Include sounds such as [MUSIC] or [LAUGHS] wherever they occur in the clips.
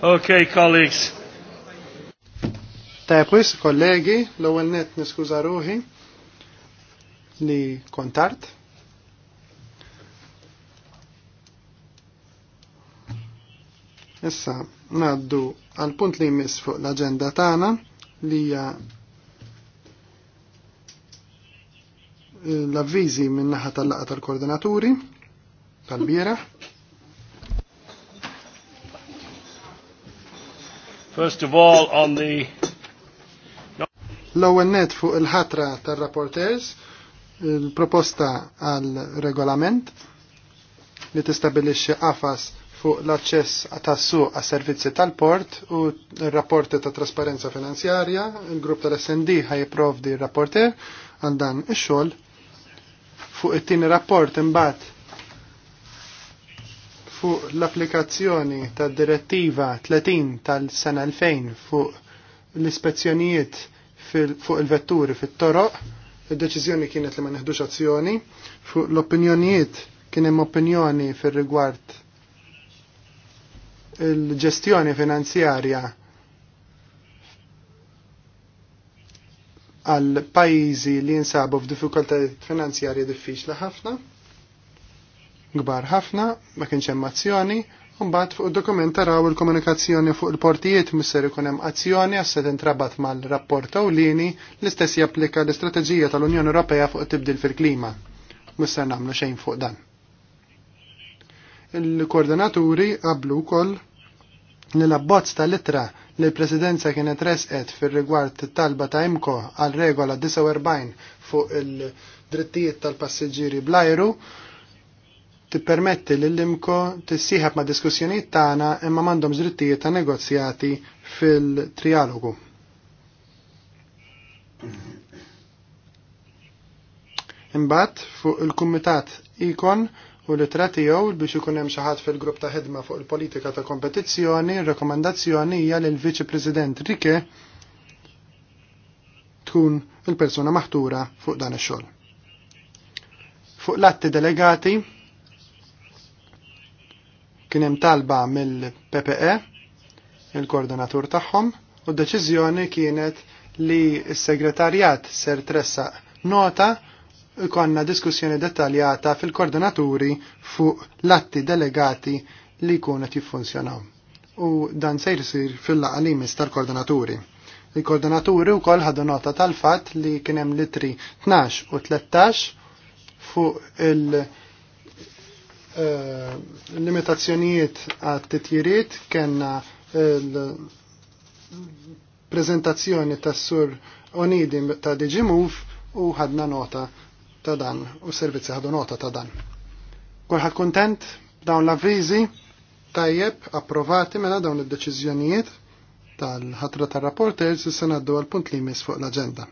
Okay, colleagues. Tajpwis, kollegi, l-ewwel net niskuża ruħi li kontart. Issa ngħaddu għal punt li jmiss fuq l agenda tagħna li hija l-avviżi min-naħa tal-laqa tal-koordinaturi tal-bieraħ. First of all, on the... L-ewwel net fuq il-ħatra tar-rapporters, il-proposta għal regolament li tistabilixxi qafas fuq l-aċċess tas-suq għas servizzi tal-port u r-rapporti ta' trasparenza finanzjarja, il-grupp tal-SND ħaj jipprovdi r-rapporter għal dan ix-xogħol. Fuq it-tieni rapport imbagħad fuq l-applikazzjoni tad direttiva 30 tal-sena 2000 fuq l-ispezzjonijiet fuq il-vetturi fit-toroq, id-deċiżjoni kienet li ma neħdux azzjoni, fuq l-opinjonijiet kien hemm opinjoni fir-rigward il-ġestjoni finanzjarja għal pajjiżi li jinsabu f'diffikultajiet finanzjarji diffiċli ħafna gbar ħafna, ma kienx hemm azzjoni, Mbagħad fuq id-dokument taraw il-komunikazzjoni fuq il-portijiet misser ikun hemm azzjoni għasset intrabat mal-rapport Ewlieni l-istess japplika l-istrateġija tal-Unjoni Ewropea fuq tibdil fil-klima. Mister nagħmlu xejn fuq dan. Il-koordinaturi qablu wkoll li l-abbozz tal-ittra li l-presidenza kienet resqet fir-rigward talba ta' imko għal regola 49 fuq il-drittijiet tal-passiġġieri bl-ajru tippermetti li l-imko tissieħab ma' diskussjonijiet tagħna imma m'għandhom drittijiet ta' negozjati fil-trialogu. Imbagħad fuq il-kumitat ikon u li tratijaw biex ikun hemm xi ħadd fil-grupp ta' ħidma fuq il-politika ta' kompetizzjoni, rekomendazzjoni hija lil viċi President Rike tkun il-persuna maħtura fuq dan ix-xogħol. Fuq l-atti delegati, Kien hemm talba mill-PPE, il-koordinatur tagħhom, u d-deċiżjoni kienet li s-segretarjat ser tressaq nota ikonna diskussjoni dettaljata fil-koordinaturi fuq l-atti delegati li kunet jiffunzjonaw. U dan se jsir fil-laqalimis tal-koordinaturi. Il-koordinaturi u koll ħadu nota tal-fat li kienem litri 12 u 13 fuq il- Eh, limitazzjonijiet għat titjiriet kena eh, l-prezentazzjoni tas sur Onidi ta' Digimove u ħadna nota ta' dan u servizzi ħadu nota ta' dan. Kolħat kontent dawn l-avviżi tajjeb approvati mela dawn id-deċiżjonijiet tal-ħatra tar-rapporters is sanaddu għal punt li jmiss fuq l agenda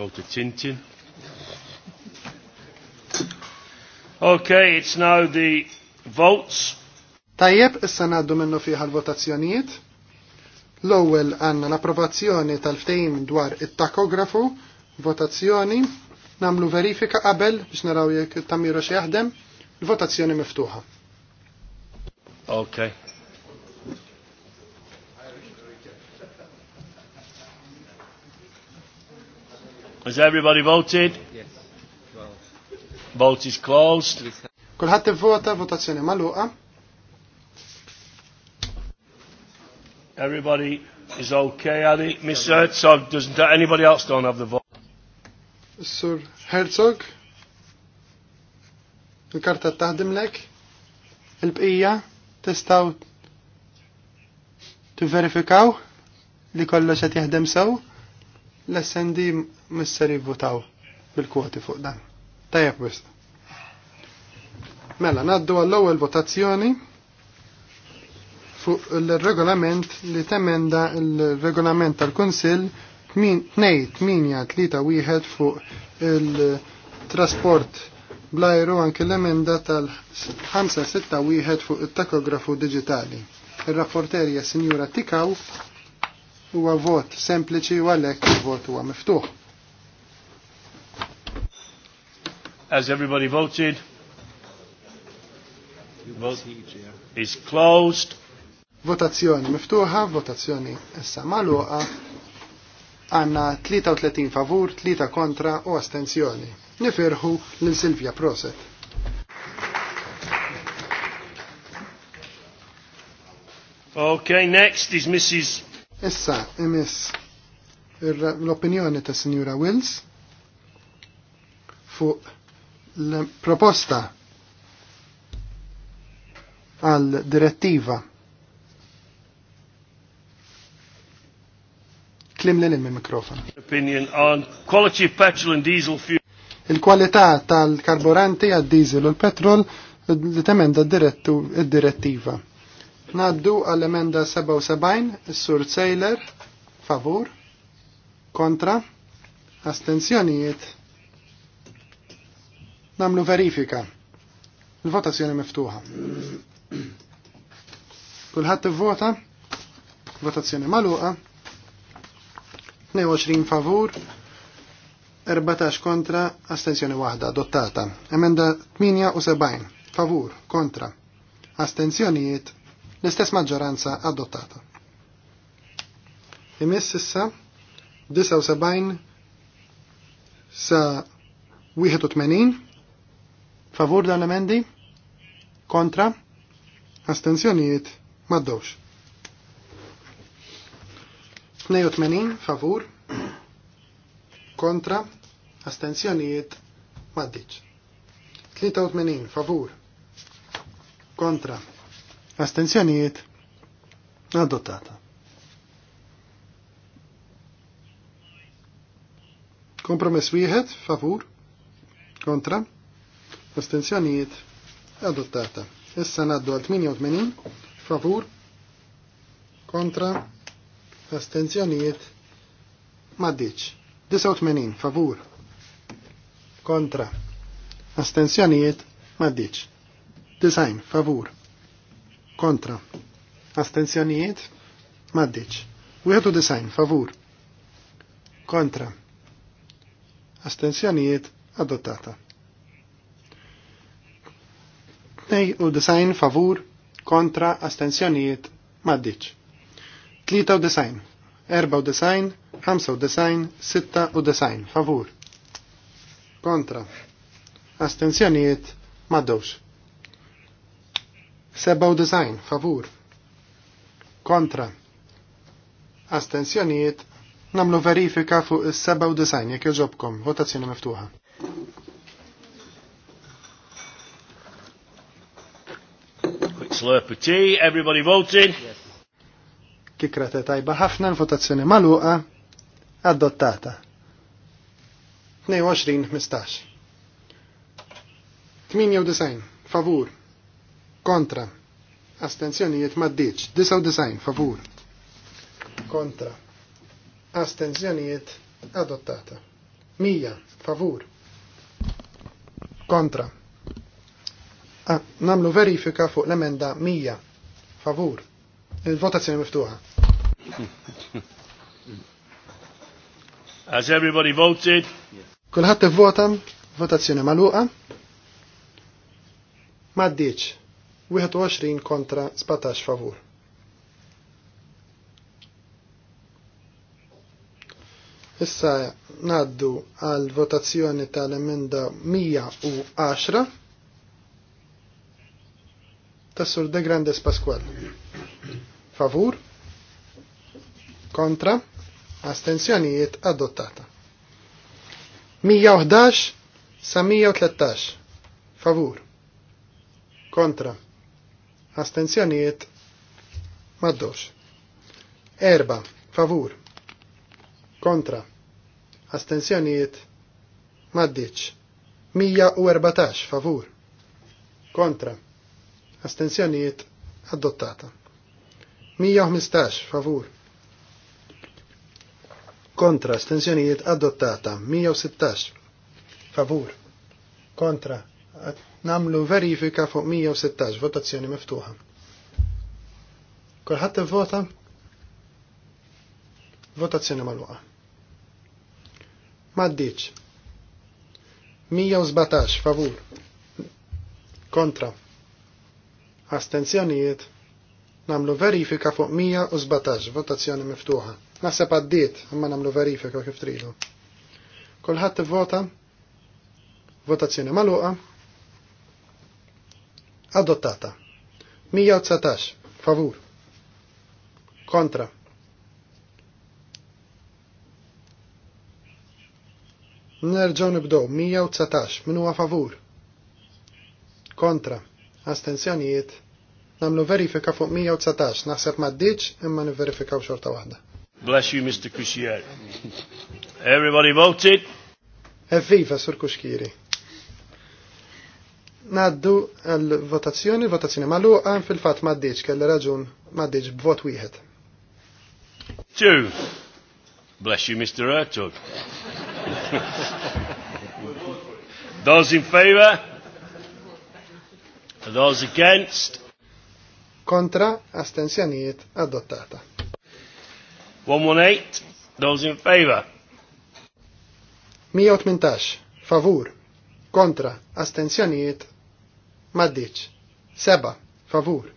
go to Tintin. Okay, it's now the votes. Tajjeb, issa naddu minnu fiħa l-votazzjonijiet. L-ewwel għandna l-approvazzjoni tal-ftehim dwar it-takografu, votazzjoni, namlu verifika qabel biex naraw jekk tamiru xi jaħdem, l-votazzjoni miftuħa. Okay, Has everybody voted? Yes. Vote is closed. Kulħadd vota votazzjoni maluqa. Everybody is okay, Ali. Mr. Herzog, doesn't anybody else don't have the vote? Sir Herzog, il-karta taħdim lek, il-bqija testaw t-verifikaw li kollox qed jaħdem sew, l-SND misser jivvotaw bil-kwoti fuq dan. Tajab wist. Mela, naddu għall-ewwel votazzjoni fuq il-regolament li temenda il-regolament tal-Kunsill 2-8-3-1 fuq il-trasport blajru anke l-emenda tal-5-6-1 fuq il-takografu digitali. Il-rapporterja Sinjura Tikaw huwa vot sempliċi u għalhekk il-vot huwa miftuħ. Has everybody voted? Vote is closed. Votazzjoni miftuħa, votazzjoni issa maluqa. Għanna 33 favur, 3 kontra u astenzjoni. Nifirħu lil Silvia Proset. Ok, next is Mrs. Issa, emis l-opinjoni ta' Signora Wills fuq l-proposta għal direttiva Klim l-lim mikrofon Opinion on quality petrol and diesel fuel. Il-kwalità tal-karburanti għad diesel u l-petrol li temenda id direttiva Naddu għall-emenda 77, sur Sejler, favur, kontra, astenzjonijiet, Namlu verifika. Il-votazzjoni miftuħa. Kulħadd ivvota. Votazzjoni magħluqa. 22 favur, 14 kontra, astenzjoni waħda, adottata. Emenda 78, favur, kontra, astenzjonijiet. l-istess maġġoranza adottata. Imiss issa 79 sa 81 Favur dan l-emendi? Kontra? Astenzjonijiet? Maddox. 82 favur kontra astenzjonijiet maddiċ 83 favur kontra astenzjonijiet adottata kompromess wieħed favur kontra Astenzjonijiet adottata. Issa naddu għal 88 favur kontra astenzjonijiet maddiċ. 89 favur kontra astenzjonijiet maddiċ. 90 favur kontra astenzjonijiet maddiċ. 91 favur kontra astenzjonijiet adottata u design favur kontra astensjonijiet maddiċ. design. design. Erba' design, sitta u design, favur kontra astensjonijiet u design. favur kontra astensjonijiet namlu verifika fuq is design jekk iġobkom votazzjoni miftuħa. Councillor Petit, everybody voting. Yes. Kikrata tajba ħafna l-votazzjoni maluqa adottata. 22-15. 98 favur kontra astenzjonijiet maddiċ 99 favur kontra astenzjonijiet adottata 100 favur kontra Ah, namlu verifika fuq l-emenda 100. Favur. Il-votazzjoni miftuħa. Has everybody voted? Kulħadd ivvota, votazzjoni magħluqa. Maddiċ. 21 kontra 17 favur. Issa naddu għal votazzjoni tal-emenda 110 tas-Sur De Grandes Pasqual. Favur? Kontra? Astenzjonijiet adottata. 111 sa 113. Favur. Kontra. Astenzjonijiet maddox. Erba. Favur. Kontra. Astenzjonijiet maddiċ. 114. Favur. Kontra astenzjonijiet adottata. 115 favur. Kontra astenzjonijiet adottata. 116 favur. Kontra. Namlu verifika fuq 116 votazzjoni miftuħa. Kolħat vota votazzjoni maluqa. Maddiċ. 117 favur. Kontra astenzjonijiet namlu verifika fuq 117 votazzjoni miftuħa. Naħseb għaddiet imma namlu verifika kif tridu. Kulħadd ivvota votazzjoni magħluqa adottata. 119 favur kontra Nerġaw nibdow 119 min huwa favur kontra astenzjonijiet, namlu verifika fuq 119, naħseb ma d-diċ imma niverifikaw xorta waħda. Bless you, Mr. Kusier. Everybody voted? Evviva, Sur Kuxkiri. Naddu l votazzjoni votazzjoni għan fil-fat ma d-diċ, kelle raġun ma b b'vot wieħed. Two. Bless you, Mr. Ertug. [LAUGHS] Those in favour? Those against? Kontra, astensjonijiet adottata. 118, those in favor? 118, favur, kontra, astensjonijiet, maddiċ. Seba, favur,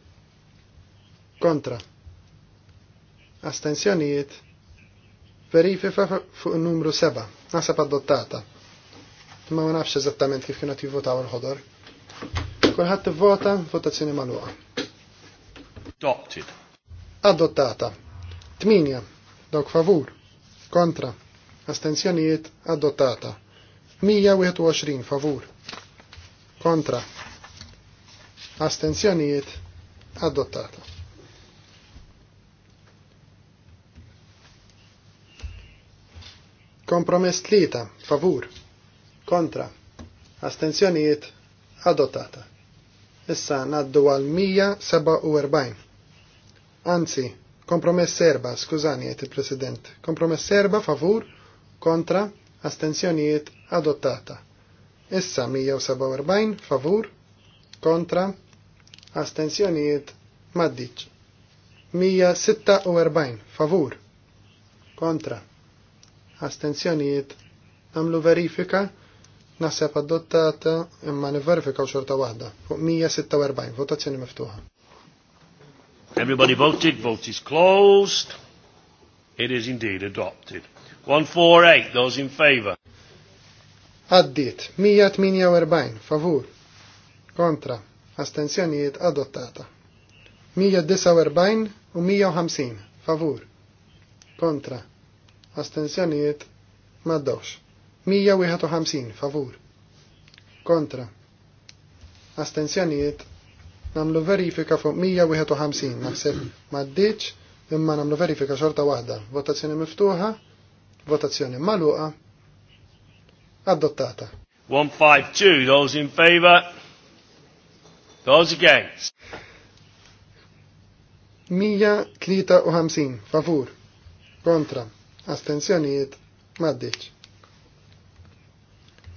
kontra, astensjonijiet, verifika fuq numru seba' nasab adottata. Ma nafx eżattament kif kienet jivvotaw il-ħodor. Kulħadd tivvota, votazzjoni magħluqa. Adopted. Adottata. Tminja, Dawk favur. Kontra. Astenzjonijiet adottata. 121 favur. Kontra. Astenzjonijiet adottata. Kompromess tlieta favur. Kontra. Astenzjonijiet adottata. Issa naddu għal 147. Anzi, kompromess serba, skużani għet il-President. Kompromess serba favur, kontra, astenzjonijiet adottata. Issa 147 favur, kontra, astenzjonijiet maddiċ. 146 favur, kontra, astenzjonijiet namlu verifika Naħseb adottata imma niverifikaw xorta wahda. Fuq 146, votazzjoni miftuħa. Everybody voted, vote is closed. It is indeed adopted. 148, those in favor. Għaddit, 148, favur. Kontra, astenzjoniet adottata. 149 u 150, favur. Kontra, astenzjoniet Maddox. 151 favur. Kontra. Astenzjonijiet namlu verifika fuq 151 naħseb maddiċ imma namlu verifika xorta waħda. Votazzjoni miftuħa, votazzjoni maluqa, adottata. 152, those in favor, those against. 153 favur, kontra, astenzjonijiet, maddiċ.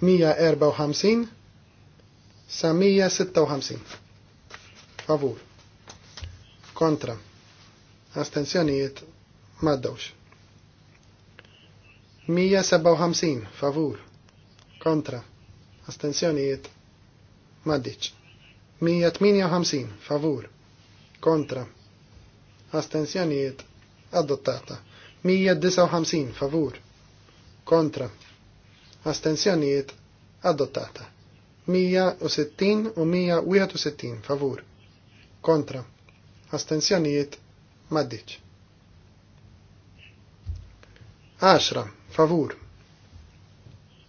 154 sa 156. Favur. Kontra. Astenzjonijiet maddawx. 157 favur. Kontra. Astenzjonijiet maddiċ. 158 favur. Kontra. Astenzjonijiet adottata. 159 favur. Kontra astensjonijiet adottata. 160 u 161 favur. Kontra. Astensjonijiet maddiċ. 10 favur.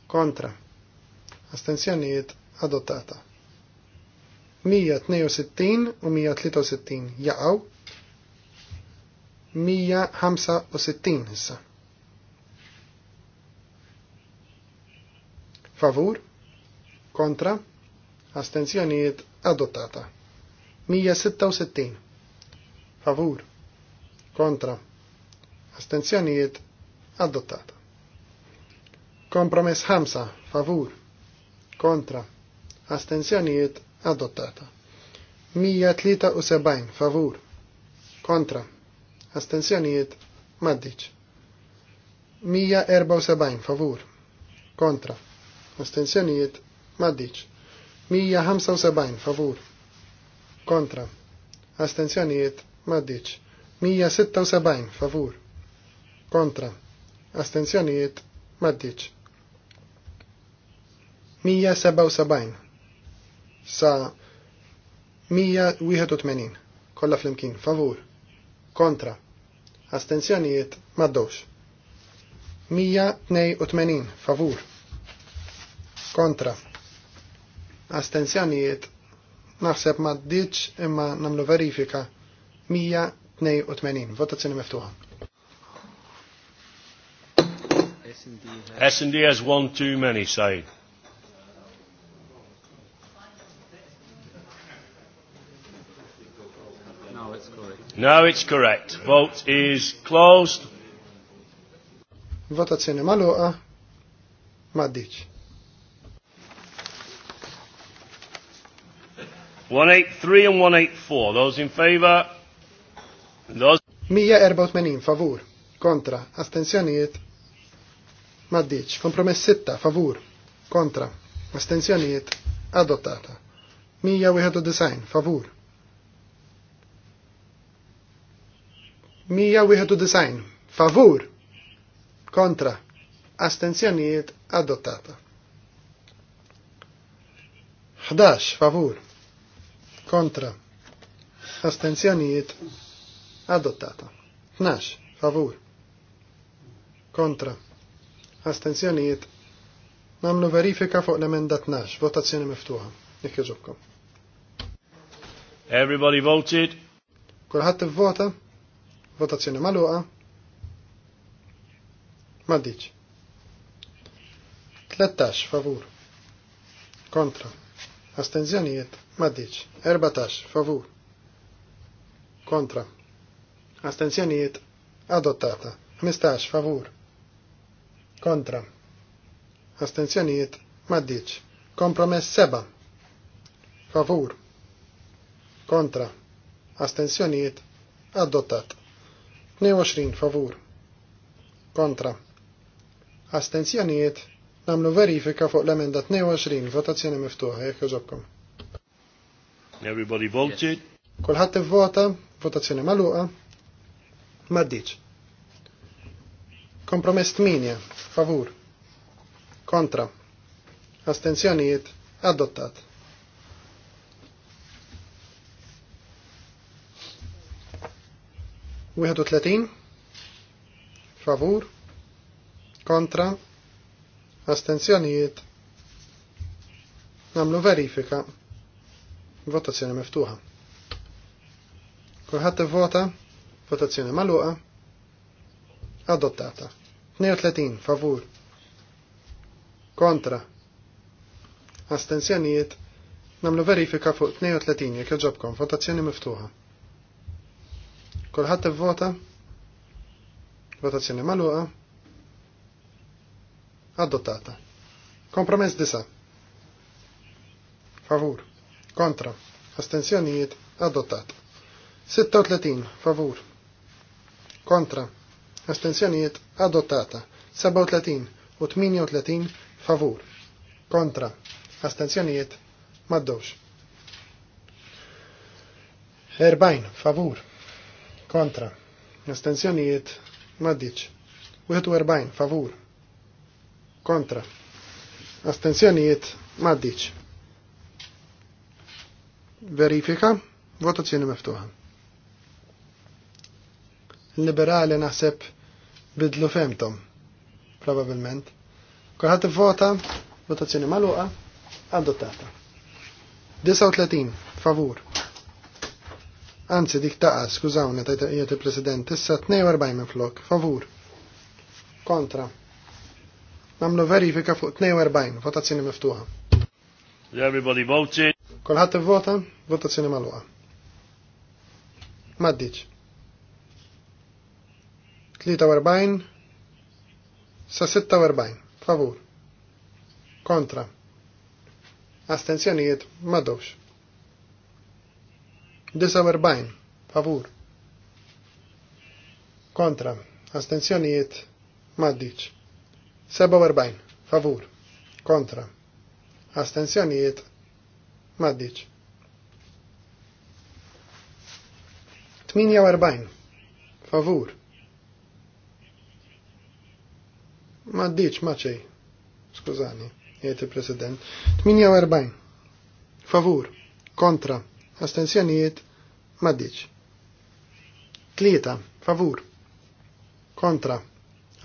Kontra. Astensjonijiet adottata. 162 u 163 jaqaw. 165 issa. Favur? Kontra? Astenzjonijiet adottata. 166. Favur. Kontra. Astenzjonijiet adottata. Kompromess 5. Favur. Kontra. Astenzjonijiet adottata. 173. Favur. Kontra. Astenzjonijiet maddiċ. 174. Favur. Kontra astensjonijiet maddiċ. 175 favur kontra astensjonijiet maddiċ. 176 favur kontra astensjonijiet maddiċ. 177 sa 181 Kolla flimkien favur kontra Astenzjonijiet, astensjonijiet maddowx. 182 favur Kontra. Astenzjonijiet naħseb ma ddiċ imma namlu verifika 182. Votazzjoni miftuħa. S&D has one too many, say. No, it's correct. No, it's correct. Vote is closed. Votazzjoni maluqa ma 183 and 184. Those in favor? Those 184 favur. Kontra. Astenzjonijiet. Maddiċ. Kompromess 6 favur. Kontra. Astenzjonijiet. Adottata. 191 favur. 191 favur. Kontra. Astenzjonijiet adottata. 11 favur kontra, astenzjonijiet, adottata. 12, favur, kontra, astenzjonijiet, namlu verifika fuq l-emenda 12, votazzjoni miftuħa, jek Everybody voted. Kulħadd ivvota, votazzjoni maluqa, maddiċ. 13, favur, kontra, Astenzjonijiet maddiċ. 14 favur. Kontra. Astenzjonijiet adottata. 15 favur. Kontra. Astenzjonijiet maddiċ. Kompromess 7. Favur. Kontra. Astenzjonijiet adottat. 22 favur. Kontra. Astenzjonijiet Namlu verifika fuq l-emenda 22 votazzjoni miftuħa jekk jogħġobkom. Everybody voted. Kulħadd ivvota, votazzjoni magħluqa. Maddiċ. Kompromess 8, favur. Kontra. Astenzjonijiet adottat. Wieħed u tletin. favur kontra astenzjonijiet, namlu verifika, votazzjoni miftuħa. Kulħadd vota, votazzjoni magħluqa, adottata. 32 favur, kontra, astenzjonijiet, namlu verifika fuq 32 jekk joġobkom, votazzjoni miftuħa. Kulħadd vota, votazzjoni magħluqa, adottata. Kompromess disa. Favur. Kontra. Astenzjonijiet Adottata. 36. Favur. Kontra. Astenzjonijiet adottata. 37 u 38 favur. Kontra. Astenzjonijiet Maddox. Erbajn. favur. Kontra. Astenzjonijiet maddiċ. 41 favur kontra. Astenzjonijiet maddiċ. Verifika, votazzjoni miftuħa. Liberali naħseb bidlu femtom, probabilment. Kulħat vota, votazzjoni maluqa, adottata. 39, favur. Anzi, dik taqa, skużawni, tajta jieti il-President, issa 42 minn flok, favur. Kontra. Namlu verifika fuq 42, votazzjoni miftuħa. Everybody voted. Kolħat vota, votazzjoni maluqa. Maddiċ. 43 sa 46, favur. Kontra. Astenzjonijiet maddox. 49, favur. Kontra. Astenzjonijiet maddiċ. 47. Favur. Kontra. Astenzjonijiet. Maddiċ. 48. Favur. Maddiċ maċej. Skużani, jiet il-President. 48. Favur. Kontra. Astenzjonijiet. Maddiċ. Tlieta. Favur. Kontra.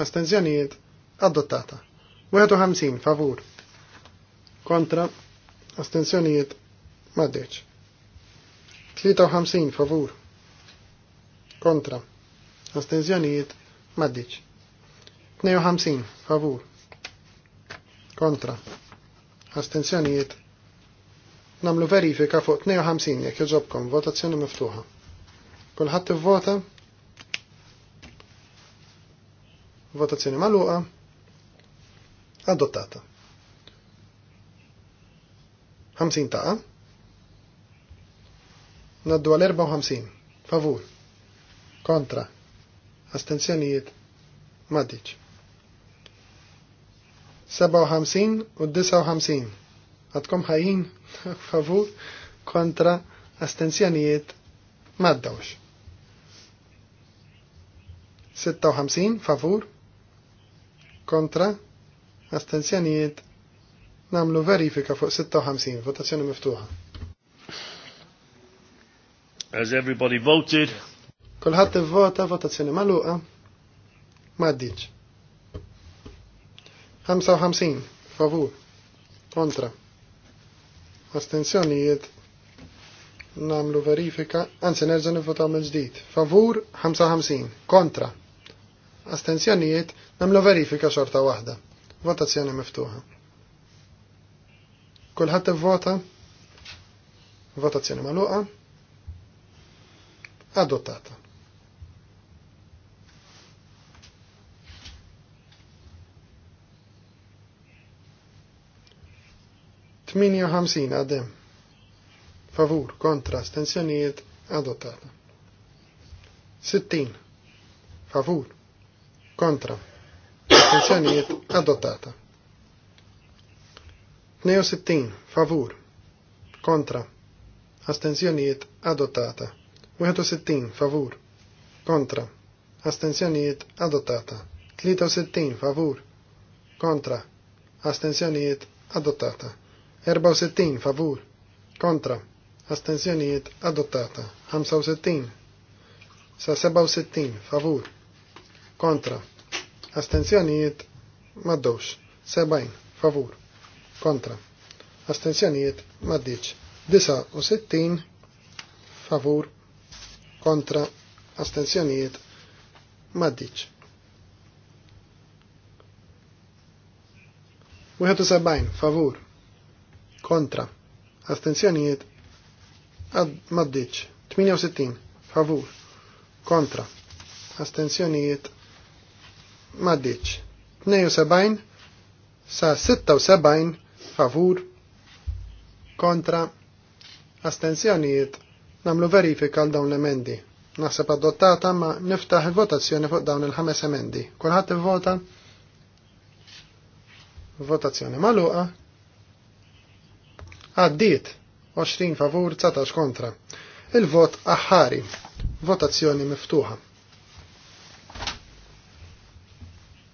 Astenzjonijiet. Maddiċ adottata. 51 favur kontra Astenzjonijiet. maddeċ. 53 favur kontra Astenzjonijiet. maddeċ. 52 favur kontra Astenzjonijiet. namlu verifika fuq 52 jekk jġobkom votazzjoni miftuħa. Kulħadd ivvota votazzjoni magħluqa adottata. 50 taqa. Naddu għal 54. Favur. Kontra. Astenzjonijiet. Madiċ. 57 u 59. Għadkom ħajin. [LAUGHS] Favur. Kontra. Astenzjonijiet. Maddawx. 56. Favur. Kontra astenzjonijiet, namlu verifika fuq 56, votazzjoni miftuħa. As everybody voted. Kulħadd ivvota votazzjoni magħluqa. M'għaddiġ. 55 favur kontra. Astenzjonijiet namlu verifika, anzi nerġa' nivvotaw minn ġdid. Favur 55 kontra. Astenzjonijiet namlu verifika xorta waħda. Votazzjoni miftuħa. Kulħadd ivvota. Votazzjoni magħluqa. Adottata. Tminja ħamsin għadem. Favur, kontra, stenzjonijiet, adottata. Sittin. Favur, kontra, astensjonijiet adottata. 62 favur kontra astensjonijiet adottata. 61 favur kontra astensjonijiet adottata. 63 favur kontra astensjonijiet adottata. 64 favur kontra astensjonijiet adottata. 65 sa 67 favur kontra astenzjonijiet maddowx, Sebajn. favur, kontra, astenzjonijiet maddiċ, 69 favur, kontra, astenzjonijiet maddiċ. sebajn. favur, kontra, astenzjonijiet maddiċ, 68 favur, kontra, astenzjonijiet maddiċ. 72 sa 76 favur kontra astenzjonijiet namlu verifika għal dawn l-emendi. Naħseb adottata ma niftaħ il-votazzjoni fuq dawn il-ħames emendi. Kulħadd ivvota votazzjoni maluqa Għaddit 20 favur 19 kontra. Il-vot aħħari. Votazzjoni miftuħa.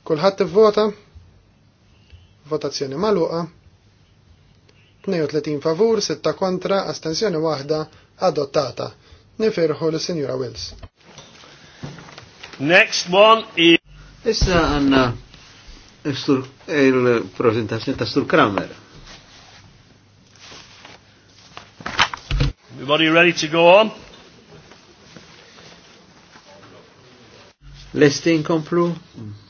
Kulħadd ivvota? Votazzjoni magħluqa. 32 favur, 6 kontra, astensjoni waħda adottata. Nifirħu l-Sinjura Wills. Next one is... Issa għanna il-prezentazzjoni ta' Stur Kramer. Everybody ready to go on? Listing komplu? Mm.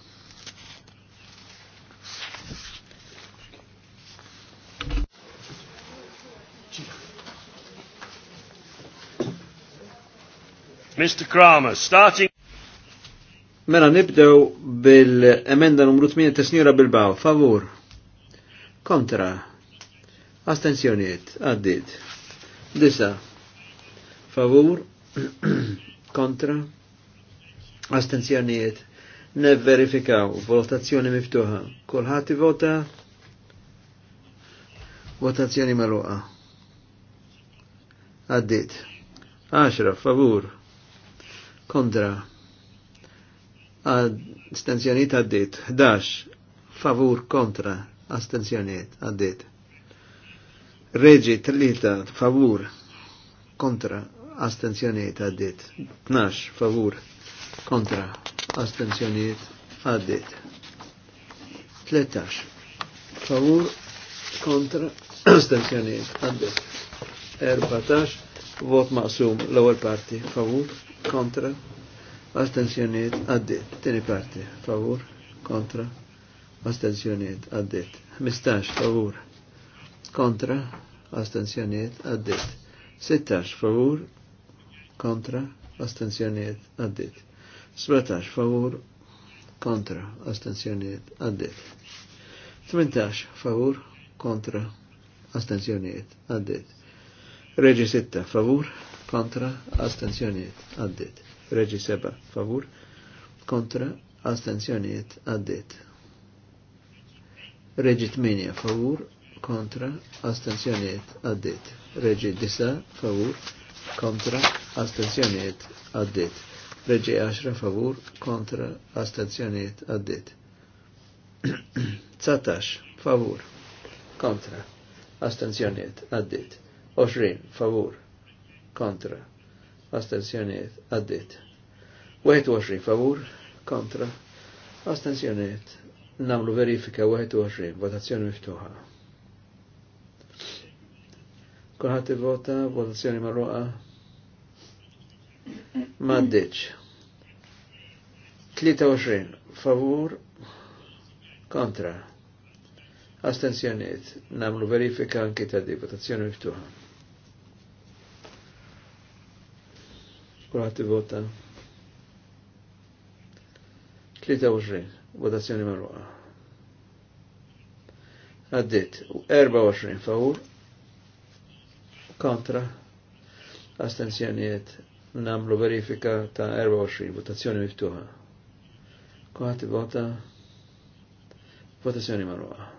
Mr. Kramer, starting... Mela nibdew bil-emenda numru 8 tesnira bil-baw, favur. Kontra. Astenzjoniet, għaddit. Disa. Favur. [CLEARS THROAT] Kontra. Astenzjoniet. Neverifikaw. Votazzjoni miftuħa. Kolħati vota. Votazzjoni maluqa. Għaddit. Ashraf, favur kondra astenzjoniet għaddit dax, favur kontra astenzjoniet għaddit reġi trilita, favur kontra astenzjoniet għaddit 12 favur kontra astenzjoniet għaddit Tletax, favur kontra [CLEARS THROAT] astenzjoniet għaddit Erbatax, Vot maqsum l-ewwel parti favur kontra astensjoniet għaddit. Tieni parti favur kontra astensjoniet għaddit. 15 favur kontra astensjoniet għaddit. 16 favur kontra astensjoniet għaddit. 17 favur kontra astensjoniet għaddit. 18 favur kontra astensjoniet għaddit. Reġi sitta favur kontra astenzjoniet għaddit. Reġi seba favur kontra astenzjoniet għaddit. Reġi tminja favur kontra astenzjoniet għaddit. Reġi disa favur kontra astenzjoniet għaddit. Reġi 10 favur kontra astenzjoniet għaddit. 19 [CLEARS THROAT] favur kontra astenzjoniet għaddit. Oxrin, favur kontra astensjoniet għaddit. oxrin, favur kontra astensjoniet namlu verifika oxrin, votazzjoni miftuħa. Kulħat vota votazzjoni marruqa maddiċ. 23 favur kontra astensjoniet namlu verifika anki ta' di votazzjoni miftuħa. Kulħat vota. 23, votazzjoni marruqa. Għaddit, 24 favur, kontra, astenzjoniet, namlu verifika ta' 24, votazzjoni miftuħa. Kulħat vota, votazzjoni marruqa.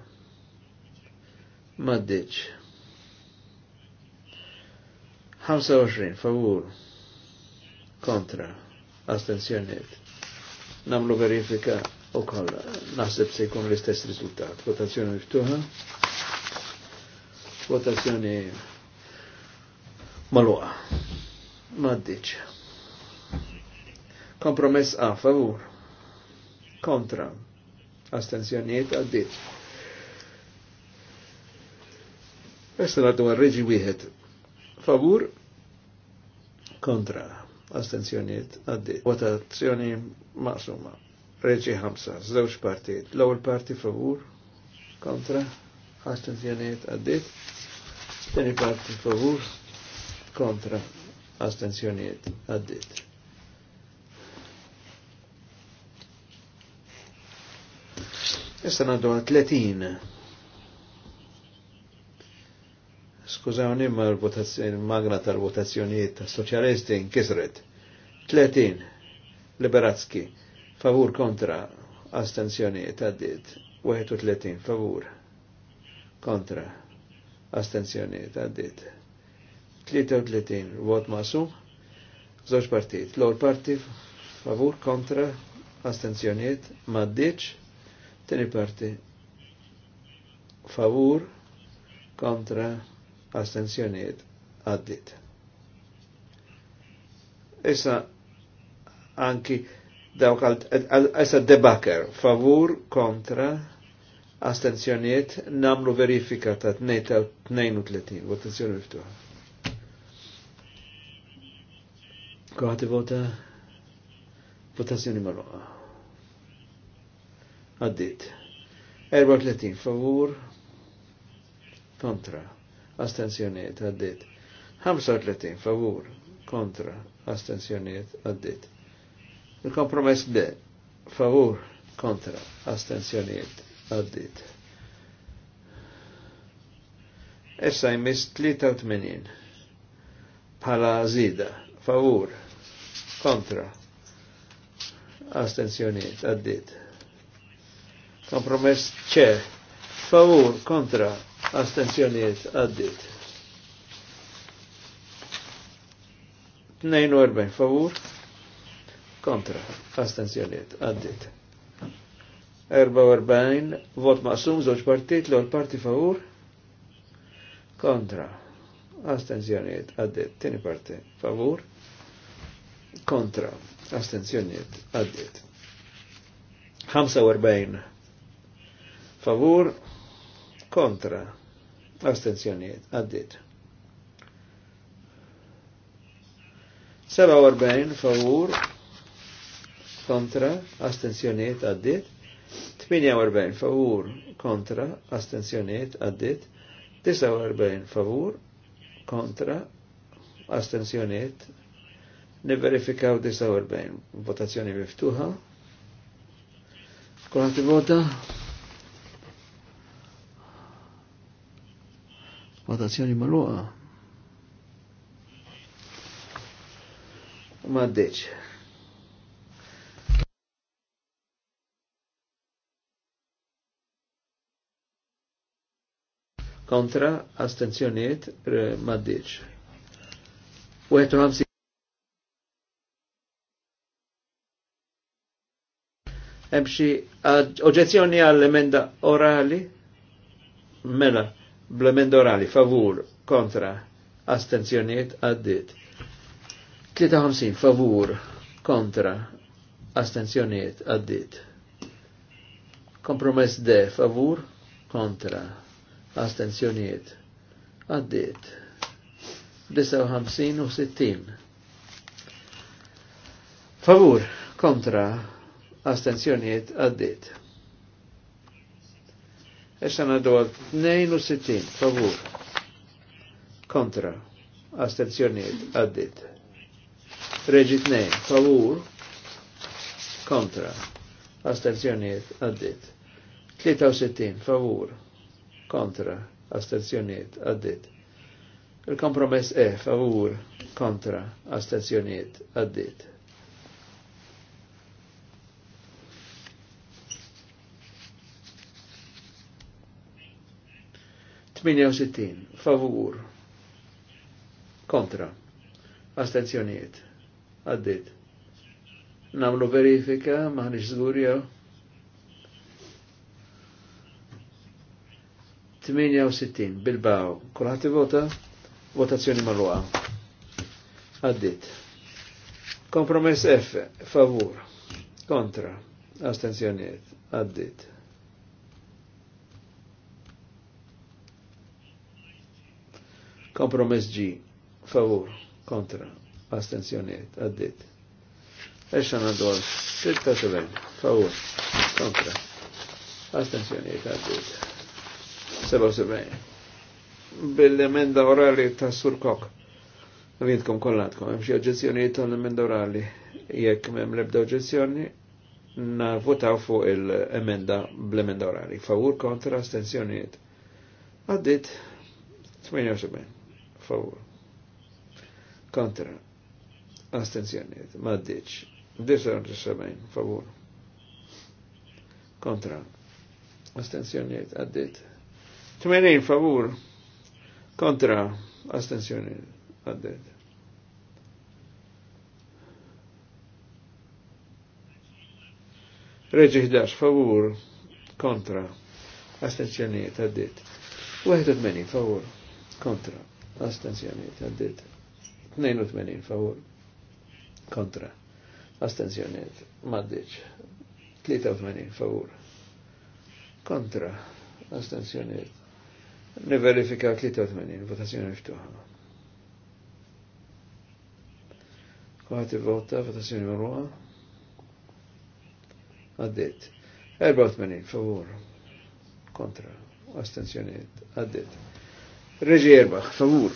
Maddiċ. 25 favur, kontra astenzjoniet. Namlu verifika u koll naħseb se jkun l-istess rizultat. Votazzjoni miftuħa. Votazzjoni maluqa. Maddiċ. Kompromess A favur. Kontra. Astenzjoniet għaddiċ. Esta għaddu għal reġi wieħed. Favur. Kontra astenzjoniet għaddi. Votazzjoni maqsuma. Reġi ħamsa, żewġ partijiet. L-ewwel parti favur, kontra, astenzjoniet għaddit. Tieni parti favur, kontra, astenzjoniet għaddit. Issa għandu 30 Skużawni ma l-magna tal votazzjoniet ta' soċjalisti nkisret. 30. Liberatski. Favur kontra. Astenzjonijiet għaddit. 31. Favur. Kontra. Astenzjonijiet għaddit. 33. Vot masum. Zoċ partijiet. L-ol parti favur kontra. Astenzjonijiet maddiċ. Tini parti favur kontra astenzjoniet għaddit. Issa anki dawk issa debaker favur kontra astenzjoniet namlu verifika ta' 32 votazzjoni miftuħa. Kħati vota votazzjoni marruqa. Għaddit. 34 favur kontra astensjoniet għaddit. 35 favur kontra astensjoniet għaddit. Il-kompromess D favur kontra astensjoniet għaddit. Essa jmiss 83 pala zida favur kontra astensjoniet għaddit. Kompromess ċe favur kontra astenzjoniet għaddit. 42 favur kontra astenzjoniet għaddit. 44 vot maqsum zoċ partit l parti favur kontra astenzjoniet għaddit. Tini parti favur kontra astenzjoniet għaddit. 45 favur kontra astenzjoniet għaddit. 47 favur kontra astenzjoniet għaddit. 48 favur kontra astenzjoniet għaddit. 49 favur kontra astenzjoniet Niverifikaw 49 votazzjoni miftuħa. Kulħat vota? Votazzjoni maluqa. deċ. kontra astenzjoniet ma 51 Hemm xi oġezzjoni għall-emenda orali? Mela, Blemend orali, favur, kontra, astenzjoniet għaddit. 53 favur, kontra, astenzjoniet għaddit. Kompromess D, favur, kontra, astenzjoniet għaddit. 59 u 60. Favur, kontra, astenzjoniet għaddit. Eċa għaddu għal 62, favur. Kontra. Astenzjoniet, għaddit. Reġit 2, favur. Kontra. Astenzjoniet, għaddit. 63, favur. Kontra. Astenzjoniet, għaddit. Il-kompromess E, favur. Kontra. Astenzjoniet, għaddit. 68, favur, kontra, astenzjoniet, għaddit. Namlu verifika, maħnix zgurja. 68, Bilbao, kolħat vota, votazzjoni marruqa. Għaddit. Kompromess F, favur, kontra, astenzjoniet, għaddit. Kompromess G, favur, kontra, astensjoniet, għaddit. Eċan għadwar, 76, favur, kontra, astensjoniet, għaddit. 77. Bil-emenda orali ta' Surkok. Għavidkom kollatkom, għemxie xi oġġezzjonijiet tal-emenda orali. Jek mem lebda oġezzjoni, na' votaw fuq il-emenda bl-emenda orali. Favur kontra astensjonijiet. Għaddit 78 favur. Kontra. Astenzjoniet. Maddiċ. Disan 79 favur. Kontra. Astenzjoniet. Addit. Tmenin. favur. Kontra. Astenzjoniet. Addit. Reġi 11 favur. Kontra. Astenzjoniet. Addit. 81 favur. Kontra astenzjoniet għaddit 82 favur kontra astenzjoniet maddiċ 83 favur kontra astenzjoniet niverifika 83 votazzjoni miftuħa Kwaħat vota votazzjoni marruħa għaddit 84 favur kontra astenzjoniet għaddit Reġi erbaħ, favur.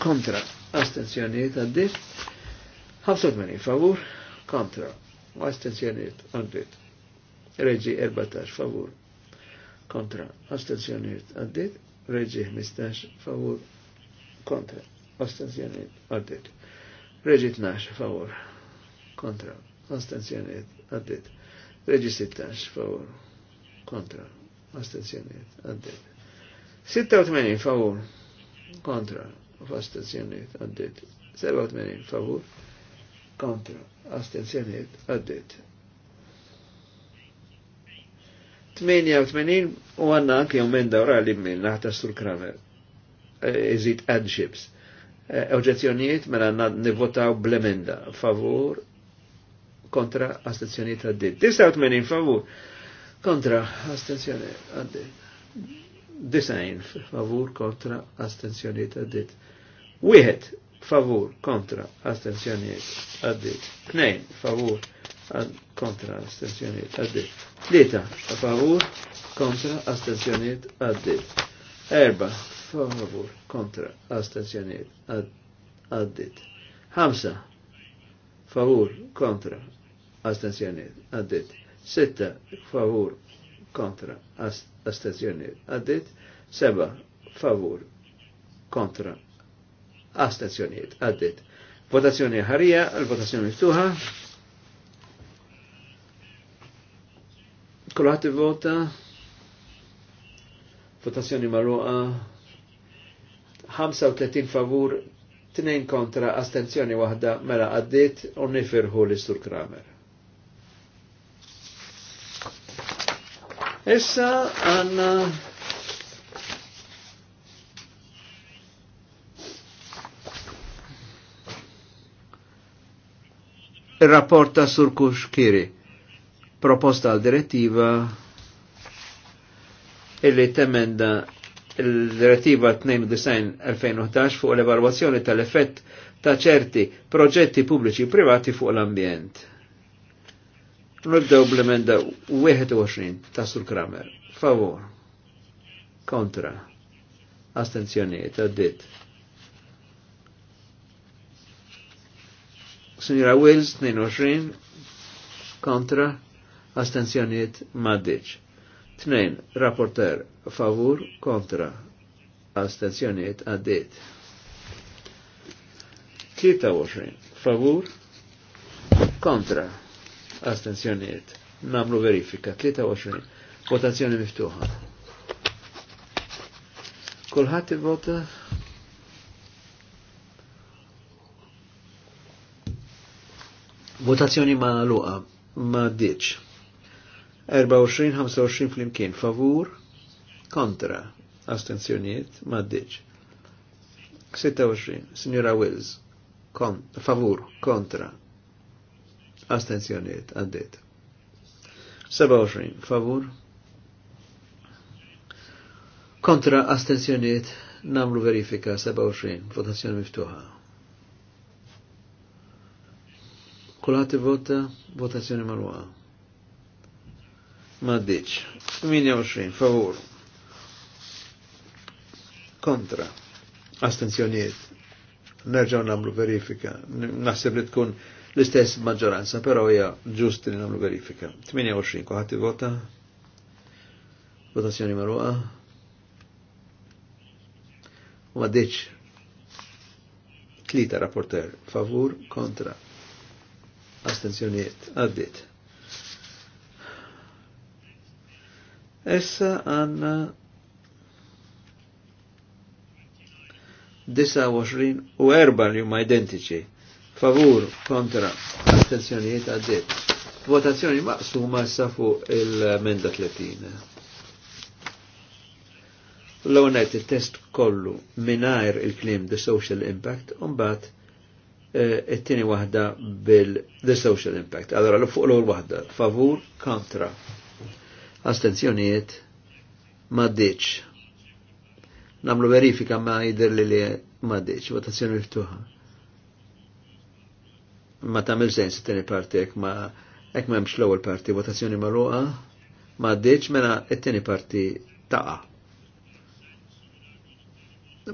Kontra. Astenzjoniet għaddit. 85 favur. Kontra. Astenzjoniet għaddit. Reġi 14 favur. Kontra. Astenzjoniet għaddit. Reġi 15 favur. Kontra. Astenzjoniet għaddit. Reġi 12 favur. Kontra. Astenzjoniet għaddit. Reġi 16 favur. Kontra. Astenzjoniet għaddit. 86 favur kontra astenzjoniet għaddit. 87 favur kontra astenzjoniet għaddit. 88 u għanna anki jomenda orali minn naħta sur kramer. E, eżit adships. E, oġezzjoniet mela għanna nivvotaw blemenda favur kontra astenzjoniet għaddit. 89 favur kontra astenzjoniet għaddit. Disajn favur kontra astenzjoniet għaddit. Wieħed favur kontra astenzjoniet għaddit. Knejn favur kontra astenzjoniet għaddit. Tlieta favur kontra astenzjoniet għaddit. Erba favur kontra astenzjoniet għaddit. Hamsa favur kontra astenzjoniet għaddit. Sitta favur kontra astenzjoniet astazzjoni għaddit, seba favur kontra astazzjoniet għaddit. Votazzjoni ħarija, l-votazzjoni ftuħa. Kulħat vota votazzjoni marruqa 35 favur, 2 kontra, astenzjoni wahda, mela għaddit u nifirħu l-istur Kramer. Issa għanna il rapporta Sur Kuxkiri, proposta għal direttiva illi temenda il-direttiva 92-2011 fuq l evaluazzjoni tal-effett ta' ċerti proġetti pubbliċi privati fuq l-ambjent. Nibdew bl-emenda 21 ta' Sur Kramer. Favor. Kontra. Astenzjoniet, għaddit. Signora Wills, 22, kontra, astenzjoniet, maddiċ. Tnejn, rapporter, favur, kontra, astenzjoniet, għaddit. 23, favur, kontra, Astenzjoniet. Namlu verifika, 23, votazzjoni miftuħa. Kolħat il-vota? Votazzjoni ma luqa, ma diċ. 24-25 flimkien, favur, kontra, astenzjoniet, ma diċ. 26, signora Wills, kon, favur, kontra, astenzjoniet għandiet. 27 favur kontra astenzjoniet namlu verifika 27 votazzjoni miftuħa. Kulħati vota, votazzjoni marwa. Maddiċ. 28, favur. Kontra. Astenzjoniet. Nerġaw namlu verifika. Naħseb li tkun l-istess maġġoranza, però hija ġust li nagħmlu verifika. 28 kuħat vota. Votazzjoni marruqa. U għaddiċ tlita rapporter favur kontra astenzjonijiet għaddit. Essa għanna 29 u erba li huma identiċi favur kontra attenzjonijiet għaddit. Votazzjoni maqsuma issa fuq il-menda 30. L-għonet il-test kollu minajr il-klim The Social Impact, unbat eh, it-tini wahda bil-The Social Impact. Allora, l fuq l-għur wahda, favur kontra astenzjonijiet maddiċ. Namlu verifika ma jider li li maddiċ, votazzjoni ftuħa ma tamil sens t-tini parti ek ma ek ma jemx l-ewwel parti votazzjoni marruqa ma d-deċ mela t-tini parti taqa.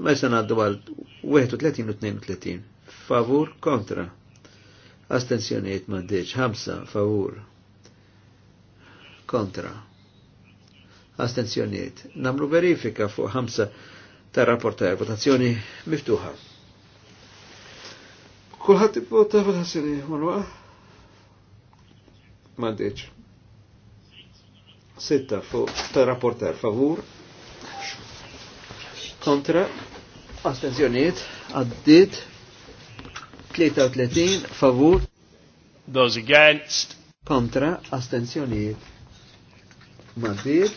Ma jisa għaddu għal 31 u 32 favur kontra. Astenzjoniet ma d-deċ, 5 favur kontra. Astenzjoniet. Namlu verifika fuq 5 ta' rapporta votazzjoni miftuħa. Kulħat ivvota fil ħasini, marwa. Maddeċ. Sitta fu, ta' rapporter favur. Kontra. Astenzjoniet. Għaddit. 33 favur. Those against. Kontra. Astenzjoniet. Maddeċ.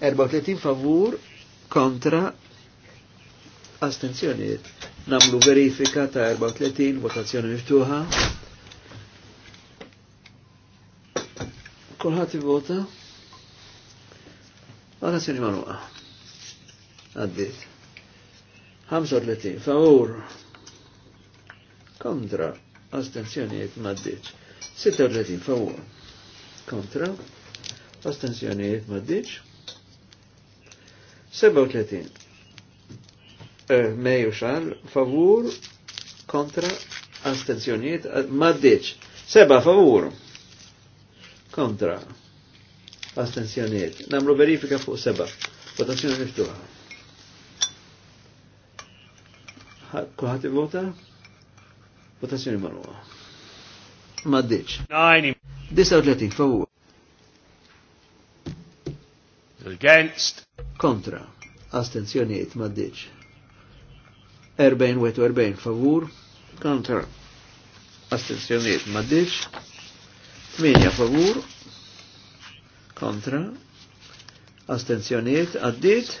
34 favur kontra astenzjoniet namlu verifika ta' 34, votazzjoni miftuħa. Kolħati vota. Votazzjoni manuqa. Għaddit. 35, favur. Kontra. Astenzjoni jiet maddiċ. 36, favur. Kontra. Astenzjoni jiet maddiċ. 37, Eh, Meju xar, favur, kontra, astenzjoniet, eh, maddiċ. Seba, favur, kontra, astenzjoniet. Namlu verifika fuq seba. Votazzjoni miftuħa. Kuħat vota? Votazzjoni marwa. Maddiċ. 39, favur. Against. Contra. Astenzjoniet, maddiċ. 41 favur kontra astensjoniet maddiċ 8 favur kontra astensjoniet għaddit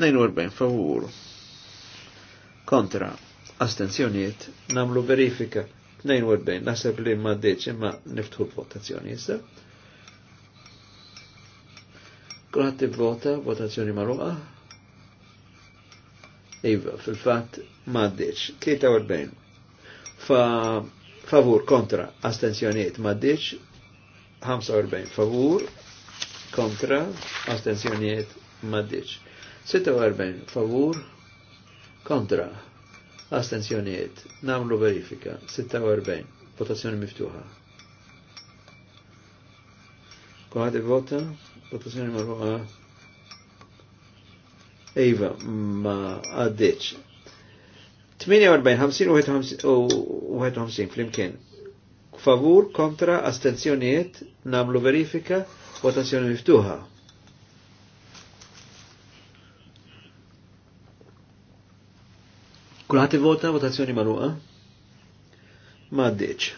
42 favur kontra astensjoniet namlu verifika 42 nasab li maddiċ imma niftħu l votazzjoni jissa kulħat vota votazzjoni marruqa Iva, fil-fat maddiċ. 43. Fa favur kontra astenzjoniet maddiċ. 45 favur kontra astenzjoniet maddiċ. 46 favur kontra astenzjoniet namlu verifika 46 votazzjoni miftuħa Kuħad vota votazzjoni marruħa, Iva, ma għaddeċ. 48, 50 u 51 flimkien. Favur, kontra, astenzjoniet, namlu verifika, votazzjoni miftuħa. Kulħat vota votazzjoni maluqa? Ma għaddeċ.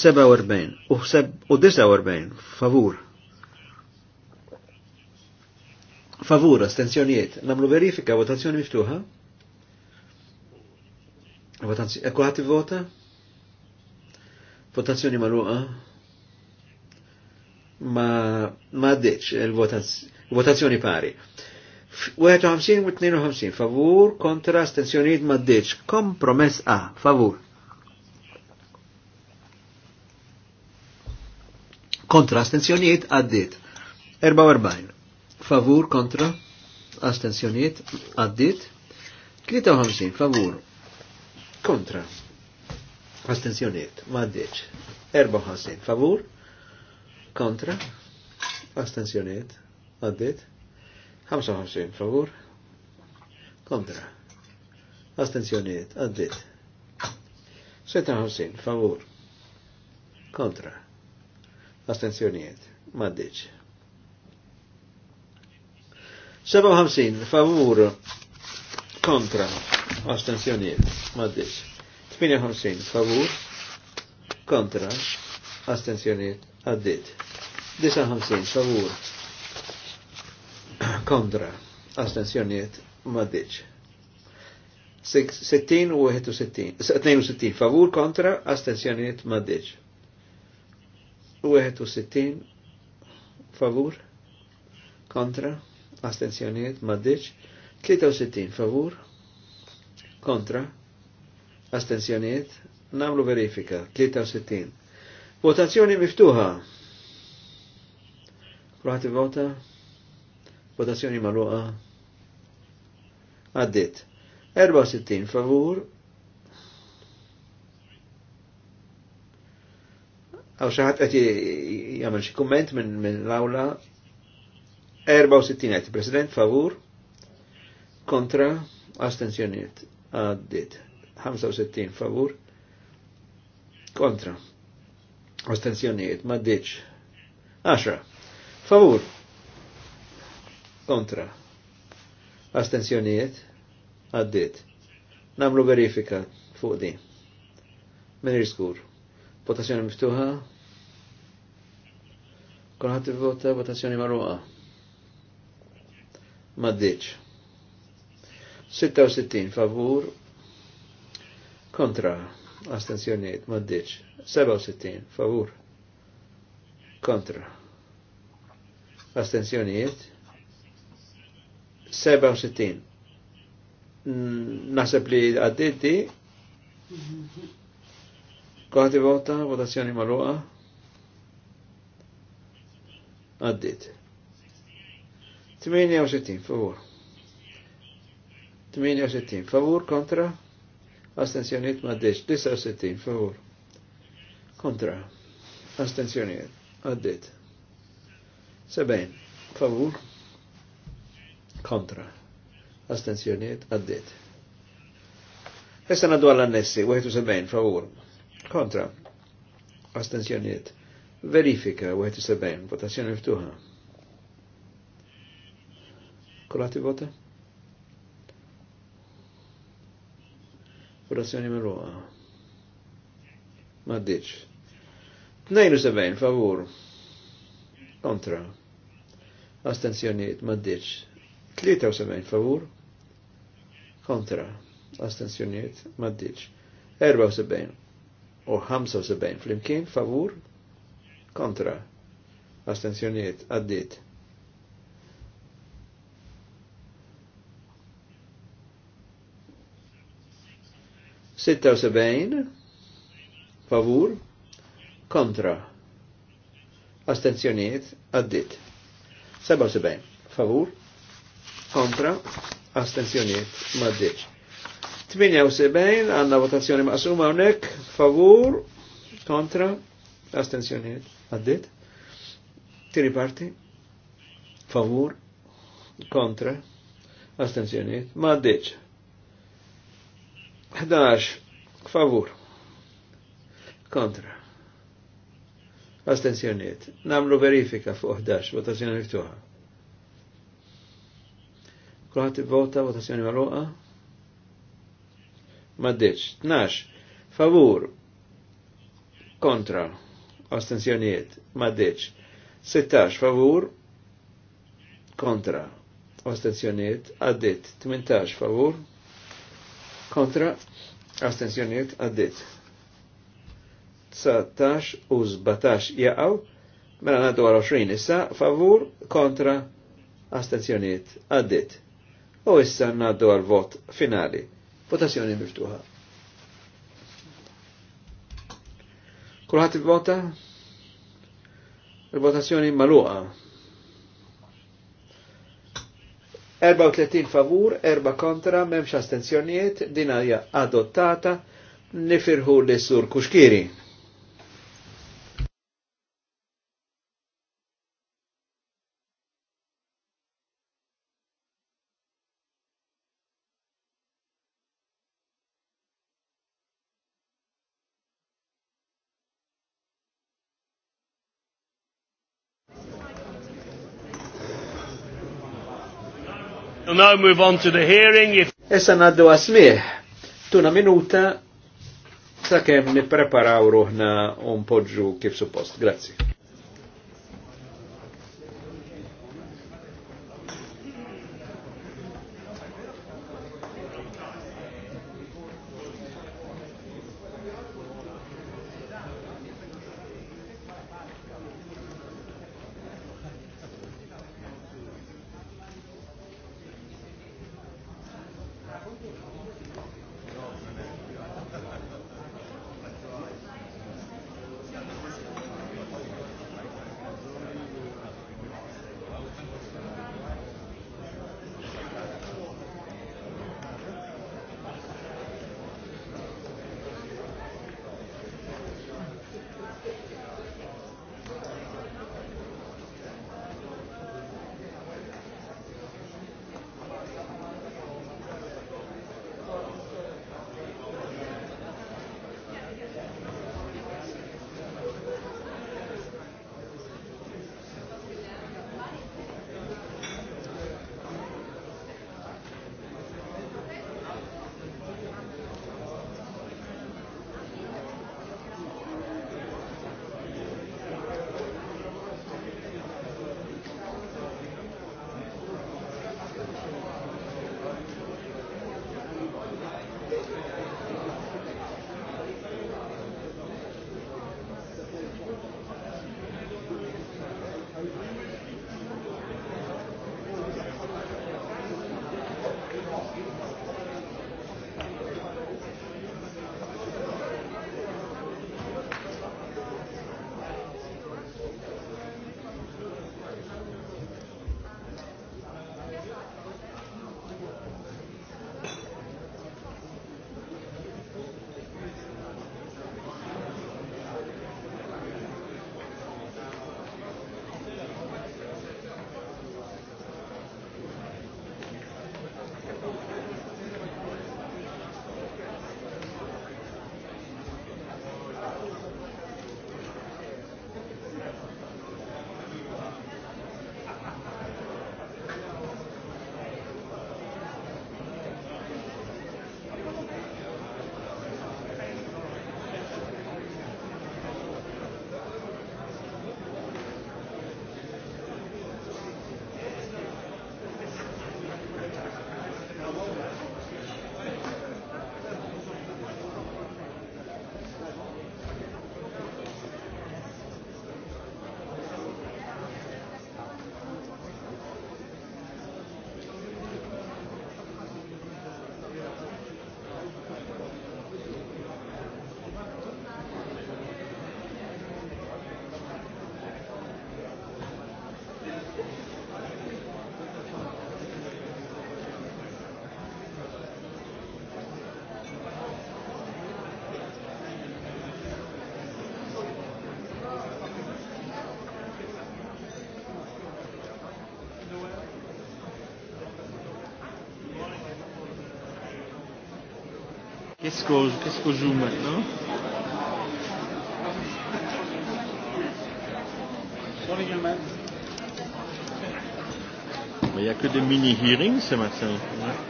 47 u 49 favur Favur, astenzjonijiet. Namlu verifika, votazzjoni miftuħa. Votazzjoni, ħati vota? Votazzjoni maluqa. Ma, ma deċ il-votazzjoni pari. 51 u 52, favur, kontra, astenzjonijiet ma deċ. Kompromess A, favur. Kontra, astenzjonijiet għaddit. 44 favur kontra astensjoniet għaddit 53 favur kontra astensjoniet ma għaddit 54 favur kontra astensjoniet għaddit 55 favur kontra astensjoniet għaddit 56 favur kontra astensjoniet ma għaddit 57 favur kontra astensjonijiet maddis. 58 favur kontra astensjonijiet addit. 59 favur kontra astensjonijiet maddis. 60 u 62 favur kontra astensjonijiet maddis. 61 favur kontra astenzjoniet maddiċ, 63 favur, kontra, astenzjoniet, namlu verifika, 63. Votazzjoni miftuħa. Kruħati vota, votazzjoni maluqa, għaddit. 64 favur, għaw xaħat għati jgħamil xie komment minn min l-awla 64 president favur kontra astenzjoniet għaddit 65 favur kontra Astensioniet. ma 10 favur kontra astenzjoniet għaddit namlu verifika fuq di minn skur votazzjoni miftuħa kolħat il-vota votazzjoni marruqa maddiċ. 66 favur kontra astenzjoniet maddiċ. 67 favur kontra astenzjoniet 67 nasib li għaddinti Kohati vota, votazzjoni maluqa. Għaddit. 68 favur. 68 favur kontra. Astenzjoniet ma' deċ. 69 favur. Kontra. Astenzjoniet. Għaddit. 70 favur. Kontra. Astenzjoniet. Għaddit. Issa naddu għall-annessi. 71 favur. Kontra. Astenzjoniet. Verifika 71. Votazzjoni ftuħa. Kolati vota? Votazzjoni marruqa. Maddiċ. 72 favur. Kontra. Astenzjoniet maddiċ. 73 favur. Kontra. Astenzjoniet maddiċ. 74 u 75 flimkien favur kontra astensjoniet għaddit 76 favur kontra astenzjoniet għaddit 77 favur kontra astenzjoniet maddit 78 għanna votazzjoni maqsuma unek favur kontra astenzjoniet għaddit tiri parti favur kontra astenzjoniet maddit 11 favur kontra astensjoniet namlu verifika fuq 11 votazzjoni miftuħa kulħat vota votazzjoni marruqa maddiċ 12 favur kontra astensjoniet maddiċ 16 favur kontra astensjoniet għaddit 18 favur kontra astensjoniet għaddit. 19 u 17 jaqaw, mela għaddu għal 20 issa, favur kontra astensjoniet għaddit. U issa għaddu għal vot finali, votazzjoni miftuħa. Kulħat il-vota? Il-votazzjoni maluqa. 34 favur, 4 kontra, memx astenzjoniet, dinaja adottata, nifirħu l-sur Kuxkiri. now move on to the hearing. Issa naddu għasmih. Tuna minuta sa' kem nipreparaw ruħna un podġu kif suppost. Grazie. Qu'est-ce qu'on Il n'y a que des mini-hearings ce matin. Ouais.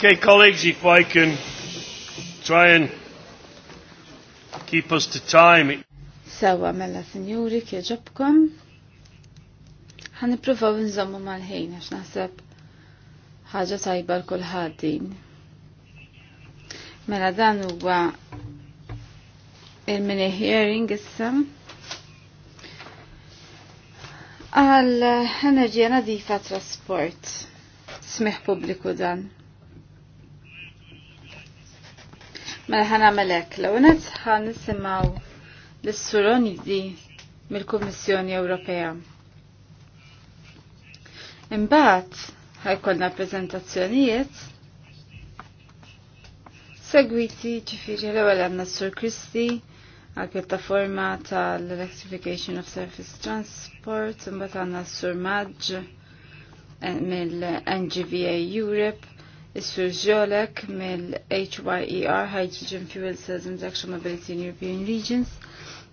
Okay, colleagues, if I can try and keep us to time. Sawa mela sinjuri kieġobkom. Għan niprofaw nżommu mal-ħin għax naħseb ħaġa tajba l-kulħadd Mela dan huwa il-mini hearing issa għal enerġija nadifa trasport. smih pubbliku dan. Mela ħan għamelek, l-għunet ħan nisimaw l-Suronidi mill kummissjoni Ewropea. Imbat, ħajkolna prezentazzjonijiet segwiti ġifiri l-ewel għanna Sur Kristi għal-pjattaforma tal-Electrification of Surface Transport, imbat għanna Sur Maġ eh, mill-NGVA Europe, Is-Sur Jolek mill-HYER, Hydrogen Fuel Cells and Mobility in European Regions,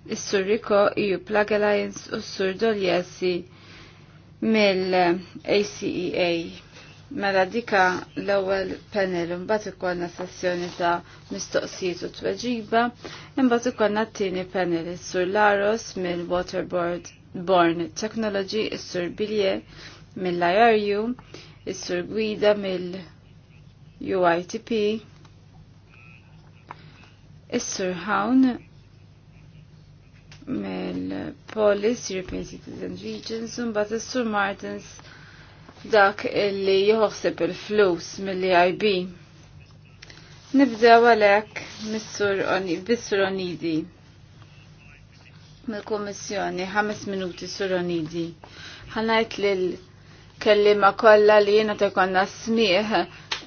Is-Sur Rico, EU Plug Alliance, u s-Sur Doljesi mill-ACEA. Mela dika l-ewwel panel imbagħad ikollna sessjoni ta' mistoqsijiet u tweġiba, imbagħad ikollna t-tieni panel is-Sur Laros mill-Waterboard Born Technology, is-Sur Bilje mill-IRU, is-Sur Gwida mill UITP, Is-Sur Hawn mill-Polis European Citizen Regions un mbagħad is-Sur Martins dak illi joħseb il-flus mill-IB. Nibdew għalhekk mis-Sur Onidi mill-Kommissjoni ħames minuti sur Onidi. Ħanajt lil kellima kollha li jiena konna smieħ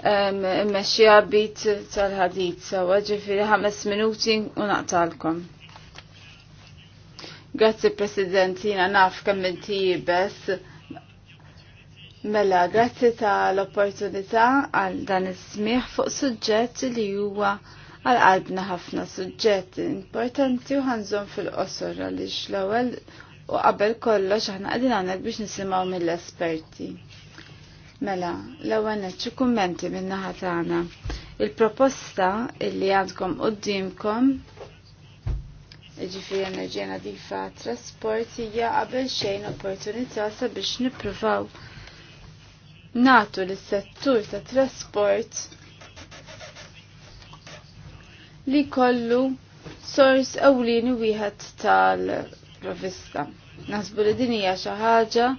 mmexxija bit tal-ħadid so ġifieri ħames minuti u naqtalkom. Grazzi President, jina naf kemm inti jibes. Mela, grazzi tal-opportunità għal dan is-smieħ fuq suġġett li huwa għal qalbna ħafna suġġett importanti u ħanżom fil-qosor għaliex l-ewwel u qabel kollox aħna qegħdin għandek biex nisimgħu mill-esperti. Mela, l-ewwel xi kummenti min-naħa tagħna. Il-proposta illi għandkom d-dimkom, ġifiri enerġija nadifa trasport hija qabel xejn opportunità sabiex nippruvaw natu l settur ta' trasport li kollu sors ewlieni wieħed tal-provista. Nasbu li din hija xi ħaġa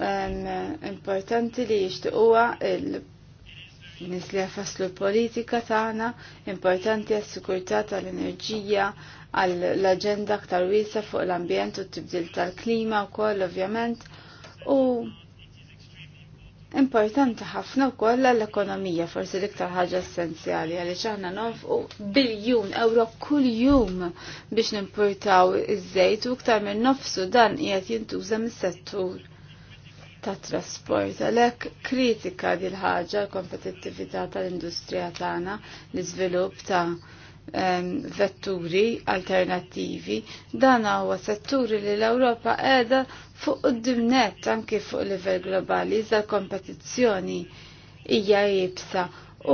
Eh, importanti li jixtiquwa il- nis li l politika tagħna importanti għas sikurtà tal-enerġija għall-aġenda agenda aktar wiesa fuq l-ambjent u t-tibdil tal-klima u koll ovvjament u importanti ħafna u koll l-ekonomija forsi l-iktar ħaġa essenzjali għalli ċaħna nofqu biljun euro kull jum biex nimpurtaw iż-żejt u iktar minn nofsu dan qiegħed jintuża mis-settur ta' trasport. Għalhekk kritika l ħaġa l-kompetittività tal-industrija tagħna, l-iżvilupp ta' vetturi alternativi. Dan huwa setturi li l-Ewropa qiegħda fuq id-dimnet anke fuq livell globali iżda kompetizzjoni hija jibsa.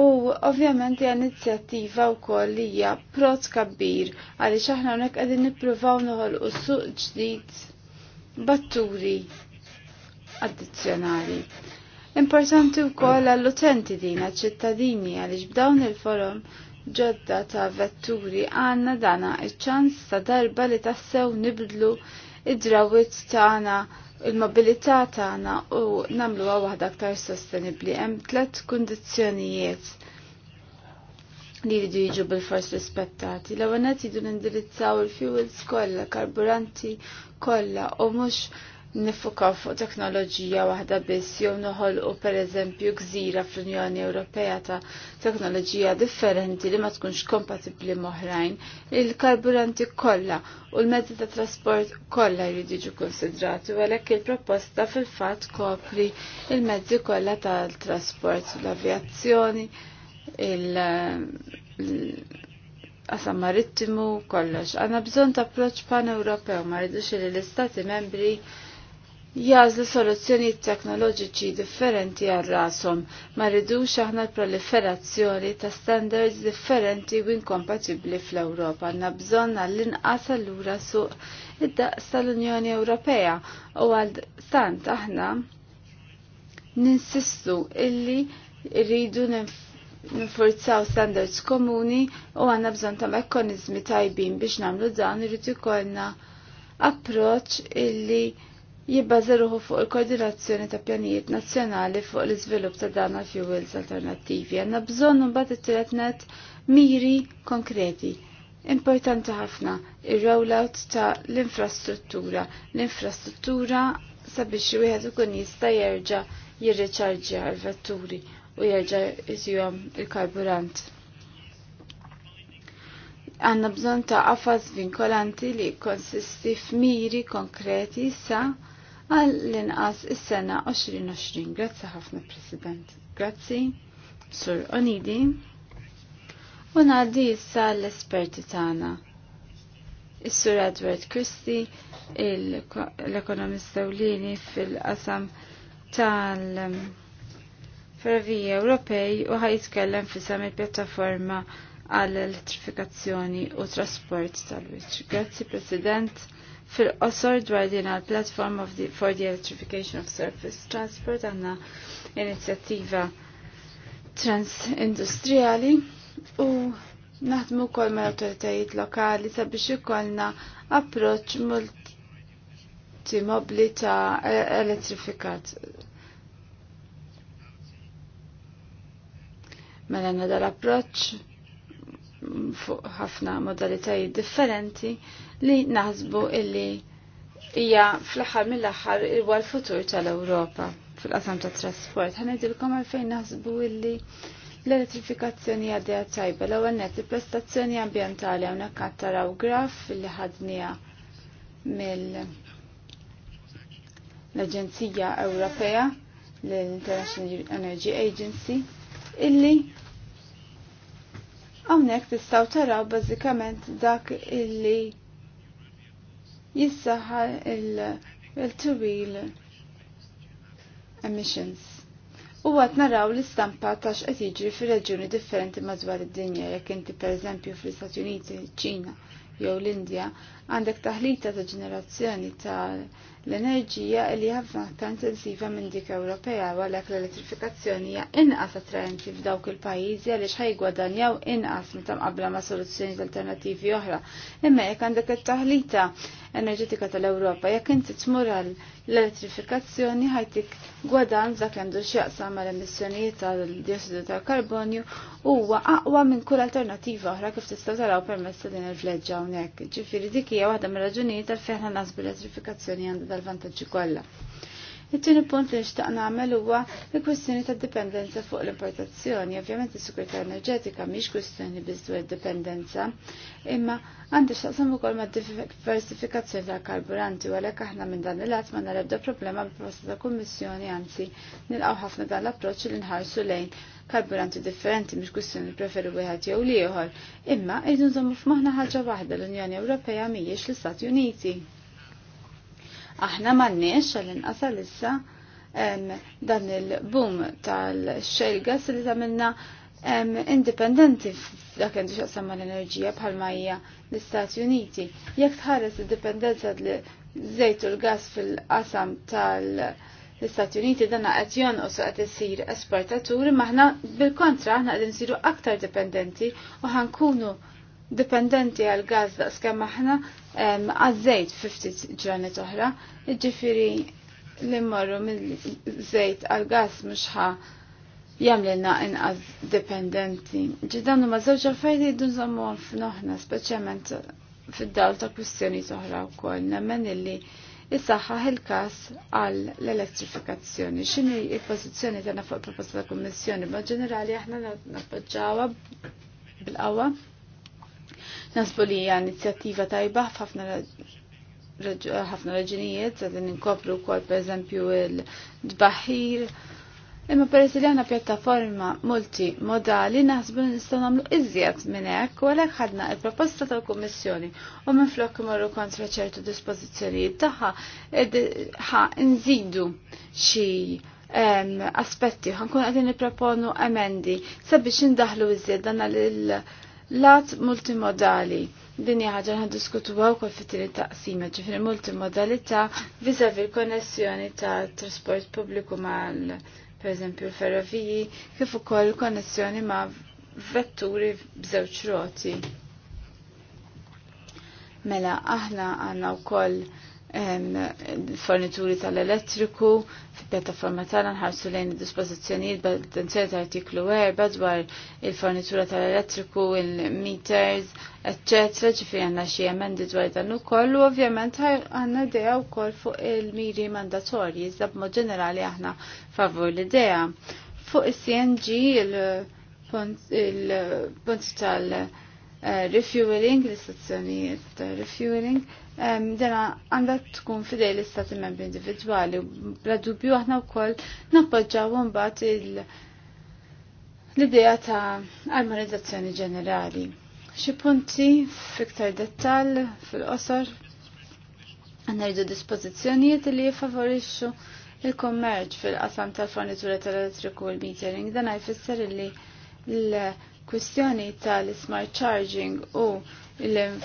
U ovvjament hija inizjattiva wkoll li hija prot kabbir għaliex aħna hawnhekk qegħdin nippruvaw noħolqu suq ġdid batturi addizzjonali. Importanti wkoll għall-utenti din għal-ċittadini għaliex b'dawn il-forum ġodda ta' vetturi għanna dana iċ-ċans ta' darba li tassew nibdlu id-drawit tagħna il-mobilità tagħna u nagħmluha waħda aktar sostenibbli. Hemm tliet kundizzjonijiet li jridu jiġu bil-fors rispettati. L-ewwel nett jidu nindirizzaw il-fuels kollha, karburanti kollha u mhux nifuka fuq teknoloġija waħda biss jew noħolqu pereżempju gżira fl-Unjoni Ewropea ta' teknoloġija differenti li ma tkunx kompatibbli moħrajn, il-karburanti kollha u l-mezzi ta' trasport kollha jridu jiġu konsidrati għalhekk il-proposta fil-fatt kopri il-mezzi kollha tal-trasport l-avjazzjoni, il- qasam marittimu kollox. Għanna bżon ta' proċ pan-Ewropew, ma rridux li l-Istati membri jażlu soluzzjoni teknoloġiċi differenti għal rasom ma rridux aħna l-proliferazzjoni ta' standards differenti u inkompatibbli fl-Ewropa. Għandna bżonn għall-inqas allura suq id-daqs tal-Unjoni Ewropea u għal tant aħna ninsistu illi rridu ninforzaw standards komuni u għanna bżon ta' mekkanizmi tajbin biex namlu dan irridu kollna approċ illi ruħu fuq il-koordinazzjoni ta' pjanijiet nazzjonali fuq l-iżvilupp ta' dana fuels alternattivi. Għandna bżonn bat it-tielet net miri konkreti. Importanti ħafna ir-rollout ta' l-infrastruttura. L-infrastruttura sabiex wieħed ikun jista' jerġa' jirriċarġja l-vetturi u jerġa' jisjuhom il-karburant. Għanna bżonn ta' qafas vinkolanti li konsisti f'miri konkreti sa' Għal inqas is-sena 2020. Grazzi ħafna President. Grazzi, Sur Onidi. U ngħaddi issa l-esperti tagħna. Is-Sur Edward Christie, l-ekonomista ewlieni fil-qasam tal-Ferrovija Ewropej u ħaj fi sam il-pjattaforma għall-elettrifikazzjoni u trasport tal-wiċ. Grazzi President. Fil-qosor dwar din għal-platform for the electrification of surface transport għanna inizjattiva transindustrijali u naħdmu kol ma' autoritajiet lokali sabiex ikollna approċ multimobli ta' e-, elettrifikat. Mela dal-approċ fuq ħafna modalitajiet differenti li naħsbu illi hija fl-aħħar mill-aħħar huwa l-futur tal-Ewropa fil-qasam ta' trasport. Ħanedilkom għalfejn naħsbu illi l-elettrifikazzjoni għaddeja tajba l-ewwel net il-prestazzjoni ambjentali hawnhekk qed taraw graf li ħadnija mill l-Aġenzija Ewropea l-International Energy Agency illi Hawnhekk tistaw taraw bażikament dak illi jissaħa il tubil emissions. U għat naraw l-istampa ta' x'qed jiġri fir-reġjuni differenti madwar id-dinja jekk inti pereżempju fl-Istati Uniti, ċina jew l-Indja, għandek taħlita ta' ġenerazzjoni ta' l-enerġija li ħafna ta' intensiva minn dik Ewropea għalek l-elettrifikazzjoni hija inqas attraenti f'dawk il-pajjiżi għaliex ħajgwadanjaw inqas meta mqabbla ma' soluzzjoni alternattivi oħra. Imma jekk għandek it-taħlita enerġetika tal-Ewropa jekk inti tmur l-elettrifikazzjoni ħajtik gwadan dak għandu x'jaqsam mal-emissjonijiet tal-dioxidu tal-karbonju huwa aqwa minn kull alternattiva oħra kif tista' taraw permezz din il-vleġġa hawnhekk. Ġifieri dik hija waħda mir-raġunijiet għal fejn nasbu l-elettrifikazzjoni għandha dal-vantaġġi kollha. It-tieni punt li nixtaq nagħmel huwa l-kwistjoni tad-dipendenza fuq l-importazzjoni. Ovvjament is-sikurità enerġetika mhix kwistjoni biss dwar id-dipendenza, imma għandi x'taqsam ukoll mad diversifikazzjoni tal-karburanti u għalhekk aħna minn dan il-att ma nara ebda problema bil posta ta' kummissjoni anzi nilqgħu ħafna dan l-approċċ li nħarsu lejn karburanti differenti mhux kwistjoni preferi wieħed jew ieħor, imma qed nżommu f'maħna ħaġa waħda l-Unjoni Ewropea mhijiex l-Istati Uniti. Aħna m'għandniex għall-inqas issa dan il-boom tal-xejl gas li tagħmilna indipendenti f'dak għandu xaqsam mal enerġija bħalma hija l-Istati Uniti. Jekk tħares id-dipendenza li żejt u l-gas fil-qasam tal- l-Istati Uniti dan qed jonqos qed isir esportaturi maħna bil-kontra aħna qegħdin nsiru aktar dipendenti u ħankunu dipendenti għal gaz daqs kemm aħna għaż-żejt 50 ġranet oħra, jiġifieri li mmorru mill-żejt għal gas mhux ħa jamlina inqas dipendenti. Ġidan ma żewġ affarijiet jiddu nżommuhom f'noħna, speċjalment fid-dawl ta' kwistjoni oħra wkoll, nemmen illi is il-kas għal l-elettrifikazzjoni. X'inhi l-pożizzjoni tagħna fuq proposta ta' Kummissjoni? Ma' ġenerali aħna nappoġġawha bil-qawwa. Nasbu li hija inizjattiva tajba f'ħafna ħafna raġunijiet qegħdin inkopru wkoll pereżempju il-dbaħħir Imma peress li għanna pjattaforma multimodali naħsbu li nistgħu nagħmlu iżjed minn hekk u għalhekk ħadna l-proposta tal-Kummissjoni u minflok imorru kontra ċertu dispożizzjonijiet tagħha ħa nżidu xi aspetti ħankun qegħdin nipproponu emendi sabiex indaħlu iżjed dan l-lat multimodali din ħaġa ħaddiskutu għaw kol fit-tini taqsima ġifri multimodalità vizavi l-konnessjoni ta' trasport pubbliku mal per eżempju ferroviji, kif ukoll konnessjoni ma' vetturi b'żewġ roti. Mela aħna għandna wkoll fornituri tal-elettriku, fil pjattaforma tagħna nħarsu lejn id-dispożizzjonijiet b'attenzjoni tal artiklu 4 dwar il-fornitura tal-elettriku, il-meters, etc. ġifieri għandna xi emendi dwar dan ukoll u ovvjament għandna idea wkoll fuq il-miri mandatorji, iżda b'mod ġenerali aħna favur l-idea. Fuq is-CNG il-punt tal-refueling, eh, l-istazzjonijiet tal-refueling, dena għandha tkun fidej l-istati membri individwali bla dubju aħna wkoll nappoġġaw mbagħad l-idea ta' armonizzazzjoni ġenerali. Xi punti fiktar dettal fil-qosor għandna rridu li jifavorixxu il-kommerċ fil-qasam tal-fornitura tal-elettriku u l-metering dan jfisser li l-kwistjoni tal-smart charging u l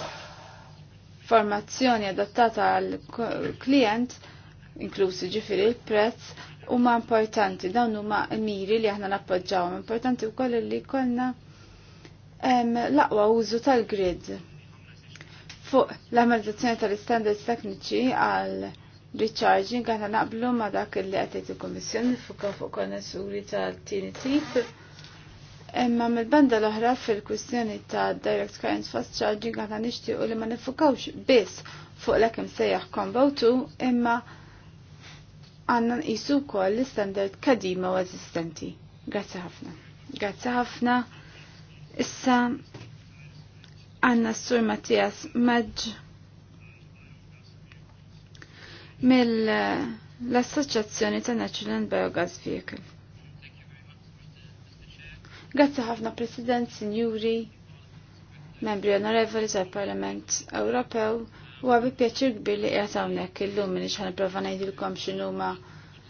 formazzjoni adattata għal klient, inklusi ġifiri il-prezz, huma importanti, dawn huma miri li aħna nappoġġaw, importanti wkoll li konna l-aqwa użu tal-grid. Fuq l-amministrazzjoni tal-standards tekniċi għal recharging għana naqblu ma dak li għatajt il-Komissjoni fuq fuq konnessuri tal TNT. Imma mill-banda l-oħra fil-kwistjoni ta' direct current fast charging għana nixtiequ li ma nifukawx biss fuq l sejjaħ konvotu imma għanna nqisu wkoll l-istandard kadima u eżistenti. Grazzi ħafna. Grazzi ħafna. Issa għanna s-sur Mattias Maġ mill-Assoċjazzjoni ta' National Biogas Vehicle. Grazzi ħafna President, Sinjuri, membri onorevoli tal-Parlament Ewropew, u għabi pjaċir kbir li qiegħed hawnhekk illum minix ħanipprova ngħidilkom x'inhuma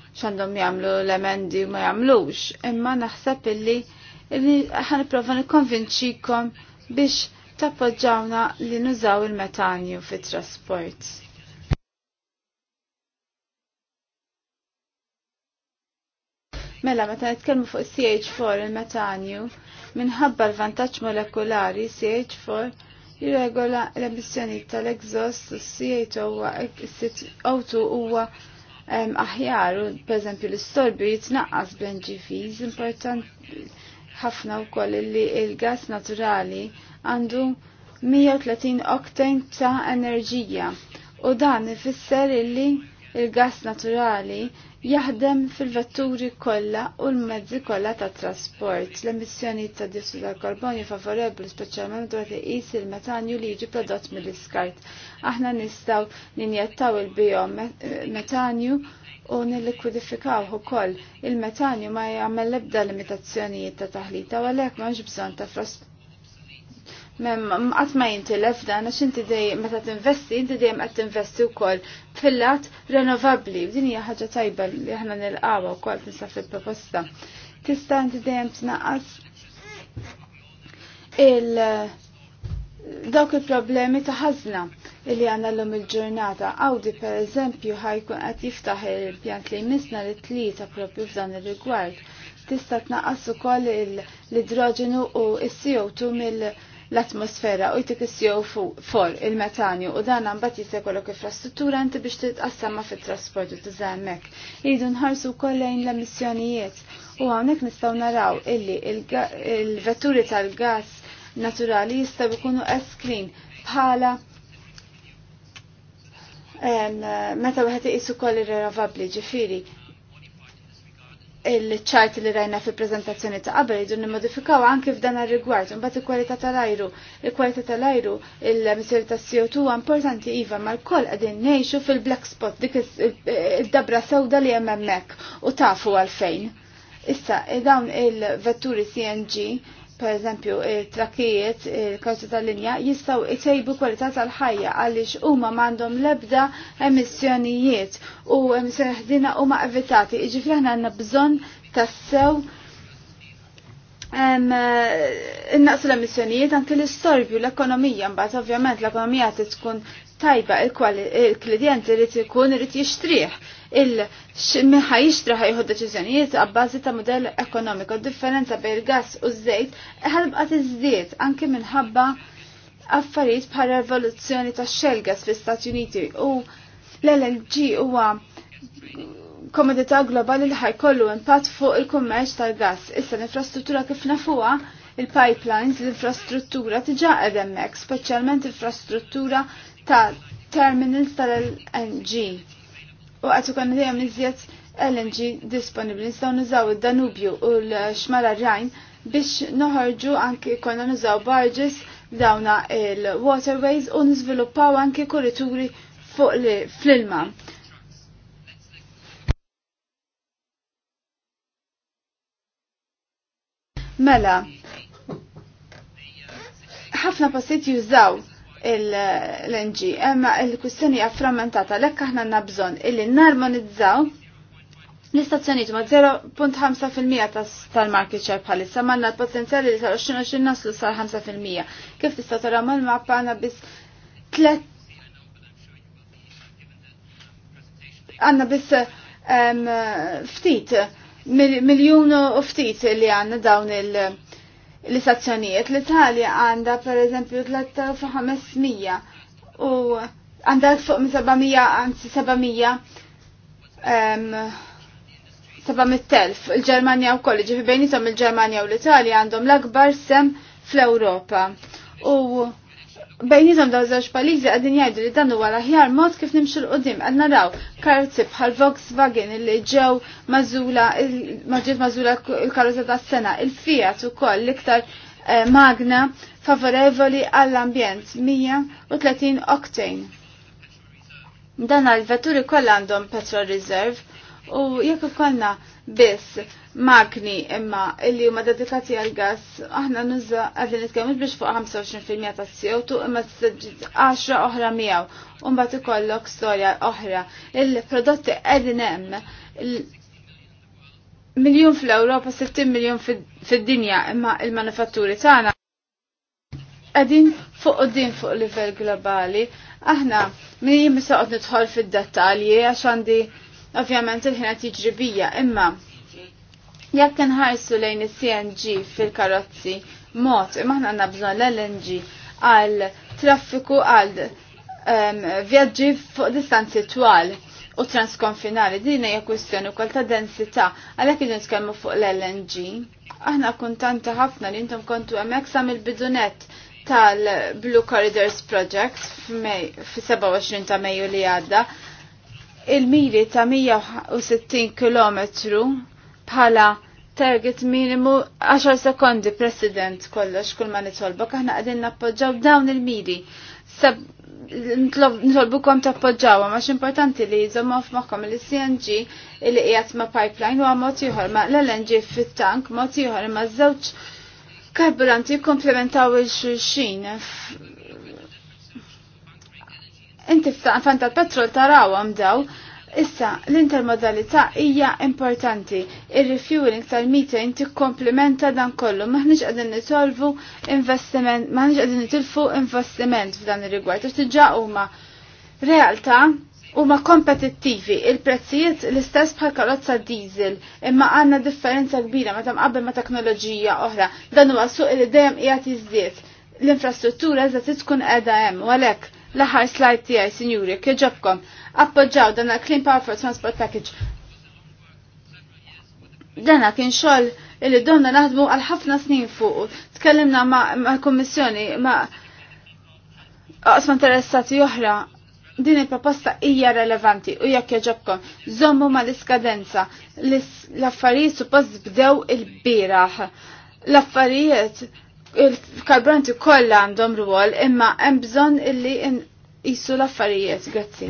x'għandhom jagħmlu l-emendi u ma jagħmlux, imma naħseb illi prova nikkonvinċikom biex tappoġġawna li nużaw il-metanju fit-trasport Mela, meta nitkellmu fuq CH4 il-metanju, minħabba l-vantaġġ molekulari CH4 jirregola l-emissjoni tal-exhaust u ch 2 huwa aħjar u pereżempju l-istorbju jitnaqqas bl-NGVs importanti ħafna wkoll li il-gas naturali għandu 130 octane ta' enerġija u dan ifisser illi il-gas naturali jaħdem fil-vetturi kollha u l-mezzi kollha ta' trasport. L-emissjoni ta' diossidu tal-karbonju favorevoli speċjalment dwar iqis il-metanju li jiġi prodott mill-iskart. Aħna nistgħu ninjettaw il-biometanju u nil-likwidifikaw ukoll. Il-metanju ma jagħmel l-ebda limitazzjonijiet ta' taħlita u għalhekk m'hemmx bżonn ta' frost Mem qatt ma jintilef dan għax inti dej meta tinvesti inti dejjem qed tinvesti wkoll fil-lat renovabbli. Din hija ħaġa tajba li aħna nilqawha wkoll nisa fil-proposta. Tista' inti dejjem tnaqqas il dawk il-problemi ta' il li għanna l-lum il-ġurnata. Audi per eżempju ħajkun qed jiftaħ il-pjant li jmissna li tlieta propju f'dan ir-rigward. Tista' tnaqqas ukoll l-idroġenu u s-CO2 mill- l-atmosfera u jtik isjew for il-metanju u dan għambat jisekolok infrastruttura inti biex titqassama fit-trasport u t-zammek. Jridu nħarsu kollajn l-emissjonijiet u għawnek nistaw naraw illi il-vetturi tal-gas naturali jistaw ikunu eskrin bħala meta wieħed iqisu koll ir-renovabli ġifieri il-ċart li rajna fil prezentazzjoni ta' qabel jidu nimmodifikaw anki f'dan ar-rigward. Imbagħad il-kwalità tal-ajru, il-kwalità tal-ajru, il-missjoni ta' CO2 huwa importanti iva mal-koll qegħdin ngħixu fil-black spot dik id-dabra sewda li hemm hemmhekk u tafu għalfejn. Issa, e dawn il-vetturi CNG per eżempju, trakkijiet il-kawzi tal-linja, jistaw itejbu kwalità tal-ħajja għaliex huma m'għandhom lebda emissjonijiet u emissjoni ħdina huma evitati. Iġifieri aħna għandna bżonn tassew innaqsu l-emissjonijiet anke l-istorbju l-ekonomija mbagħad ovvjament l-ekonomija tkun tajba il-klient irid ikun irid jixtrih il-minħa jixtra ħajħu deċiżjonijiet għabbażi ta' modell ekonomiku. Differenza bejn il-gas u z-żejt ħalbqa tiżdied anke minħabba affarijiet bħal revoluzzjoni ta' shell gas fl-Istati Uniti u l-LNG huwa komodità globali li ħajkollu impatt fuq il-kummerċ tal-gas. Issa l-infrastruttura kif nafuha il-pipelines, l-infrastruttura tiġa edemmek, specialment infrastruttura ta' terminals tal-LNG u għatu konna dejjem iżjed LNG disponibli. nistaw nużaw id-Danubju u l-Xmara Rajn biex noħorġu anki konna nużaw barges dawna il-waterways u nizviluppaw anki korrituri fuq li fl-ilma. Mela, ħafna passiet jużaw l-NG. Emma il-kustjoni frammentata lekk aħna għandna bżonn illi narmonizzaw l-istazzjonijiet ma' 0.5% tal-market share bħalissa manna l-potenzjali li tal-20 naslu sal-5%. Kif tista' tara l mappa għandna biss tlet għandna biss ftit miljun u ftit li għandna dawn il- l-istazzjonijiet. L-Italja għanda per eżempju 3500 u għanda fuq 700, anzi 700 700.000. Il-Ġermanja u kolli ġifi il-Ġermanja u l-Italja għandhom l-akbar sem fl-Europa. U bejnietom daw żewġ palizi għadin jgħidu li dan huwa l-aħjar mod kif nimxu l-qudiem qed Karzi karti bħal Volkswagen li ġew mażula maġġiet mażula l-karozza tas-sena, il-Fiat ukoll l-iktar eh, magna favorevoli għall-ambjent 130 octane. Dan għal-vetturi kollha għandhom petrol reserve U jekk ikollna biss magni imma illi huma dedikati għal gas, aħna nuża għadin nitkellmu biex fuq 25% tas CO2 imma 10 oħra miegħu. U mbagħad ikollok storja oħra. Il-prodotti qegħdin hemm miljun fl-Ewropa, 60 miljun fid-dinja imma il-manufatturi tagħna qegħdin fuq din fuq livell globali. Aħna min jimmisaqgħod nidħol fid-dettalji għax għandi Ovvjament il ħinat qed imma jekk nħarsu lejn is-CNG fil-karozzi mod imma aħna għandna bżonn l-LNG għal traffiku għal um, vjaġġi fuq distanzi twal u transkonfinali din hija kwistjoni wkoll ta' densità għalhekk idu nitkellmu fuq l-LNG. Aħna kuntanti ħafna li intom kontu hemmhekk sa mill-bidunet tal-Blue Corridors Project fi 27 ta' Mejju li għadda il-miri ta' 160 km bħala target minimu 10 sekondi president kollox kull ma nitolbok aħna qegħdin nappoġġaw dawn il-miri. Nitolbukom tappoġġawha ma importanti li jżommu f'moħħkom il-CNG li qiegħed ma' pipeline huwa mod ieħor ma' l-LNG fit-tank mod ieħor ma' żewġ karburanti jikkomplementaw il-xulxin Inti fanta l petrol tarawhom daw, issa l-intermodalità hija importanti. Ir-refueling tal-metering tikkomplementa dan kollu, maħniex qegħdin nitolvu investiment, maħniex qegħdin nitilfu investiment f'dan ir-rigward, għax huma realtà huma kompetittivi il-prezzijiet l-istess bħal karozza diesel imma għandna differenza kbira meta mqabbel ma' teknoloġija oħra dan huwa suq li dejjem qiegħed jiżdied l-infrastruttura eżda tkun qiegħda hemm u għalhekk L-aħħar slide tiegħi, sinjuri, kieġobkom, appoġġaw dan clean Power for Transport Package. Dana kien xogħol illi donna naħdmu għal ħafna snin fuq. Tkellimna ma' kommissjoni ma' qasma interessati oħra din il-proposta hija relevanti u jekk jaġobkom żommu ma l-iskadenza l-affarijiet suppost bdew il biraħ L-affarijiet il karbranti kollha għandhom ruol, imma hemm bżonn illi jisu l-affarijiet. Grazzi.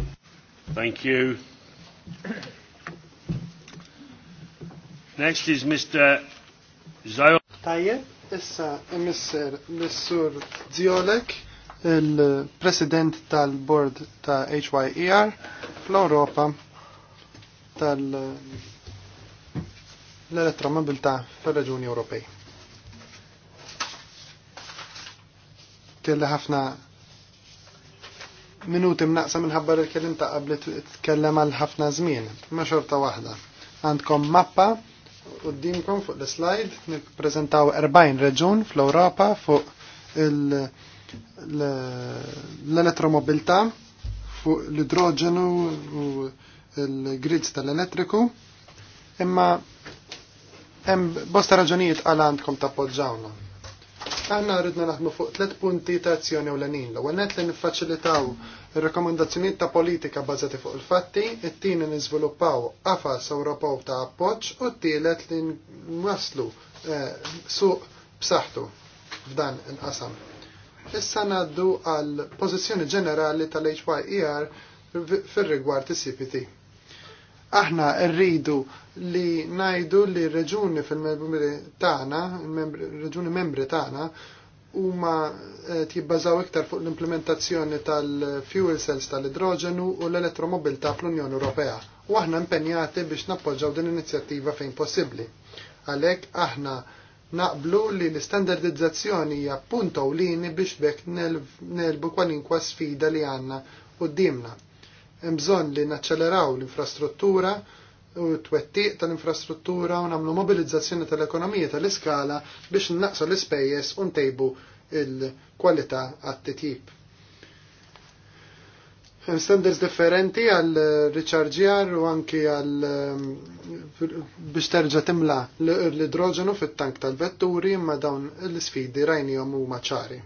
Thank you. Next is Mr. Zajon. Tajjeb, issa emisser Missur Ziolek, il-president tal-board ta' HYER fl-Europa tal-elettromobilta fil-Reġuni Ewropej. kelli ħafna minuti mnaqsa minħabba li kellim ta' qabli tkellem għal ħafna żmien, ma xorta waħda. Għandkom mappa qudiemkom fuq l-slide nippreżentaw 40 reġun fl-Ewropa fuq l-elettromobilità, fuq l idrogenu u l-grids tal-elettriku. Imma bosta raġunijiet għal għandkom ta' tappoġġawna Aħna rridna naħdmu fuq tliet punti ta' azzjoni u L-ewwel għanet li niffaċilitaw il-rekomendazzjoni ta' politika bażati fuq il-fatti, it-tieni niżviluppaw qafas Ewropew ta' appoġġ u t-tielet li nwaslu eh, suq b'saħħtu f'dan il-qasam. Issa ngħaddu għal pożizzjoni ġenerali tal-HYER fir-rigward is-CPT aħna rridu li najdu li reġuni fil-membri tagħna, reġuni membri tagħna, huma eh, tibbażaw iktar fuq l-implementazzjoni tal-fuel cells tal-idroġenu u l ta' fl-Unjoni Ewropea. U aħna impenjati biex nappoġġaw din l-inizjattiva fejn possibbli. Għalhekk aħna naqblu li l-standardizzazzjoni hija punta u lini biex bekk nelbu kwalinkwa sfida li għandna qudiemna hemm bżonn li naċċeleraw l-infrastruttura u t wettiq tal-infrastruttura u nagħmlu mobilizzazzjoni tal-ekonomija tal-iskala biex naqsu l-ispejjeż u ntejbu il-kwalità għat-titjib. Hemm standards differenti għal riċarġjar u anki għal ehm, biex terġa' timla l-idroġenu fit-tank tal-vetturi imma dawn l-isfidi rajni huma ċari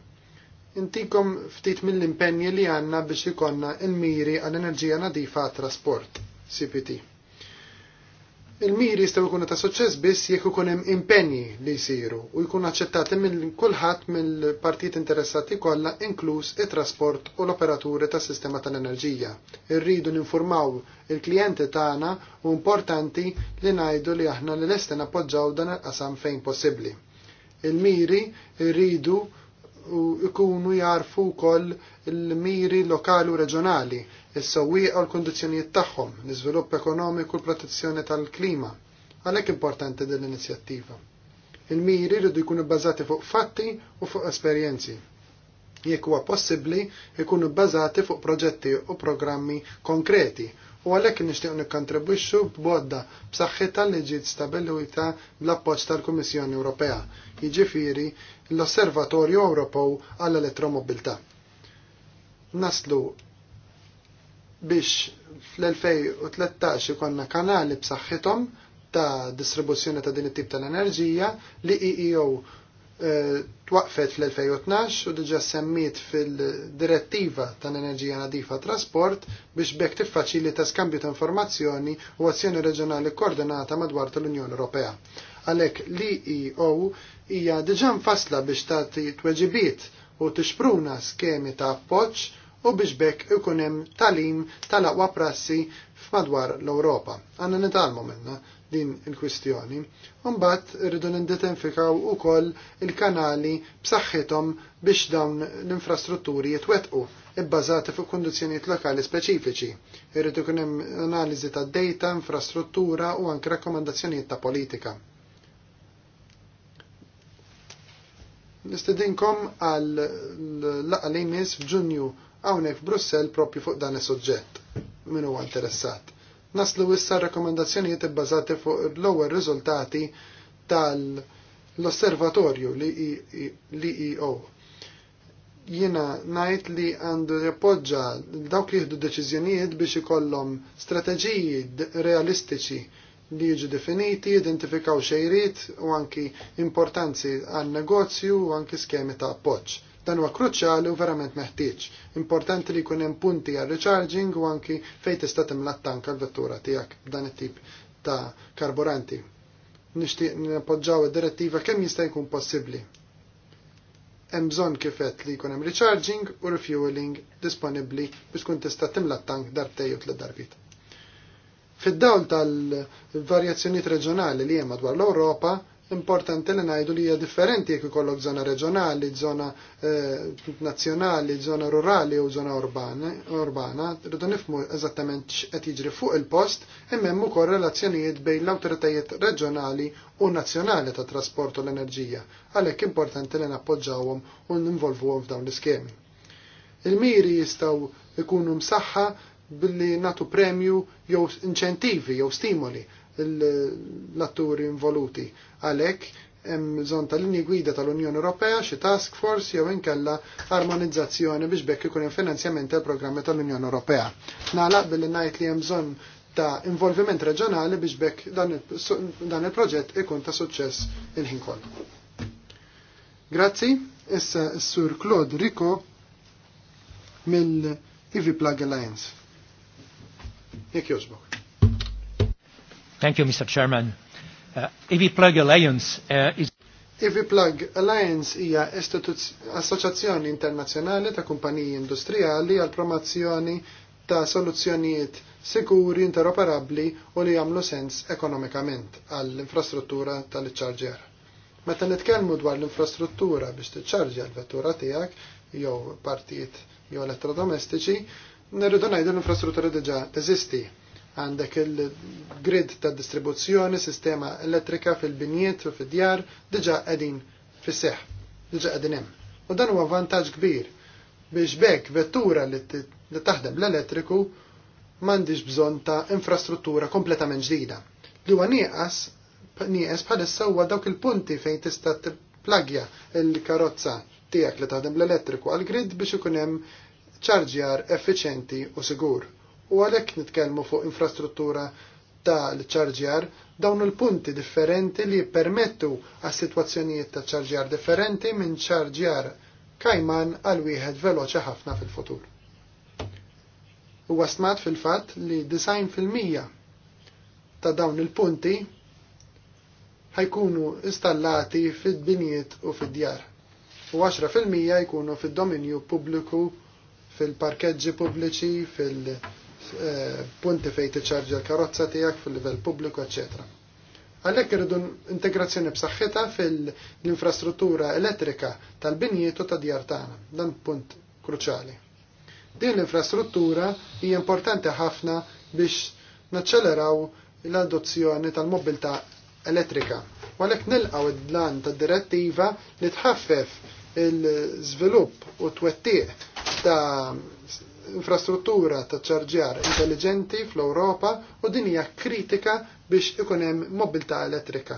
intikom ftit mill-impenji li għanna biex ikonna il-miri għall-enerġija nadifa trasport, CPT. Il-miri jistgħu jkunu ta' suċċess biss jekk ikun hemm impenji li jsiru u jkunu aċċettati minn kulħadd mill-partit interessati kollha inkluż it-trasport u l-operaturi tas sistema tal-enerġija. Irridu ninformaw il-klijenti tagħna u importanti li ngħidu li aħna li lesten appoġġaw dan il-qasam fejn possibbli. Il-miri rridu il u ikunu jarfu wkoll il-miri lokali u reġjonali, is sewwieq u l-kundizzjonijiet tagħhom, l-iżvilupp ekonomiku u l-protezzjoni tal-klima. Għalhekk importanti din l-inizjattiva. Il-miri rridu jkunu bbażati fuq fatti u fuq esperjenzi. Jekk huwa possibbli, jkunu bbażati fuq proġetti u programmi konkreti u għalhekk nishtiq nikkontribwixxu b'bodda b'saħħitha li ġiet stabilita bl-appoġġ tal-Kummissjoni Ewropea, jiġifieri l-Osservatorju Ewropew għall-Elettromobilità. Naslu biex fl-2013 ikonna kanali b'saħħithom ta' distribuzzjoni ta' din it-tip tal-enerġija li EEO twaqfet fl-2012 u diġa semmit fil-direttiva tan enerġija nadifa trasport biex bekk tiffaċilita skambju ta' informazzjoni u azzjoni reġjonali koordinata madwar tal-Unjoni Ewropea. Għalhekk li EO hija diġa mfasla biex tagħti tweġibiet u tixpruna skemi ta' appoġġ u biex bekk ikun hemm talim tal-aqwa prassi f'madwar l-Ewropa. Għandna nitalmu minnha din il-kwistjoni. Umbat rridu nindetenfikaw ukoll il-kanali b'saħħithom biex dawn l-infrastrutturi jitwetqu ibbażati fuq kondizzjonijiet lokali speċifiċi. Irridu kien hemm analiżi ta' data, infrastruttura u anke rakkomandazzjonijiet ta' politika. Nistedinkom għal laqalimis f'Ġunju hawnhekk f'Brussell propju fuq dan is-suġġett min huwa interessat. Naslu issa rekomendazzjonijiet ibbażati fuq l-ewwel riżultati tal-osservatorju l eo Jiena ngħid li għandu jappoġġa dawk li jieħdu deċiżjonijiet biex ikollhom strateġiji realistiċi li jiġu definiti, identifikaw xejriet u anki importanzi għal negozju u anki skemi ta' appoġġ Dan huwa kruċjali u verament meħtieġ. Importanti li jkun hemm punti għal recharging u anki fejn tista' timla tank għall vettura tiegħek b'dan it-tip ta' karburanti. Nixtieq nappoġġaw id-direttiva kemm jista' jkun possibbli. Hemm bżonn kifet li jkun hemm recharging u refueling disponibbli biex tkun tista' timla tank darbtej u tliet darbit. Fid-dawl tal varjazzjonijiet reġjonali li hemm madwar l-Ewropa, importanti li ngħidu li hija differenti jekk ikollok żona reġjonali, żona eh, nazzjonali, żona rurali u żona urbana, rridu nifmu eżattament x'qed jiġri fuq il-post imma hemm ukoll relazzjonijiet bejn l-awtoritajiet reġjonali u nazzjonali ta' trasport u l-enerġija, għalhekk importanti li nappoġġawhom u ninvolvuhom f'dawn l-iskemi. Il-miri jistaw jkunu msaħħa billi natu premju jew inċentivi jew stimoli l-atturi involuti. Għalhekk hemm bżonn tal-linji gwida tal-Unjoni Ewropea xi task force jew inkella armonizzazzjoni biex bekk ikun hemm finanzjament tal-programmi tal-Unjoni Ewropea. Nagħlaq billi ngħid li hemm bżonn ta' involviment reġjonali biex bekk dan il-proġett ikun ta' suċċess il-ħin kollu. Grazzi, issa s-sur Claude Rico mill-IV Plug Alliance. Jek jożbok. Thank you, Mr. Chairman. Uh, EV Plug Alliance uh, is... EV Plug Alliance hija assoċjazzjoni internazzjonali ta' kumpaniji industrijali għal promozzjoni ta' soluzzjonijiet sikuri, interoperabbli u li jagħmlu sens ekonomikament għall-infrastruttura tal-ċarġer. Meta nitkellmu dwar l-infrastruttura biex tiċċarġja l-vettura tiegħek jew partijiet jew elettrodomestiċi, nirridu ngħidu l-infrastruttura diġà eżisti għandek il-grid ta' distribuzzjoni, sistema elettrika fil-binjiet u fil djar diġa qegħdin fis-seħ, diġa qegħdin hemm. U dan huwa vantaġġ kbir biex bekk vettura li taħdem l-elettriku m'għandix bżonn ta' infrastruttura kompletament ġdida. Li huwa nieqas nieqes bħalissa huwa dawk il-punti fejn tista' plagja il-karozza tiegħek li taħdem l-elettriku għal-grid biex ikun hemm ċarġjar effiċenti u sigur. U għalhekk nitkellmu fuq infrastruttura ta' l-ċarġjar dawn il-punti differenti li permettu għas situazzjonijiet ta' ċarġjar differenti minn ċarġjar kajman għal wieħed veloċi ħafna fil-futur. U għasmat fil-fatt li 90% ta' dawn il-punti ħajkunu installati fid binijiet u fid-djar. U 10% jkunu fid-dominju pubbliku fil-parkeġġi pubbliċi, fil-, -parkeġġi pubbliċi, fil punti fejn tiċċarġa l karotza tiegħek fil-livell pubbliku, eċċetera. Għalhekk irridu integrazzjoni b'saħħitha fil-infrastruttura elettrika tal-binjiet u tad djar tagħna. Dan punt kruċali. Din l-infrastruttura hija importanti ħafna biex naċċeleraw l-adozzjoni tal-mobilità elettrika. Għalhekk nilqgħu id-dlan tad-direttiva li tħaffef il-żvilupp u twettiq ta' infrastruttura ta' ċarġjar intelligenti fl-Ewropa u din hija kritika biex ikun hemm mobilità elettrika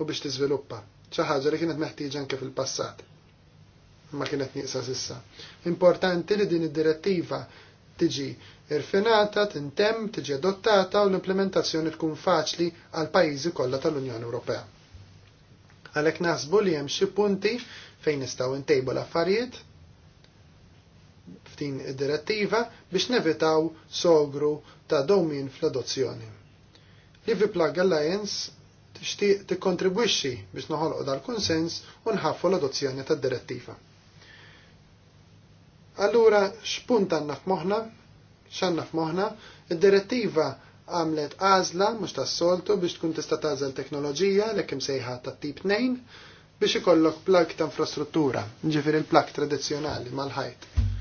u biex tiżviluppa. Xi ħaġa li kienet meħtieġa anke fil-passat. Ma kienet nieqsa sissa. Importanti li din id-direttiva tiġi irfinata, tintem, tiġi adottata u l-implementazzjoni tkun faċli għal pajjiżi kollha tal-Unjoni Ewropea. Għalhekk naħsbu li hemm xi punti fejn nistgħu ntejbu l-affarijiet din id-direttiva biex nevitaw sogru ta' domin fl-adozzjoni. Livi Plug Alliance tixtieq tikkontribwixxi biex noħolqu dal-konsens u nħaffu l-adozzjoni tad-direttiva. Allura x'punt għandna f'moħħna? X'għandna f'moħħna? Id-direttiva għamlet għażla mhux tas-soltu biex tkun tista' tagħżel teknoloġija li kemm sejħa tat-tip 2 biex ikollok plug ta' infrastruttura, ġifir il-plug tradizzjonali mal-ħajt.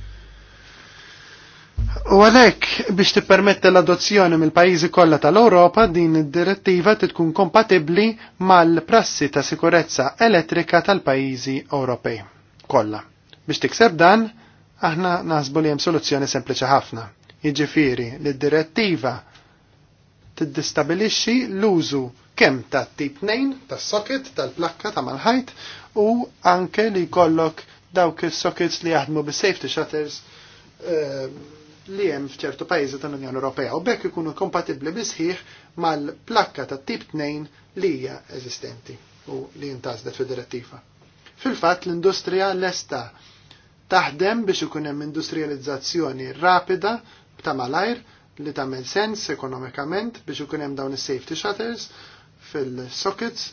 U għalhekk biex tippermetti l-adozzjoni mill-pajjiżi kollha tal-Ewropa din id-direttiva tkun kompatibbli mal-prassi ta' sikurezza elettrika tal-pajjiżi Ewropej kollha. Biex tikseb dan, aħna naħsbu li hemm soluzzjoni sempliċi ħafna. Jiġifieri li d-direttiva tiddistabilixxi l-użu kemm ta' tip 2 tas-socket tal-plakka ta' malħajt u anke li jkollok dawk is-sockets li jaħdmu bis-safety shutters eh, li hemm f'ċertu pajjiżi tal-Unjoni Ewropea u bekk ikunu kompatibbli bisħiħ mal-plakka ta' tip 2 li hija eżistenti u li jintasdet fid-direttiva. Fil-fatt l-industrija lesta taħdem biex ikun hemm industrializzazzjoni rapida ta' malajr li tagħmel sens ekonomikament biex ikun hemm dawn is-safety shutters fil-sockets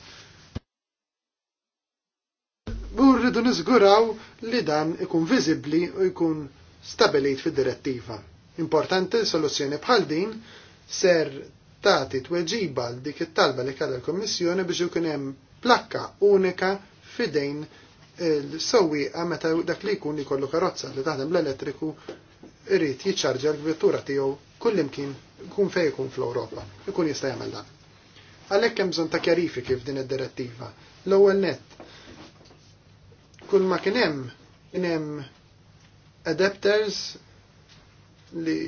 Burridu nizguraw niżguraw li dan ikun viżibbli u jkun stabilit fid-direttiva. Importanti soluzzjoni bħal din ser tagħti tweġiba l dik it-talba li kellha l-Kummissjoni biex ikun hemm plakka unika fidejn il-sewwieqa meta dak li jkun ikollu karozza li taħdem l-elettriku irrid jiċċarġa l-vettura tiegħu kullimkien kun fejn ikun fl-Ewropa, ikun jista' jagħmel dan. Għalhekk hemm bżonn ta' kjarifiki f'din id-direttiva. L-ewwel nett kull ma kien hemm kien hemm adapters li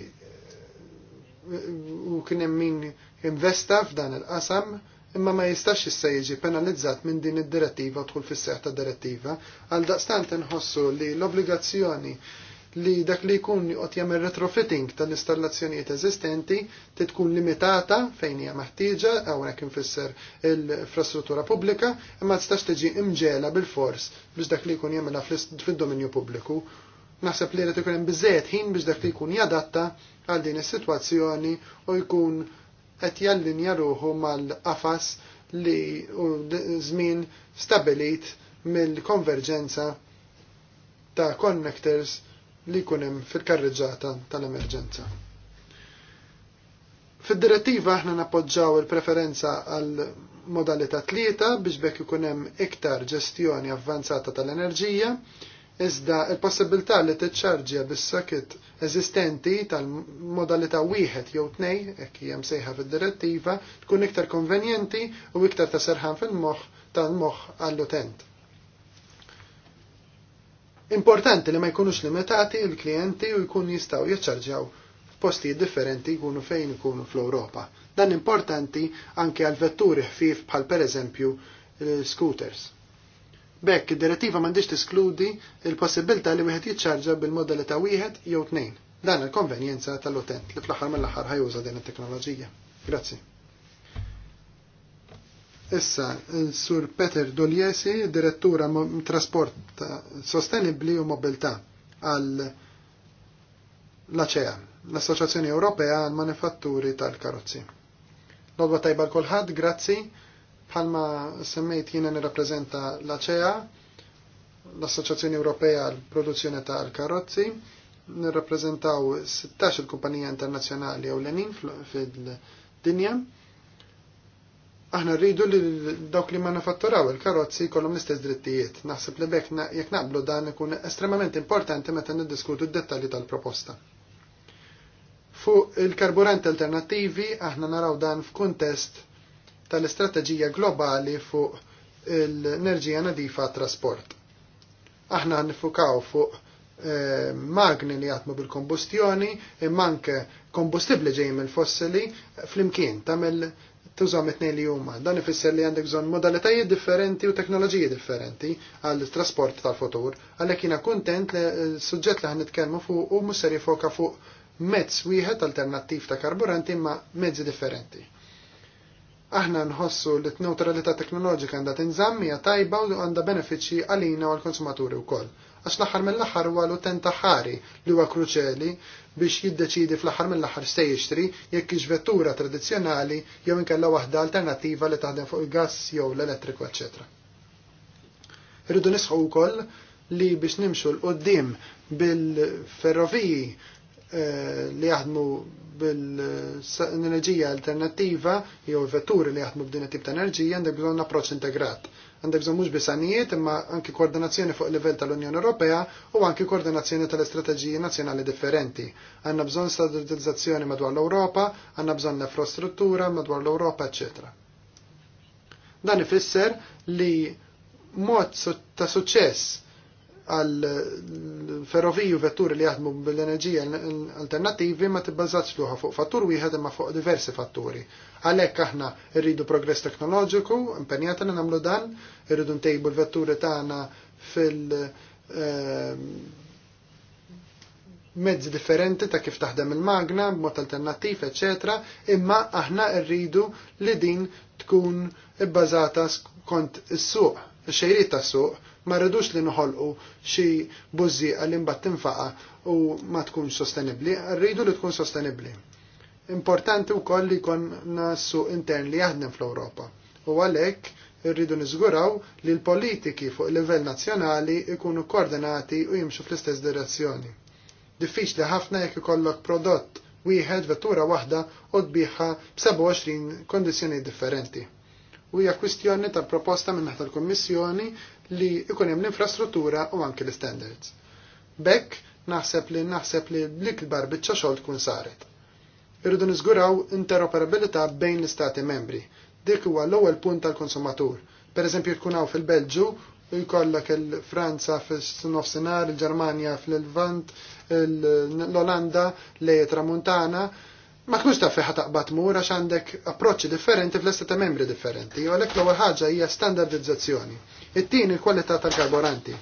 u kien hemm min investa f'dan il-qasam imma ma jistax issa jiġi penalizzat minn din id-direttiva u tħul fis-seħħ ta' direttiva għal daqstant inħossu li l-obbligazzjoni li dak li jkun qed jagħmel retrofitting tal-installazzjonijiet eżistenti tkun limitata fejn hija meħtieġa hawnhekk infisser l-infrastruttura pubblika imma tistax tiġi imġela bil-fors biex dak li jkun jagħmilha fid-dominju pubbliku Naħseb li qed ikun hemm biżejjed ħin biex dak li jkun jadatta għal din is-sitwazzjoni u jkun qed jallinja ruħu mal-qafas li u żmien stabilit mill-konverġenza ta' connectors li jkun hemm fil-karreġata tal-emerġenza. Fid-direttiva aħna nappoġġaw il-preferenza għal modalità tlieta biex bekk ikun hemm iktar ġestjoni avvanzata tal-enerġija, Iżda il-possibilità li tiċċarġja bis-socket eżistenti tal-modalità wieħed jew tnej, hekk hija msejħa fid-direttiva, tkun iktar konvenjenti u iktar ta' serħan fil-moħħ tal-moħħ għall-utent. Importanti li ma jkunux limitati il-klijenti u jkun jistaw jiċċarġjaw postijiet differenti jkunu fejn ikunu fl-Ewropa. Dan importanti anke għal vetturi ħfief bħal pereżempju scooters. Bekk id-direttiva m'għandix tiskludi il-possibilità li wieħed jiċċarġa bil modelli ta' wieħed jew tnejn. Dan il-konvenjenza tal-utent li fl-aħħar mill-aħħar ħajuża din it-teknoloġija. Grazzi. Issa, sur Peter Doliesi, direttura trasport sostenibli u mobilità għal l-ACEA, l associazzjoni Ewropea għal Manifatturi tal-Karozzi. Lodwa tajba l-kolħad, grazzi. Palma semmejt jiena nirrappreżenta l-ACEA, l-Assoċjazzjoni Ewropea għal Produzzjoni tal-Karozzi, nirrappreżentaw 16 il-kumpanija internazzjonali lenin fid-dinja. Aħna rridu li dawk li manufatturaw il-karozzi jkollhom l-istess drittijiet. Naħseb li bekk jekk naqblu dan ikun estremament importanti meta niddiskutu d-dettalji tal-proposta. Fuq il-karburanti alternattivi aħna naraw dan f'kuntest tal-istrateġija globali fuq l-enerġija nadifa trasport. Aħna nifukaw fuq eh, magni li jatmu bil-kombustjoni, imma anke kombustibli ġej mill fossili fl-imkien mill tużom it tnejn li huma. Dan ifisser li għandek bżonn modalitajiet differenti u teknoloġiji differenti għal trasport tal-futur, għalhekk jiena kuntent li s-suġġett li ħanitkellmu fuq u mhux ser jifoka fuq mezz wieħed alternattiv ta' karburanti imma mezzi differenti aħna nħossu li t-neutralità teknoloġika għandha tinżammi tajba u għandha benefiċċji għalina u għall-konsumaturi wkoll. Għax l-aħħar mill-aħħar u għal utent ħari li huwa kruċeli biex jiddeċidi fl-aħħar mill-aħħar se jixtri jekk hix vettura tradizzjonali jew inkella waħda alternattiva li taħdem fuq il-gass jew l-elettriku, ecc. Irridu nisħu wkoll li biex nimxu l-qoddim bil-ferroviji eh, li jaħdmu bil-enerġija alternattiva jew vetturi li jaħdmu b'din it-tip ta' enerġija għandek bżonn approċċ integrat. Għandek bżonn mhux bisanijiet imma anki koordinazzjoni fuq livell tal-Unjoni Ewropea u anki koordinazzjoni tal-istrateġiji nazzjonali differenti. Għandna bżonn standardizzazzjoni madwar l-Ewropa, għandna bżonn l-infrastruttura madwar l-Ewropa, eccetera. Dan ifisser li mod ta' suċċess għal ferroviju vetturi li jaħdmu bil-enerġija alternattivi ma tibbażax luħa fuq fattur wieħed imma fuq diversi fatturi. Għalhekk aħna rridu progress teknoloġiku, impenjata li nagħmlu dan, irridu ntejbu l-vetturi tagħna fil- ehm, mezzi differenti ta' kif taħdem il-magna, b'mod alternattiv, ecc. Imma aħna rridu li din tkun ibbażata kont is-suq, xejriet tas suq Ma rridux li nħolqu xi buzzi għal imbagħad tinfaqa u ma tkunx sostenibbli, rridu li tkun sostenibbli. Importanti wkoll li konna nassu intern li jaħdem fl-Ewropa. U għalhekk irridu niżguraw li l-politiki fuq livell nazzjonali ikunu koordinati u jimxu fl-istess direzzjoni. Diffiċli ħafna jekk ikollok prodott wieħed vettura waħda u tbiħħa b'27 kondizzjoni differenti. U hija kwistjoni ta' proposta minn naħta l-Kommissjoni li ikun hemm l-infrastruttura u anke l-standards. Bekk naħseb li naħseb li l-ikbar biċċa xogħol tkun saret. Irridu niżguraw interoperabilità bejn l-istati membri. Dik huwa l-ewwel punt tal-konsumatur. Pereżempju jkun hawn fil-Belġu jkollok il-Franza fis-nofsinhar, il-Ġermanja fil-Levant, l-Olanda lejn tramuntana, ma tkunx taf fiħa taqbad mur għax għandek approċċi differenti fl-esta ta' membri differenti, u għalhekk l-ewwel ħaġa hija standardizzazzjoni. It-tieni l-kwalità tal-karburanti.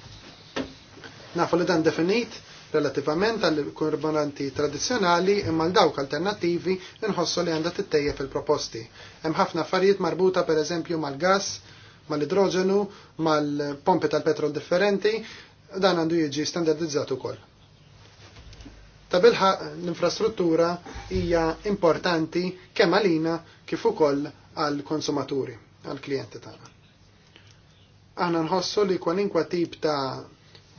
Nafu li dan definit relativament għall karburanti tradizzjonali imma l dawk alternattivi inħossu li għandha tittejja fil-proposti. Hemm ħafna affarijiet marbuta pereżempju mal-gas, mal-idroġenu, mal-pompi tal-petrol differenti, dan għandu jiġi standardizzat ukoll. Ta' bilħa l-infrastruttura hija importanti kemm għalina kif ukoll għall konsumaturi għall klijenti tagħna. Aħna nħossu li kwalinkwa tip ta'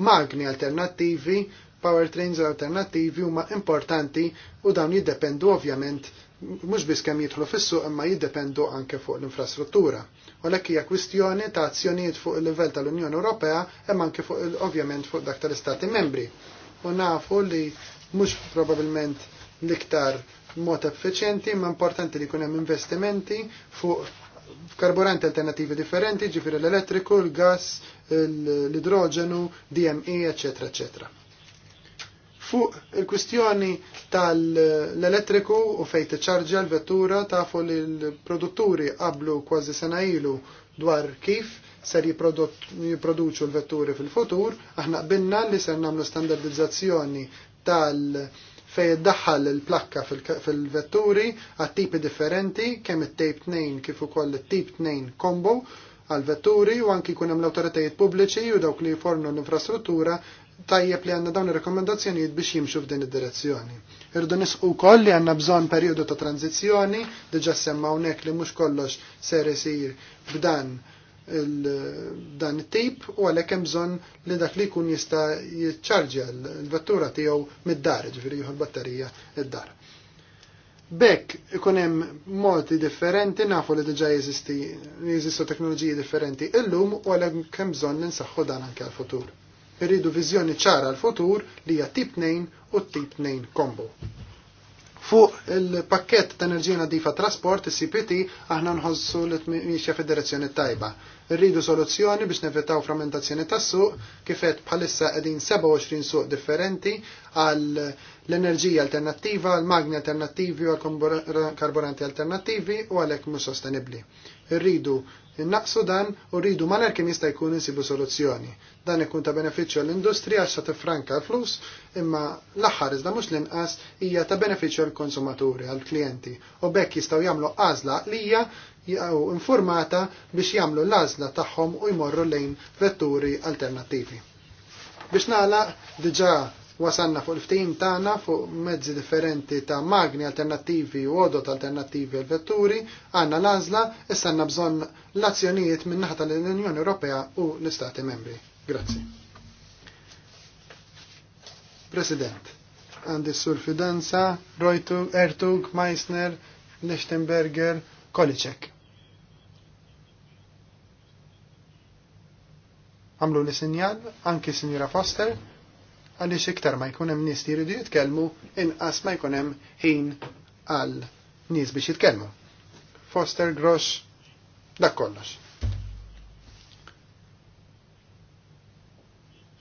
magni alternattivi powertrains alternattivi huma importanti u dawn jiddependu ovvjament mhux biss kemm jidħlu fis-suq imma jiddependu anke fuq l-infrastruttura. U l hija kwistjoni ta' azzjonijiet fuq il-livell tal-Unjoni Ewropea imma anke fuq ovvjament fuq dak tal-Istati Membri. U nafu li mhux probabbilment l-iktar mod effiċjenti, ma importanti li jkun hemm investimenti fuq karburanti alternativi differenti, ġifieri l-elettriku, l-gas, l-idroġenu, DME, eċetera, eċetera. Fuq il-kwistjoni tal-elettriku u fejn tiċċarġa l-vettura tafu li l-produtturi qablu kważi sena ilu dwar kif ser jiproduċu l-vetturi fil-futur, aħna binna li ser namlu standardizzazzjoni tal fej iddaħħal il-plakka fil-vetturi għat tipi differenti kemm it-tape 2 kif ukoll it-tip 2 combo għal vetturi u anki jkun hemm l-awtoritajiet pubbliċi u dawk li jfornu l-infrastruttura tajjeb li għanna dawn il-rekomendazzjonijiet biex jimxu f'din id-direzzjoni. Irdu nisqu koll li għanna bżon periodu ta' tranzizjoni, diġa semma hawnhekk li mux kollox ser isir b'dan dan it-tip u għalhekk hemm bżonn li dak li jkun jista' jiċċarġja l-vettura tiegħu mid-dar, ġifieri jieħu l-batterija id-dar. Bekk ikun hemm modi differenti nafu li diġà jeżisti jeżistu teknoloġiji differenti illum u għalhekk hemm bżonn li nsaħħu dan anke għall-futur. Irridu viżjoni ċara għall-futur li hija tip 2 u tip 2 kombo. Fuq il-pakket ta' enerġija nadifa trasport, il-CPT, aħna nħossu li t-miexja federazzjoni tajba. Rridu soluzzjoni biex nevetaw frammentazzjoni tas suq, kifet bħalissa edin 27 suq differenti għal l-enerġija alternattiva, għal-magni alternattivi, għal-karburanti alternattivi u għalek mux sostenibli. Rridu Innaqsu dan u rridu maler kien jista' jkun insibu soluzzjoni. Dan ikun ta' benefiċċju l-industrija għax ta' franka l-flus, imma l-aħħar iżda mhux l-inqas hija ta' benefiċċju l-konsumaturi, għall-klijenti. U bekk jistgħu jagħmlu għażla għaqlija jew informata biex jagħmlu l-għażla tagħhom u jmorru lejn vetturi alternattivi. Biex nagħlaq diġà Wasanna fuq il-ftim tagħna fuq mezzi differenti ta' magni alternattivi u odot alternattivi għal vetturi għandna l-għażla issa għandna bżonn l-azzjonijiet minn naħa tal-Unjoni Ewropea u l-Istati Membri. Grazzi. President, għandi sur fidanza, Reutug, Ertug, Meissner, Lichtenberger, Kolicek. Għamlu li sinjal, anki sinjura Foster, għaliex iktar ma jkun hemm nies li jridu jitkellmu inqas ma jkun hemm ħin għal nies biex jitkellmu. Foster Grosh dak kollox.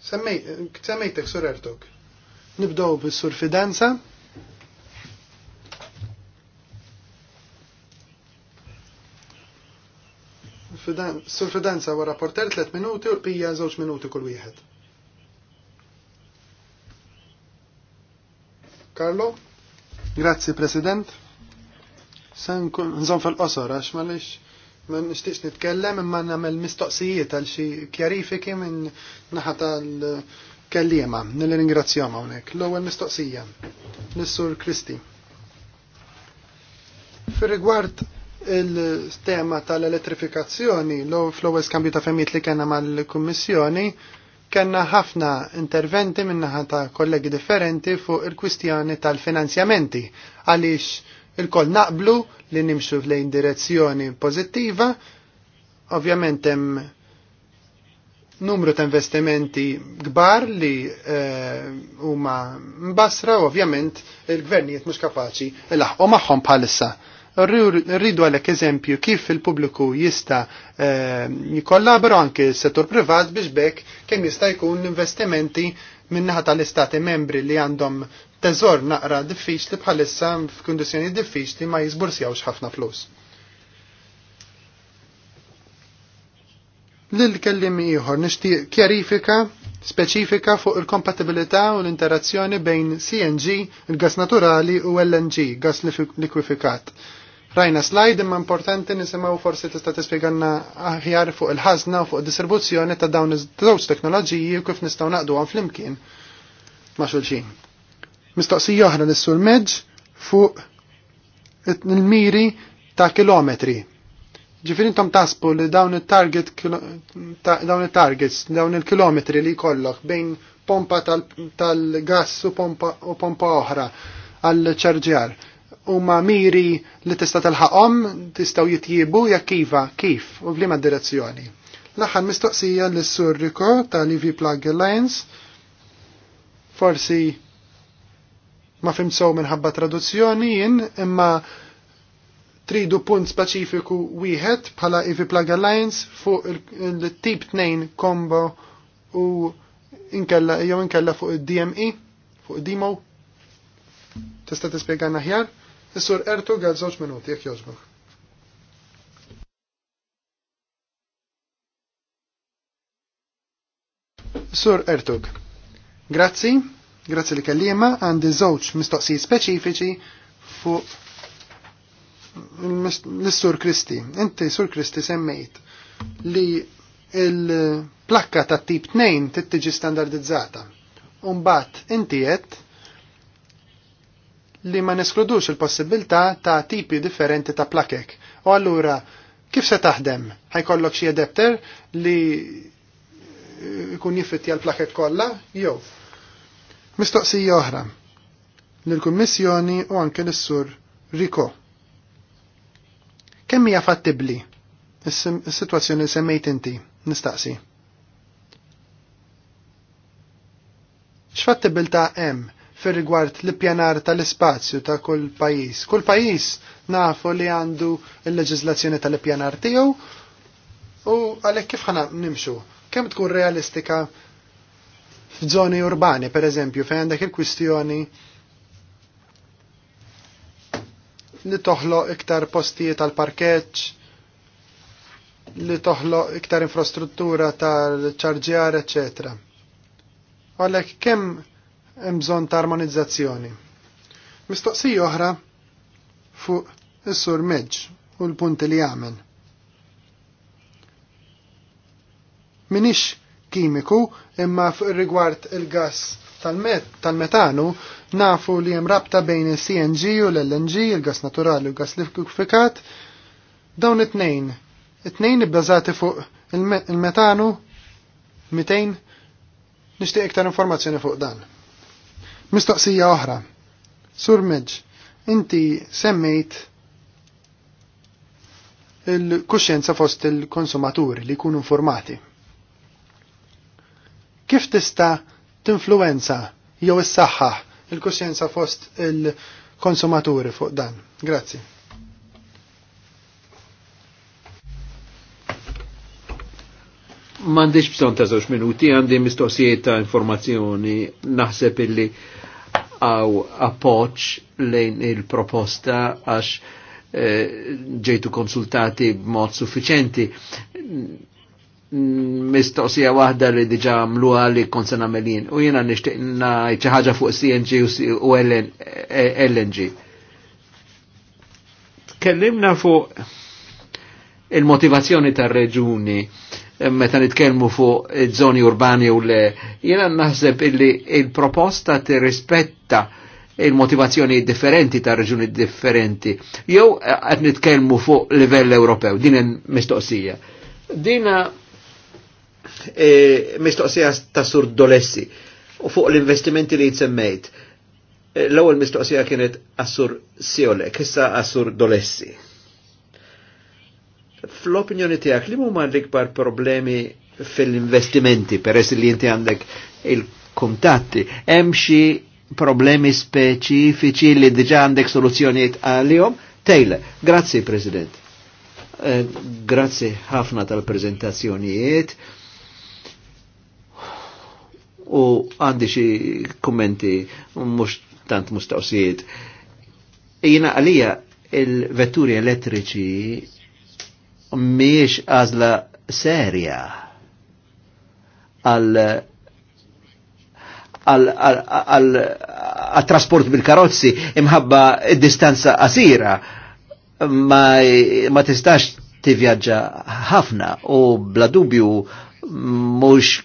Semmejtek sur Ertug. Nibdow bis-sur fidanza. Sur fidanza wara porter 3 minuti u l-pija 2 minuti kull wieħed. Carlo? Grazie, President. Sen nżon fil-qosor, għax nix ma nixtiex nitkellem imma nagħmel mistoqsijiet għal xi kjarifiki minn naħat tal-kellima nilli ringrazzjom hawnhekk. L-ewwel mistoqsija Nissur sur Kristi. Fir-rigward il-tema tal-elettrifikazzjoni, l-ewwel fl-ewwel skambju ta' femijiet li kellna mal-Kummissjoni, kena ħafna interventi minnaħa ta' kollegi differenti fuq il-kwistjoni tal-finanzjamenti għaliex il-koll naqblu li nimxu lejn direzzjoni pozittiva. Ovvjament hemm numru ta' investimenti kbar li eh, huma e, mbasra u ovvjament il-gvernijiet mhux kapaċi laħqu magħhom bħalissa. Rridu għalek eżempju kif il-pubbliku jista eh, jikollabru anke s-settur privat biex bekk kemm jista' jkun investimenti minnaħa tal-istati membri li għandhom teżor naqra diffiċli bħalissa f'kundizzjoni diffiċli ma jizbursjawx ħafna flus. Lil-kellim ieħor nixtieq kjarifika speċifika fuq il-kompatibilità u l-interazzjoni bejn CNG, il-gas naturali u LNG, gas likwifikat. Rajna slide imma importanti nisimgħu forsi tista' tispjegalna aħjar fuq il-ħażna u fuq id-distribuzzjoni ta' dawn iż-żewġ teknoloġiji u kif nistgħu naqduhom flimkien ma' xulxin. Mistoqsija oħra nissu l Meġġ fuq il-miri ta' kilometri. Ġifieri intom tasbu li dawn it-target dawn it-targets, dawn il-kilometri li jkollok bejn pompa tal-gass u pompa oħra għal ċarġjar huma miri li tista' telħaqhom tistgħu jitjiebu jak iva kif u b'liema direzzjoni. L-aħħar mistoqsija lis surriko tal iv Plug Alliance forsi ma fim sow minħabba traduzzjoni jien imma tridu punt speċifiku wieħed bħala IV e Plug Alliance fuq il-tip 2 kombo u inkella jew inkella fuq id-DME fuq id-demo. Tista' tispjegana ħjar? Is-sur Ertu għal żewġ minuti jekk jogħġbok. Sur Ertug, grazzi, grazzi li kellima għandi żewġ mistoqsijiet speċifiċi fuq l-Sur Kristi. Inti Sur Kristi semmejt li il-plakka ta' tip 2 tittiġi standardizzata. Umbat inti qed li ma neskludux il-possibilità ta' tipi differenti ta' plakek. U allura, kif se taħdem? Ħajkollok xi adapter li jkun jifitti l-plakek kollha? Jew. Mistoqsija oħra l kummissjoni u anke lis-Sur Riko. Kemm hija fattibbli is-sitwazzjoni li semmejt inti? Nistaqsi. X'fattibilta hemm? fir rigward l-pjanar tal-ispazju ta' kull pajis. Kull pajis nafu li għandu il-leġizlazzjoni tal-pjanar tiegħu u għalhekk kif ħana nimxu. Kemm tkun realistika f'żoni urbani, per eżempju, fejn għandek il-kwistjoni li toħloq iktar postijiet tal parkeġġ li toħloq iktar infrastruttura tal-ċarġjar, eccetera għalek kem hemm bżonn ta' armonizzazzjoni. Mistoqsija oħra fuq is-sur meġ u l-punti li għamen. Minix kimiku imma fuq rigward il-gas tal-metanu nafu li hemm rabta bejn il-CNG u l-LNG, il-gas naturali u l-gas liquifikat, dawn it-tnejn. It-tnejn ibbażati fuq il-metanu 200 nixtieq iktar informazzjoni fuq dan. Mistoqsija oħra. Sur Midge, inti semmejt il-kuxjenza fost il-konsumaturi li jkunu informati. Kif tista' t-influenza jew is-saħħa il-kuxjenza fost il-konsumaturi fuq dan? Grazzi. Mandiċ bżon ta' zoċ minuti, għandi mistoqsijiet ta' informazzjoni, naħseb illi għaw appoċ lejn il-proposta għax eh, ġejtu konsultati b'mod suffiċenti. Mistoqsija waħda li diġa mluha għalli kont se u jiena nixtieq ċaħġa xi ħaġa fuq CNG u LNG. Eh, Kellimna fuq il-motivazzjoni tar-reġuni meta nitkellmu fuq żoni urbani u le, jiena naħseb illi il-proposta tirrispetta il-motivazzjoni differenti ta' reġuni differenti. Jew eh, qed nitkellmu fuq livell Ewropew, din mistoqsija. Dina e, mistoqsija ta' sur dolessi u fuq l-investimenti li jitsemmejt. Eh, l-ewwel mistoqsija kienet assur Siolek, issa assur Dolessi fl-opinjoni tijak li mumma l-ikbar problemi fil-investimenti, per peress li jinti għandek il-kontatti, emxi problemi speċifiċi li diġa għandek soluzzjoniet għalihom? Tejle, grazzi President. Eh, grazzi ħafna tal-prezentazzjonijiet. U għandi xi kummenti mhux tant mustaqsijiet. Jiena għalija il-vetturi elettriċi miex għazla serja għal għal trasport bil-karozzi imħabba distanza qasira ma, ma tistax tivjaġġa ħafna u bla dubju mhux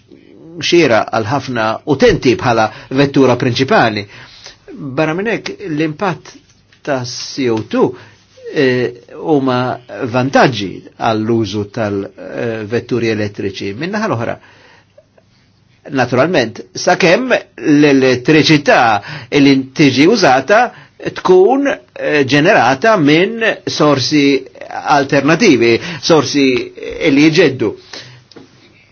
xira għal ħafna utenti bħala vettura prinċipali. Barra minnek l-impatt ta' CO2 E, huma ma vantaġġi għall-użu tal-vetturi elettriċi. Minnaħa l-oħra, naturalment, sakemm l-elettriċità li tiġi użata tkun e, ġenerata minn sorsi alternativi, sorsi li jġeddu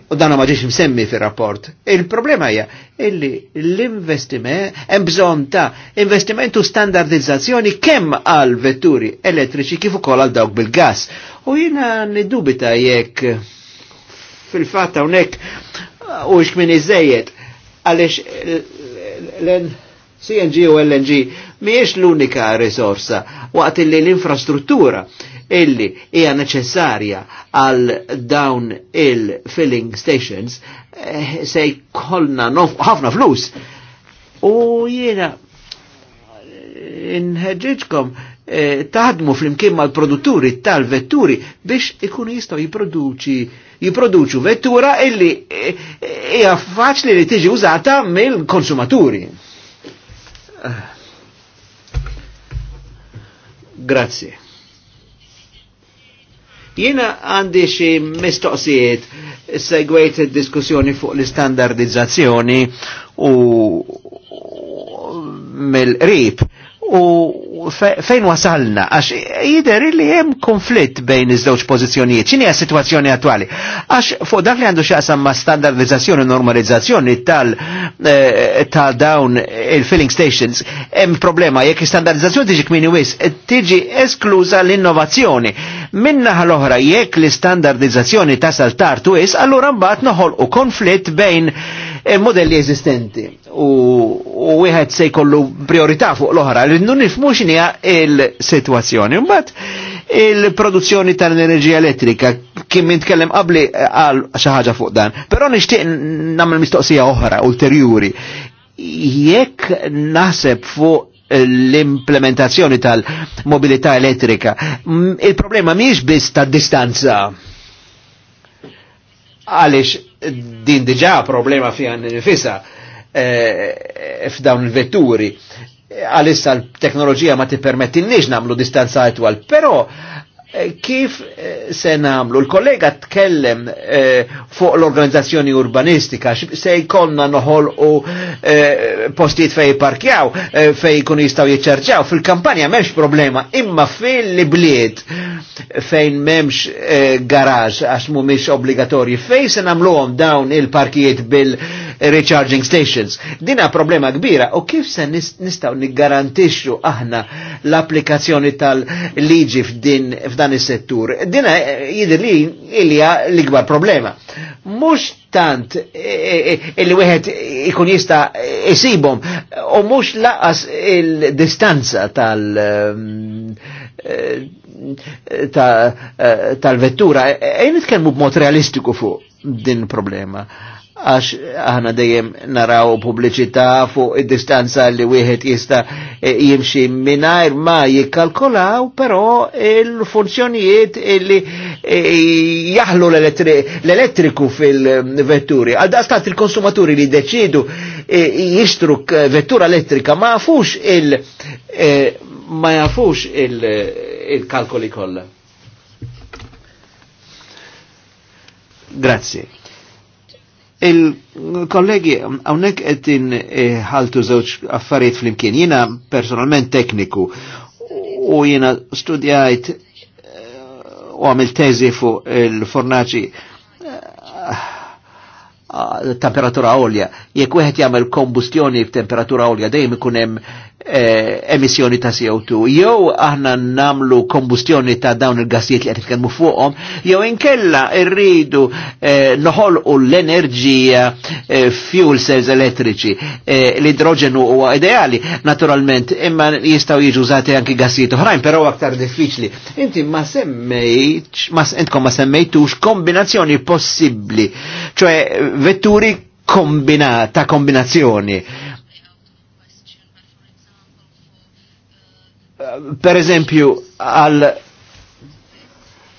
u dan ma ġiex msemmi fir-rapport. Il-problema hija illi l-investiment hemm bżonn ta' investiment u standardizzazzjoni kemm għal vetturi elettriċi kif ukoll għal dawk bil-gas. U jiena niddubita jekk fil-fatt hawnhekk u x'min iżejjed għaliex CNG u LNG miex l-unika risorsa waqt li l-infrastruttura illi hija neċessarja għal dawn il-filling stations eh, se jkollna ħafna flus. U jiena eh, inħeġġkom eh, taħdmu flimkien mal-produtturi tal-vetturi biex ikunu jistgħu jipproduċi jipproduċu vettura illi eh, hija eh, faċli li tiġi użata mill-konsumaturi. Grazie. Jiena għandi xi mistoqsijiet segwejt id-diskussjoni fuq l-istandardizzazzjoni u mill-qrib u fejn wasalna, għax jider li jem konflitt bejn iż-żewġ pożizzjonijiet, ċini għas situazzjoni attuali, għax fuq dak li għandu xaqsam ma standardizzazzjoni u normalizzazzjoni tal, eh, tal dawn il-filling stations, hemm problema jekk standardizzazzjoni tiġi kmini wis, tiġi esklusa l-innovazzjoni minna l-oħra jekk l-istandardizzazzjoni ta' saltar is, allura mbagħad noħolqu konflitt bejn modelli eżistenti u wieħed se jkollu priorità fuq l-oħra li nun nifhmu x'inhija il-sitwazzjoni. Mbagħad il-produzzjoni tal-enerġija elettrika kien min tkellem qabli għal xi ħaġa fuq dan. Però nixtieq nagħmel mistoqsija oħra ulterjuri. Jekk naħseb fuq l-implementazzjoni tal-mobilità elettrika. Il-problema miex biss ta' distanza. Għalix din diġa problema fija nifisa eh, f'dawn il-vetturi. Għalissa l teknologija ma tippermettinniex namlu distanza etwal, però Eh, kif eh, se namlu? L-kollega tkellem eh, fuq l-organizzazzjoni urbanistika, se jkonna noħol u postiet fej parkjaw, fej kun jistaw jċarċaw. Fil-kampanja memx problema, imma fil-bliet fejn memx garaż għax mu obbligatorji, fej se namlu dawn il-parkijiet bil- recharging stations. Dina problema kbira u kif se nistaw niggarantixxu aħna l-applikazzjoni tal-liġi f'dan is-settur. Dina eh, eh, jidher li ilja l-ikbar problema. Mhux tant illi eh, wieħed ikun jista' isibhom u mhux laqas il-distanza tal- ehm, tal-vettura, ejn nitkellmu b'mod realistiku fuq din problema għax aħna dejjem naraw pubbliċità fuq id-distanza li wieħed jista' e, jimxi mingħajr ma jikkalkolaw però il-funzjonijiet illi e, jaħlu l-elettriku fil-vetturi. Għal daqstat il-konsumaturi li deċidu e, jixtru vettura elettrika ma jafux il- ma jafux il-kalkoli kollha. Grazie. Il-kollegi għonek għettin eh, ħaltu zewċ affarijiet fl-imkien. Jina personalment tekniku u jina studjajt eh, u għamil teżi fuq il-fornaċi eh, Ah, temperatura olja. Jekk wieħed jagħmel kombustjoni f'temperatura olja dejjem ikun hemm eh, emissjoni ta' CO2. Jew aħna nagħmlu kombustjoni ta' dawn il-gassijiet li qed nitkellmu fuqhom, jew inkella rridu eh, noħolqu l-enerġija eh, fuel cells elettriċi. Eh, l-idroġenu huwa ideali naturalment, imma jistgħu jiġu użati anki gassijiet oħrajn, però aktar diffiċli. Inti ma semmejtx, intkom ma semmejtux kombinazzjoni possibbli, ċoe vetturi kombinata, kombinazzjoni. Per eżempju, għal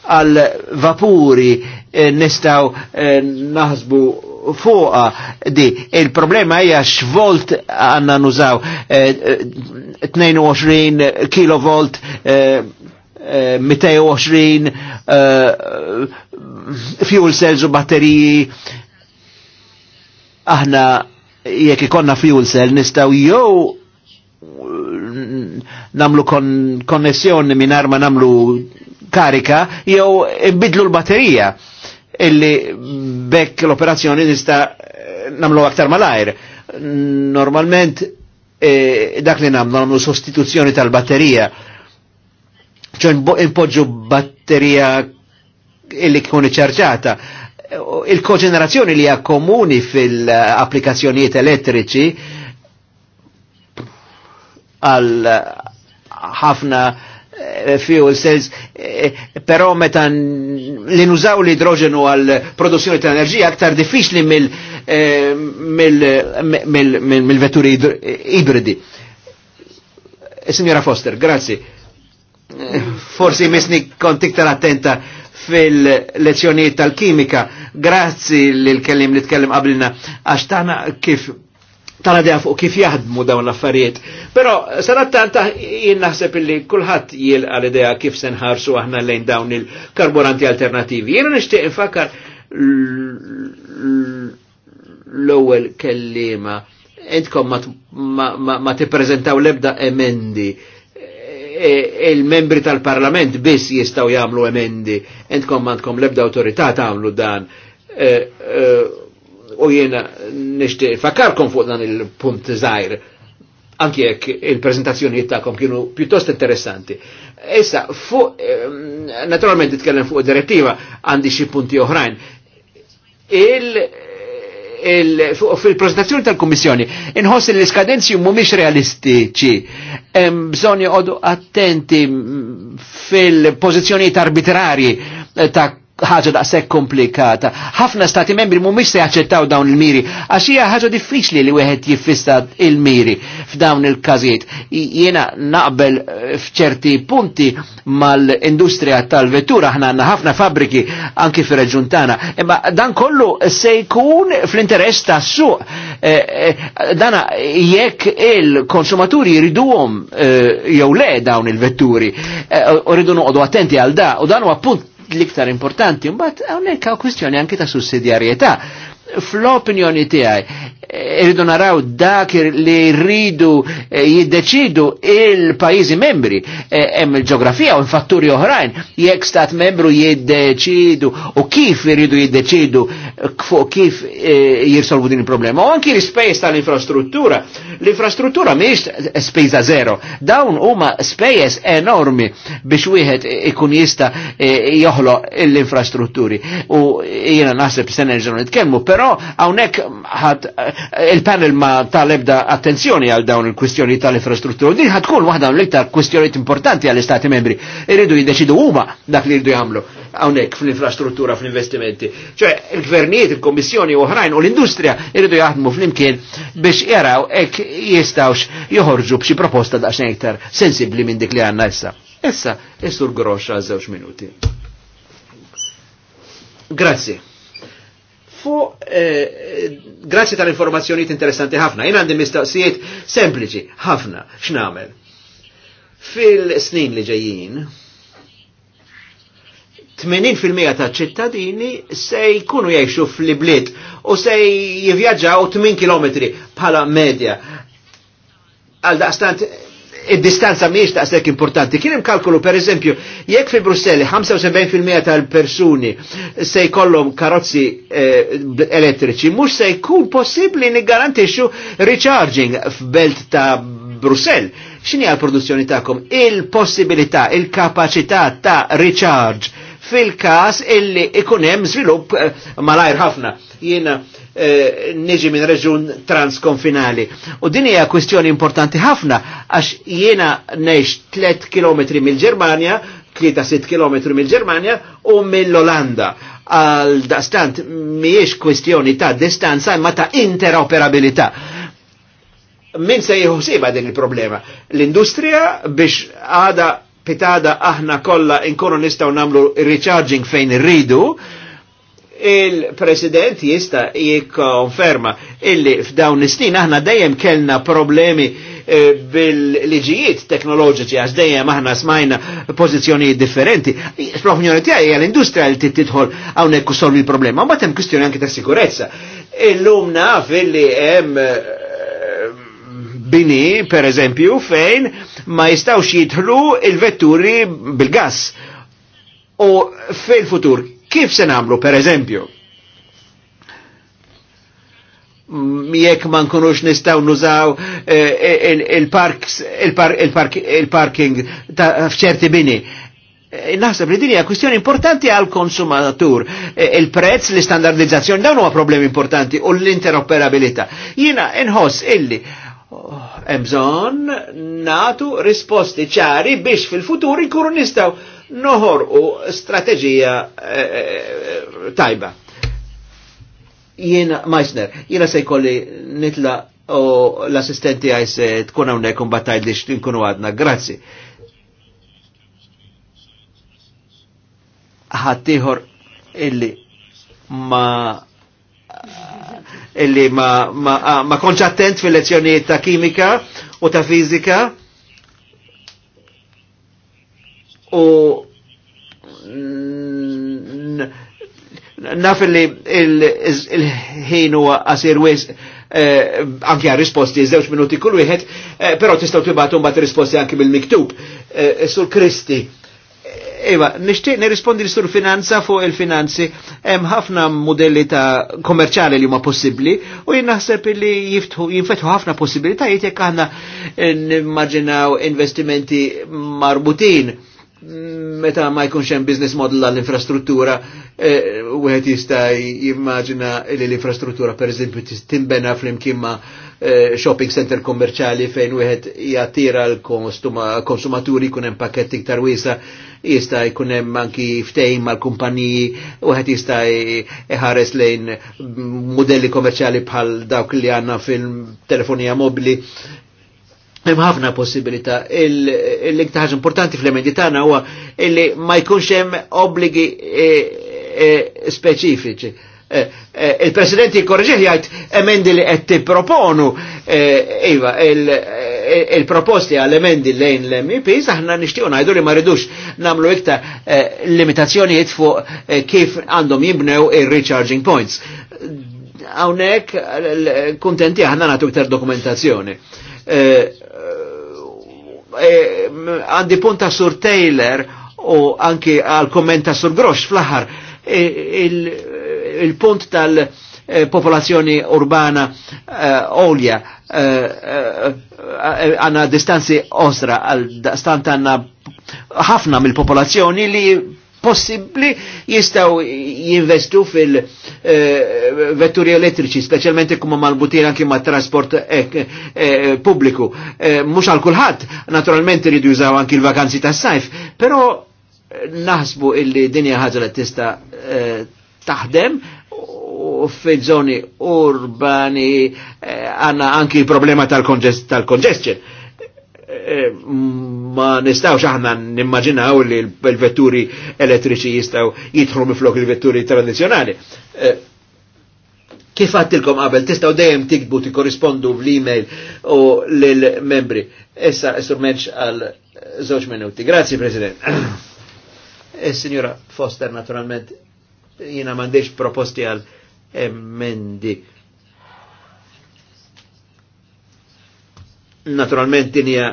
għal vapuri eh, nistaw eh, naħsbu fuqa di il-problema hija x'volt għandna nużaw eh, 22 kilovolt 220 eh, eh, eh, fuel cells u batteriji aħna jekk ikonna fuel cell nistaw jew mm, namlu konnessjoni minn arma namlu karika jew ibidlu l-batterija illi bekk l-operazzjoni nista eh, namlu aktar malajr. Normalment eh, dak li namlu namlu sostituzzjoni tal-batterija ċo impoġġu batterija illi kun iċarġata il-koġenerazzjoni li hija komuni fil-applikazzjonijiet elettriċi għal ħafna eh, fuel cells, eh, però meta li nużaw l-idroġenu għal produzzjoni ta' enerġija aktar diffiċli mill-vetturi eh, ibridi. Signora Foster, grazie. Forsi misni kont iktar attenta fil-lezzjonijiet tal-kimika. Grazzi l-kellim li tkellim qablina, għax tana kif tana deja fuq kif jaħdmu dawn l-affarijiet. Pero sanattanta jien naħseb illi kulħadd jil għal idea kif se nħarsu aħna lejn dawn il-karburanti alternativi. Jiena nixtieq infakar l-ewwel kellima intkom ma tippreżentaw l-ebda emendi E, il-membri tal-parlament biss jistaw jamlu emendi, entkom mandkom lebda autorità tamlu dan. E, e, u jena nishti fakarkom fuq dan il-punt zaħir, anki jekk il-prezentazzjonijiet tagħkom kienu pjuttost interessanti. Issa, fuq, naturalment itkellem fuq direttiva għandi xi punti oħrajn fil-prezentazzjoni tal-Kommissjoni inħoss l-iskadenzi mhumiex realistiċi. Hemm bżonn attenti mm, fil pozizjoni arbitrarji eh, ta' ħaġa daqshekk komplikata. Ħafna stati membri mhumiex se jaċċettaw dawn il-miri għax hija ħaġa diffiċli li wieħed jiffista il-miri f'dawn il-każijiet. Jiena naqbel eh, f'ċerti punti mal-industrija tal-vettura aħna għandna ħafna fabbriki anki fir-reġjun tagħna, imma dan kollu se jkun fl-interess tas-suq. Eh, eh, dana jekk il-konsumaturi jriduhom jew le dawn il-vetturi u rridu noqogħdu attenti għal da u dan huwa punt l-iktar importanti, mbagħad hawnhekk hawn kwistjoni anke ta' sussidjarjetà. Fl-opinjoni tiegħi irridu naraw dak li rridu eh, jiddeċidu il-pajizi membri eh, hemm il-ġeografija u fatturi oħrajn jekk stat membru jiddeċidu u kif irridu jiddeċidu eh, fuq kif jirsolvu din il-problema. U anki l-ispejs tal-infrastruttura. L-infrastruttura mhijiex spejza zero. Dawn huma spejjeż enormi biex wieħed ikun jista joħlo l-infrastrutturi. U jiena naħseb se nerġgħu nitkellmu, però hawnhekk ħadd il-panel ma tal-ebda attenzjoni għal dawn il-kwistjoni tal-infrastruttura. Din ħatkun waħda l-iktar kwistjoniet importanti għall istati membri. Irridu jiddeċidu huma dak li jridu jagħmlu hawnhekk fl-infrastruttura fl-investimenti. Ċe il-gvernijiet, il-kommissjoni u oħrajn u l-industrija irridu jaħdmu fl-imkien biex jaraw hekk jistawx joħorġu b'xi proposta daqsxejn iktar sensibbli minn dik li għandna issa. Issa, issur groxa żewġ minuti. Grazie fuq eh, eh, grazzi tal-informazzjonijiet interessanti ħafna. Jien għandi mistaqsijiet sempliċi ħafna x'namel. Fil-snin li ġejjin, 80% ta' ċittadini se jkunu jgħixu fl-ibliet u se jivjaġġaw 8 km bħala medja. Għal daqstant il distanza miex taqsek importanti. Kien hemm kalkolu per eżempju, jekk fi Brusselli 75% tal-persuni se jkollhom karozzi eh, elettriċi, mhux se jkun possibbli niggarantixxu recharging f'belt ta' Brussell. X'inhi għall-produzzjoni tagħkom? Il-possibilità, il-kapaċità ta' recharge fil-każ illi ikun hemm żvilupp eh, malajr ħafna. Jiena Eh, niġi minn reġun transkonfinali. U din hija kwestjoni importanti ħafna għax jiena neħx 3 km mill-Ġermanja, 3-6 km mill-Ġermanja u mill-Olanda għal dastant miex kwestjoni ta' distanza imma ta' interoperabilità. Min se jħusiba din il-problema? L-industrija biex għada pitada aħna kolla inkunu nistaw namlu recharging fejn rridu, ridu il-President jista jikkonferma illi f'dawn is-snin aħna dejjem kellna problemi eh, bil-liġijiet teknoloġiċi għax dejjem aħna smajna pożizzjonijiet differenti. l tijaj, tiegħi l-industrija li titħol hawnhekk solvi l-problema, ma hemm kwistjoni anki ta' sikurezza. Illum naf illi hemm eh, bini, per eżempju, fejn ma jistawx jidħlu il-vetturi bil-gas. U fil-futur, Kif se namlu, per eżempju? Miek mm, man nkunux nistaw nużaw eh, eh, il-parking f'ċerti bini. Eh, naħseb li din hija kwistjoni importanti għal konsumatur. Il-prezz, l-istandardizzazzjoni dawn huwa problemi importanti u l-interoperabilità. Jiena inħoss illi oh, hemm bżonn natu risposti ċari biex fil-futur ikunu nistgħu noħor u strategija eh, eh, tajba. Jiena, Meissner, jiena se jkolli nitla u l-assistenti għaj se tkun hawnhekk un battaj li xtinkunu għadna, grazzi. Ħaddieħor illi ma illi ma, ma, ma konċ attent fil-lezzjonijiet ta' kimika u ta' fizika u naf li il-ħin u għasir wis eh, anke għan risposti żewġ minuti kull wieħed, eh, però tistgħu tibgħatu bat risposti anki bil-miktub eh, sul Kristi. Iva, nixtieq nirrispondi l sur finanza fuq il-finanzi, hemm ħafna modelli ta' kommerċali li huma possibbli u jien naħseb li jiftħu jinfetħu ħafna possibilitajiet jekk aħna nimmaġinaw investimenti marbutin meta ma jkunx hemm business model għall-infrastruttura, eh, wieħed jista' jimmaġina li l-infrastruttura pereżempju tinbena flimkien ma eh, shopping center kommerċali fejn wieħed jattira l-konsumaturi jkun hemm pakketti iktar wiesa, jista' jkun hemm anki ftehim mal-kumpaniji, wieħed jista' iħares lejn modelli kommerċali bħal dawk li għandna fil-telefonija mobili Hemm ħafna possibilità. L-iktar ħaġa importanti fl-emendi tagħna huwa illi ma jkunx hemm obbligi e, e, speċifiċi. E, Il-President jikorreġih jgħid emendi li qed tipproponu iva il-proposti għal emendi lejn l-MEP aħna nixtiequ ngħidu li ma rridux nagħmlu iktar limitazzjonijiet fuq kif għandhom jibnew il recharging points. Hawnhekk kuntenti aħna nagħtu iktar dokumentazzjoni Eh, eh, għandi punta sur Taylor u anki għal kommenta sur Grosh fl-aħħar eh, il-punt il punt tal popolazzjoni urbana olja għanna distanzi osra għal stantanna ħafna mill-popolazzjoni li possibbli jistaw jinvestu fil-vetturi eh, elettriċi, specialment mal-butin anki ma' trasport eh, eh, pubbliku. Mux għal kulħadd, naturalment iridu jużaw anki l-vakanzi tas sajf, pero naħsbu illi dinja ħaġa tista taħdem u zoni urbani għanna anki il-problema tal tal Eh, eh, ma nistaw aħna nimmaġinaw li l-vetturi elettriċi jistaw jidħlu miflok il-vetturi tradizjonali. Eh, kif għattilkom qabel, tistaw dejjem tikbu ti korrispondu l email u l-membri. Essa essur menċ għal zoċ minuti. Grazie, President. [CLEARS THROAT] Signora Foster, naturalment, jina mandiġ proposti għal emendi Naturalment din hija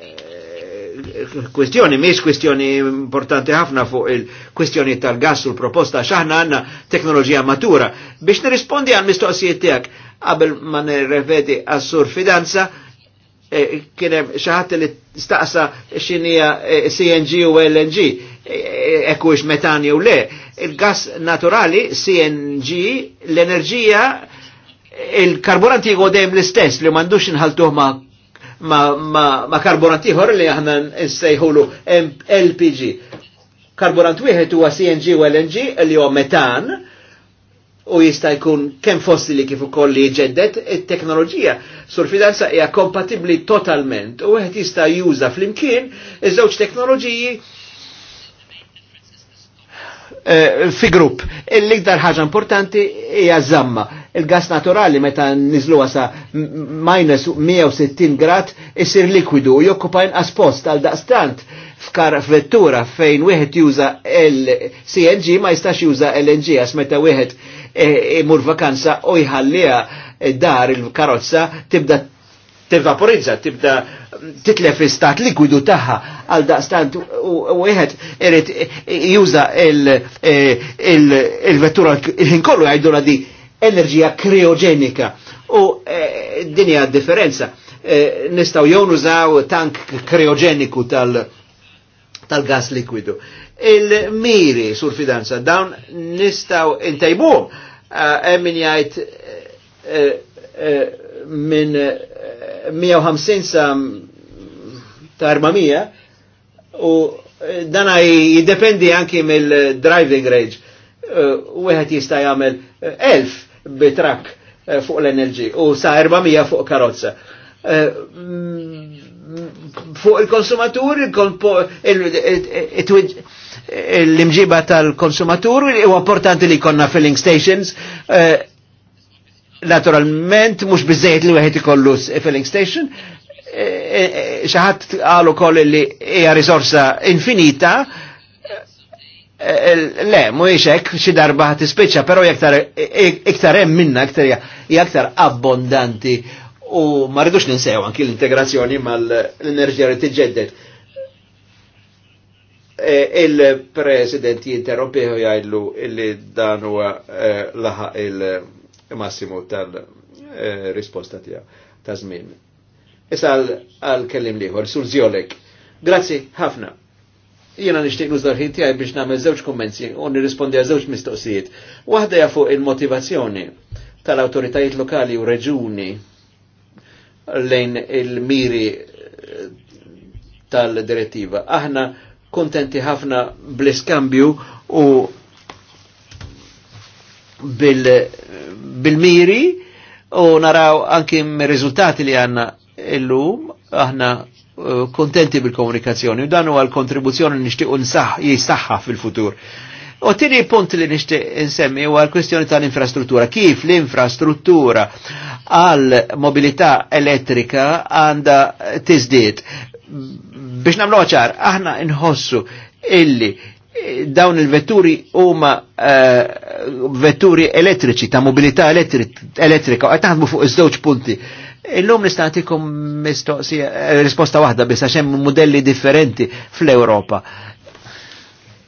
eh, kwestjoni, mis kwestjoni importanti ħafna fuq il-kwestjoni tal-gas u l-proposta, xaħna għanna teknoloġija matura. Biex nirrispondi għal mistoqsijiet tijak, qabel ma nirrevedi għassur fidanza, eh, kienem xaħat li staqsa xinija eh, CNG u LNG, ekku ix metani u le. Il-gas naturali, CNG, l-enerġija, il-karburanti jgħodem l-istess li mandux nħaltuħ ma' ma, ma, ma karburant ieħor li aħna nsejħulu LPG. Karburant wieħed huwa CNG u LNG li huwa metan u jista' jkun kemm fossili kif ukoll li jġeddet it-teknoloġija sur fidanza hija kompatibbli totalment u wieħed jista' juża flimkien iż-żewġ teknoloġiji eh, fi grupp. L-iktar ħaġa importanti hija żamma il-gas naturali meta nizlu għasa minus 160 grad isir likwidu u jokkupa inqas post għal daqstant fkar vettura fejn wieħed juża l-CNG ma jistax juża LNG għas meta wieħed eh, imur vakanza u jħallija dar il-karozza tibda tevaporizza, tibda titlef istat likwidu taħħa għal daqstant u għed irrit juża eh, il-vettura il-ħin kollu għajdu di enerġija kriogenika u e eh, dinja differenza. Eh, nistaw jew nużaw tank kriogeniku tal- tal-gas likwidu. Il-miri sur fidanza dawn nistaw intajbuhom. Eh, hemm min jgħid eh, eh, 150 eh, sa ta' 400 u dana jidependi anki mill-driving range. U uh, għet jista' jagħmel elf bitrak eh, fuq l-enerġi u sa 400 fuq karozza. Eh, mm, fuq il-konsumatur, l-imġiba tal-konsumatur u importanti li konna filling stations. Eh, naturalment, mux bizzejt li għahet ikollu filling station, xaħat għalu koll li hija risorsa infinita, Eh, eh, le, mu iċek, xi darba ħat ispiċċa, pero iktar eh, iktar hemm minna iktar iktar abbondanti u ma rridux ninsew anki l-integrazzjoni mal-enerġija li tiġġedded. Il-President jinterrompiħu jgħidlu illi dan huwa laħa il-massimu tal-risposta tiegħu ta' żmien. Issa għal-kellim liħor, sur Zjolek. Grazzi, ħafna. Jena nishtiq nużdar ħin tiegħi biex nagħmel żewġ kummenzi u nirrispondi għal żewġ mistoqsijiet. Waħda hija fuq il-motivazzjoni tal-awtoritajiet lokali u reġuni lejn il-miri eh, tal-direttiva. Aħna kontenti ħafna bl-iskambju u bil-miri bil u naraw anki m rizultati li għanna illum aħna Eh, kontenti bil-komunikazzjoni u dan huwa l-kontribuzzjoni li nixtiequ jistaħħa fil-futur. U tini punt li nixtieq insemmi huwa l-kwestjoni tal-infrastruttura. Kif l-infrastruttura għal mobilità elettrika għandha tiżdied. Biex nagħmlu ċar, aħna nħossu illi dawn il-vetturi huma uh, vetturi elettriċi ta' mobilità elettrika u qed fuq iż-żewġ punti Illum nistatikum eh, risposta waħda biss għax hemm modelli differenti fl europa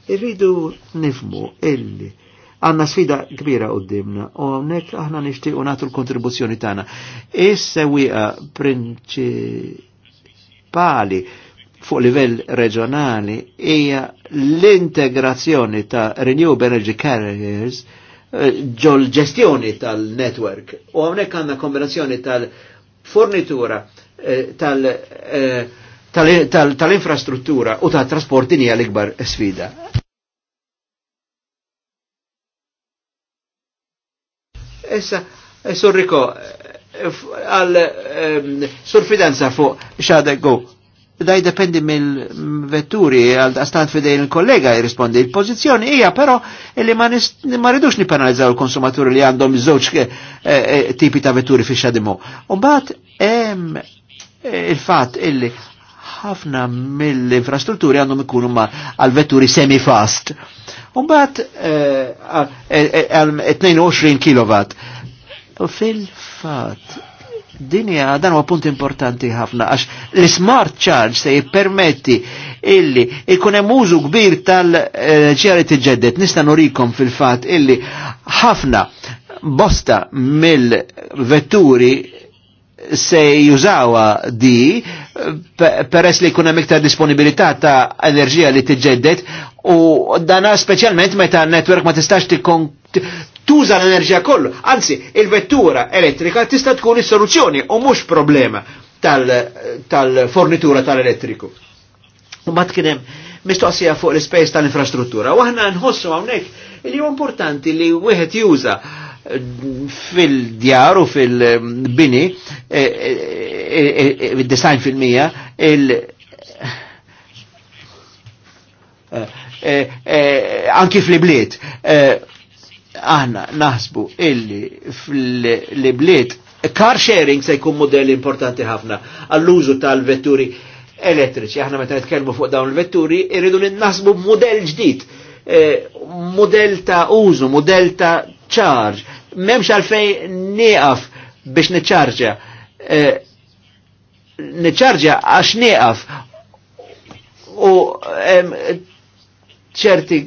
Irridu nifmu illi għanna sfida kbira dimna u għonek aħna nishtiqu natu l-kontribuzzjoni tana. Issa wiqa principali fuq livell reġjonali hija l-integrazzjoni ta' renewable energy carriers eh, ġol ġestjoni tal-network. U għamnek għanna kombinazzjoni tal- fornitura eh, eh, tal-infrastruttura u tal-trasporti hija l-ikbar sfida. Essa, eh, sorriko, għal ehm, surfidanza fuq xadegu da jdependi mill-vetturi għal stant fidejn il-kollega jirrispondi. Il-pozizjoni hija però illi ma ridux nipenalizzaw il-konsumaturi li għandhom żewġ eh, eh, tipi ta' vetturi fi xadimu. U mbagħad hemm eh, il-fatt illi ħafna mill-infrastrutturi għandhom ikunu ma għal vetturi semi-fast. U mbagħad għal e, 22 kW. Fil-fatt Dinja dan huwa punt importanti ħafna għax l-smart charge se jippermetti illi ikun hemm użu kbir tal li tiġġedded. Nista' nurikom fil-fatt illi ħafna bosta mill-vetturi se jużawa di peress li jkun hemm iktar disponibilità ta' enerġija li tiġġedded U dana specialment meta network ma tistax tuża l-enerġija kollu. Anzi, il-vettura elettrika tista' tkun is-soluzzjoni u mhux problema tal-fornitura tal tal-elettriku. U bat hemm mistoqsija fuq l-ispejs tal-infrastruttura. U aħna nħossu hawnhekk li huwa importanti li wieħed juża mm, fil-djar u fil-bini id-design e, e, e, fil-mija il- eh, Eh, eh, anki fl-bliet. Eh, aħna naħsbu illi fl-bliet car sharing se jkun modell importanti ħafna għall-użu tal-vetturi elettriċi. Aħna meta nitkellmu fuq dawn il-vetturi, irridu naħsbu modell ġdid, modell ta' użu, modell ta' charge. Memx għalfej nieqaf biex niċċarġa. Niċċarġa għax nieqaf u ċerti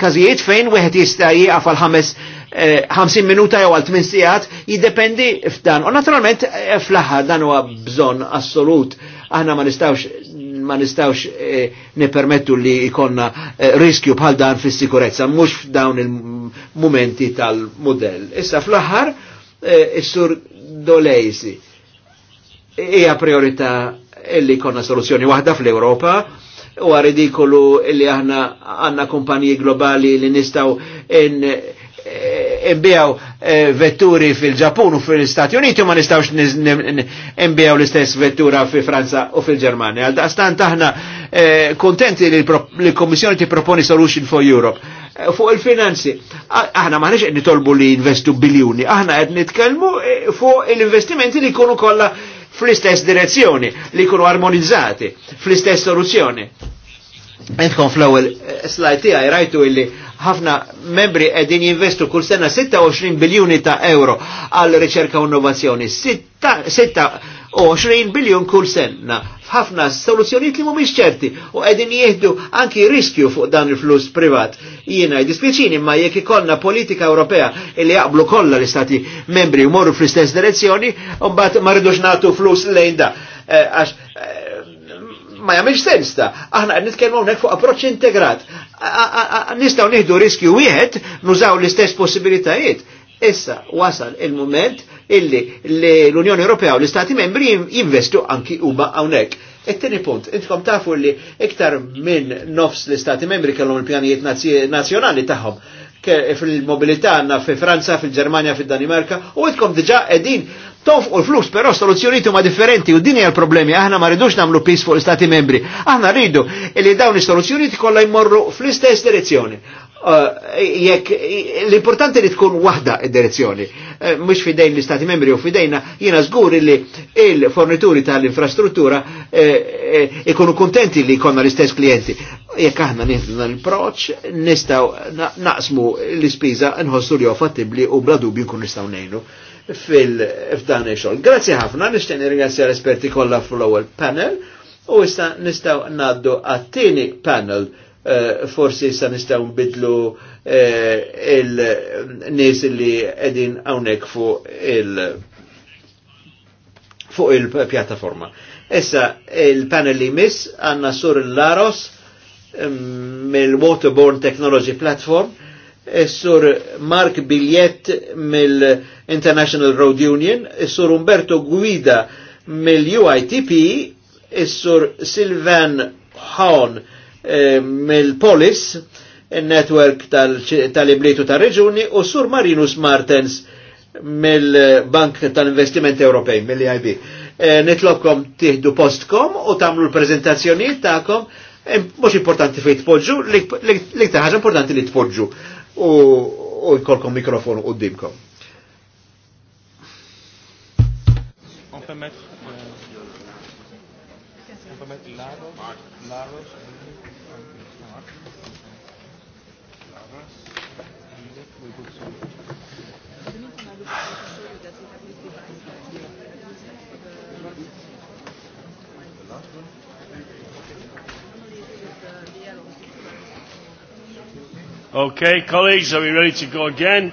każijiet fejn wieħed jista' jieqaf għal ħames 50 eh, minuta jew għal 8 sigħat jiddependi f'dan. U naturalment eh, fl-aħħar dan huwa bżonn assolut. Aħna ma nistawx ma nistawx eh, nipermettu li ikonna riskju bħal dan fis sikurezza mhux f'dawn il-momenti tal-modell. Issa fl-aħħar eh, is-sur dolejsi hija priorità illi konna soluzzjoni waħda fl-Ewropa u ridikolu li aħna għanna kumpaniji globali li nistaw imbijaw eh, eh, vetturi fil-ġapun u fil-Stati Uniti u ma nistawx imbijaw l-istess vettura fil Franza u fil-Germania. Għal-daqstan taħna eh, kontenti li l-Komissjoni ti proponi Solution for Europe. Fuq il-finanzi, aħna maħnex qed nitolbu li investu biljuni, aħna qed nitkellmu fuq il-investimenti li jkunu kollha fl-istess direzzjoni li jkunu armonizzati fl-istess soluzzjoni. Entkom fl ewel eh, slajti għaj rajtu illi ħafna membri qegħdin jinvestu kull sena 26 biljoni ta' euro għal riċerka u innovazzjoni. 26 biljoni kull sena ħafna soluzzjonijiet li mhumiex ċerti u qegħdin jieħdu anki riskju fuq dan il-flus privat. Jiena jdispjaċini ma jekk ikollna politika Ewropea li jaqblu kollha l-istati membri u morru fl-istess direzzjoni u mbagħad ma rridux nagħtu flus lejn da Eh, ma jagħmilx sens ta' aħna qed nitkelmu hawnhekk fuq approċċ integrat. Nistgħu nieħdu riskju wieħed nużaw l-istess possibilitajiet. Issa wasal il-moment illi l-Unjoni Ewropea u l-Istati membri jinvestu anki huma hawnhekk. It-tieni e punt, intkom tafu li iktar minn nofs l-Istati membri kellhom il-pjanijiet nazzjonali tagħhom fil-mobilità għanna fi Franza, fil-Germania, fil-Danimarka, u għidkom diġà edin Tof u l-flus, però soluzzjoniet ma' differenti u dini għal l-problemi, aħna ma ridux nagħmlu pis fuq l-Stati membri. Aħna rridu li dawni is ti kolla jmorru fl-istess direzzjoni. Uh, l-importanti li tkun wahda id-direzzjoni, mux uh, mhux fidejn l-Istati membri u fidejna jiena zgur li il-fornituri tal-infrastruttura uh, ikunu kontenti li jkollna l-istess klienti. Jekk aħna nieħdu l-proċ, nistgħu naqsmu l ispiza nħossu li fattibbli u bla dubju nkun nistgħu ngħinu fil-fdan xogħol. Grazzi ħafna, nixtieq nirringrazzja l-esperti kollha fl-ewwel panel u issa nistgħu ngħaddu għat-tieni panel eh, forsi issa nistgħu nbidlu eh, il-nies li qegħdin hawnhekk fuq il- fuq il-pjattaforma. Issa il-panel li miss għanna sur Laros mm, mill-Waterborne Technology Platform E sur Mark Billiet mill-International Road Union, e sur Umberto Guida mill-UITP, e sur Sylvan Hawn mill-Polis, il-network tal-iblitu tal tal-reġuni, u sur Marinus Martens mill-Bank tal-Investiment Ewropej, mill-IB. Eh, Nitlobkom tiħdu postkom u tamlu l prezentazzjoni ta'kom, mux importanti fejn tpoġġu, l-iktar ħaġa importanti li tpoġġu u jkolkom mikrofonu u dimkom. On peut mettre Okay, colleagues, are we ready to go again?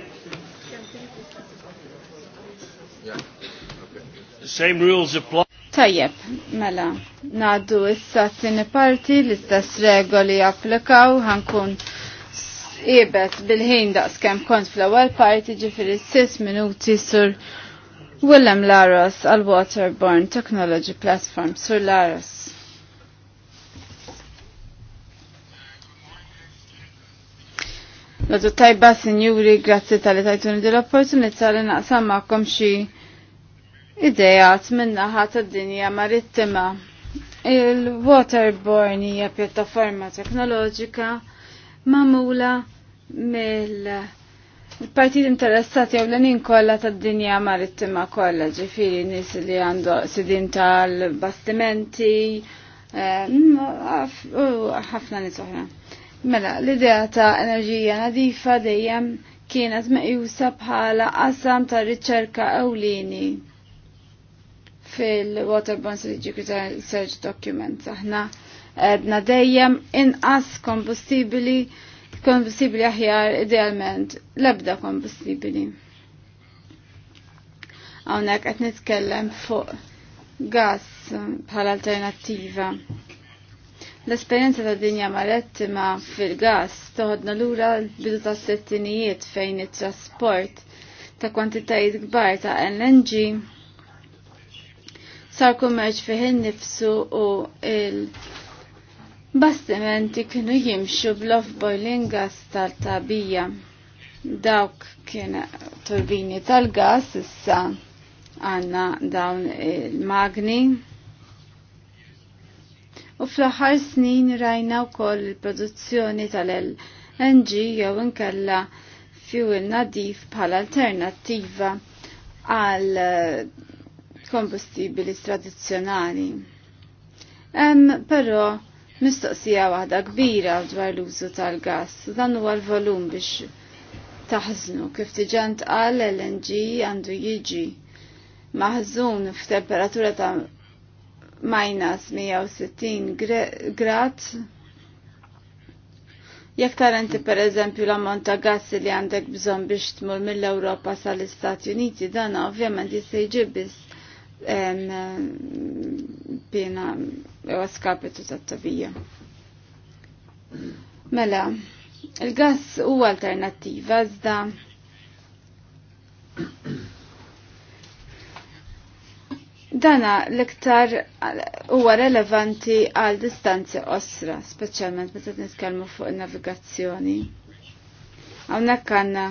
The same rules apply. Tajjeb, mela, naddu issa t-tini parti l-istess regoli applikaw, ħankun ibet bil-ħin daqs kem kont fl-ewwel parti ġifiri sis minuti sur Willem Laros għal Waterborne Technology Platform sur Laros. Nadu tajba, sinjuri, grazzi tal-li tajtuni l opportunità li naqsam maqom xie idejat minnaħa ta' dinja marittima. Il-Waterborne hija pjattaforma teknoloġika mamula mill partit interessati għaw l-nin kolla ta' dinja marittima kolla ġifiri nis li għandu sidin tal-bastimenti, eh, ħafna nis oħra. Mela, l-idea ta' enerġija nadifa dejjem kienet meqjusa bħala qasam ta' riċerka ewlieni fil-Waterborne Strategic Research Document. Aħna edna dejjem inqas kombustibili kombustibili aħjar idealment lebda kombustibili. Hawnhekk qed nitkellem fuq gas bħala alternattiva. L-esperienza ta' dinja marettima fil-gas toħodna lura l-bidu ta' settinijiet fejn it-trasport ta' kwantitajiet kbar ta' LNG sar kummerċ fiħin nifsu u il-bastimenti kienu jimxu bluff boiling gas tal-tabija. Dawk kien turbini tal-gas issa għanna dawn il-magni U fl-aħħar snin rajna wkoll il-produzzjoni tal-LNG jew inkella fuel nadif bħala alternattiva għal eh, kombustibili tradizzjonali. Hemm però mistoqsija waħda kbira dwar l-użu tal-gas, dan huwa l-volum biex taħżnu kif diġà għal LNG għandu jiġi maħżun f'temperatura ta' minus 160 grad. Jekk tarenti per eżempju l-ammont ta' gas li għandek bżonn biex tmur mill-Ewropa sal-Istati Uniti, dan ovvjament jista' ġibis biss pina u skapitu tat-tabija. Mela, il-gas huwa alternattiva iżda Dana l-iktar huwa relevanti għal distanzi osra, speċjalment meta nitkellmu fuq navigazzjoni. Hawnhekk għandna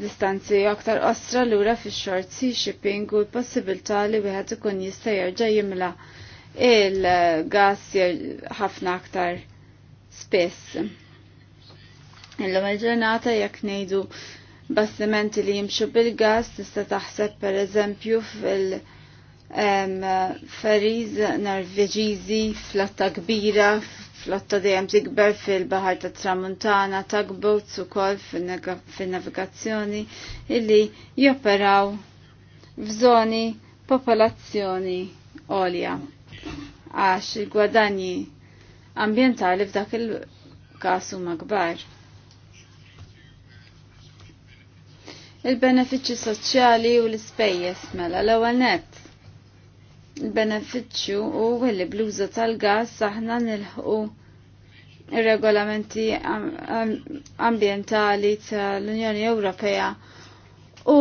distanzi aktar osra lura fix-short sea shipping u l-possibilità li wieħed ikun jista' jerġa' jimla il-gas ħafna aktar spess. Illum il-ġurnata jekk ngħidu bastimenti li jimxu bil-gas, tista taħseb per eżempju fil- Feriz Norveġiżi flotta kbira, flotta dejjem tikber fil-Baħar ta' Tramuntana, tugboats ukoll fin-navigazzjoni illi joperaw f'żoni popolazzjoni għolja għax il-gwadanji ambientali f'dak il-każ huma kbar. il-benefiċċju soċjali u l-ispejjeż mela l-ewwel nett. Il-benefiċċju u li bluża tal-gas aħna nilħu ir-regolamenti ambjentali tal-Unjoni Ewropea u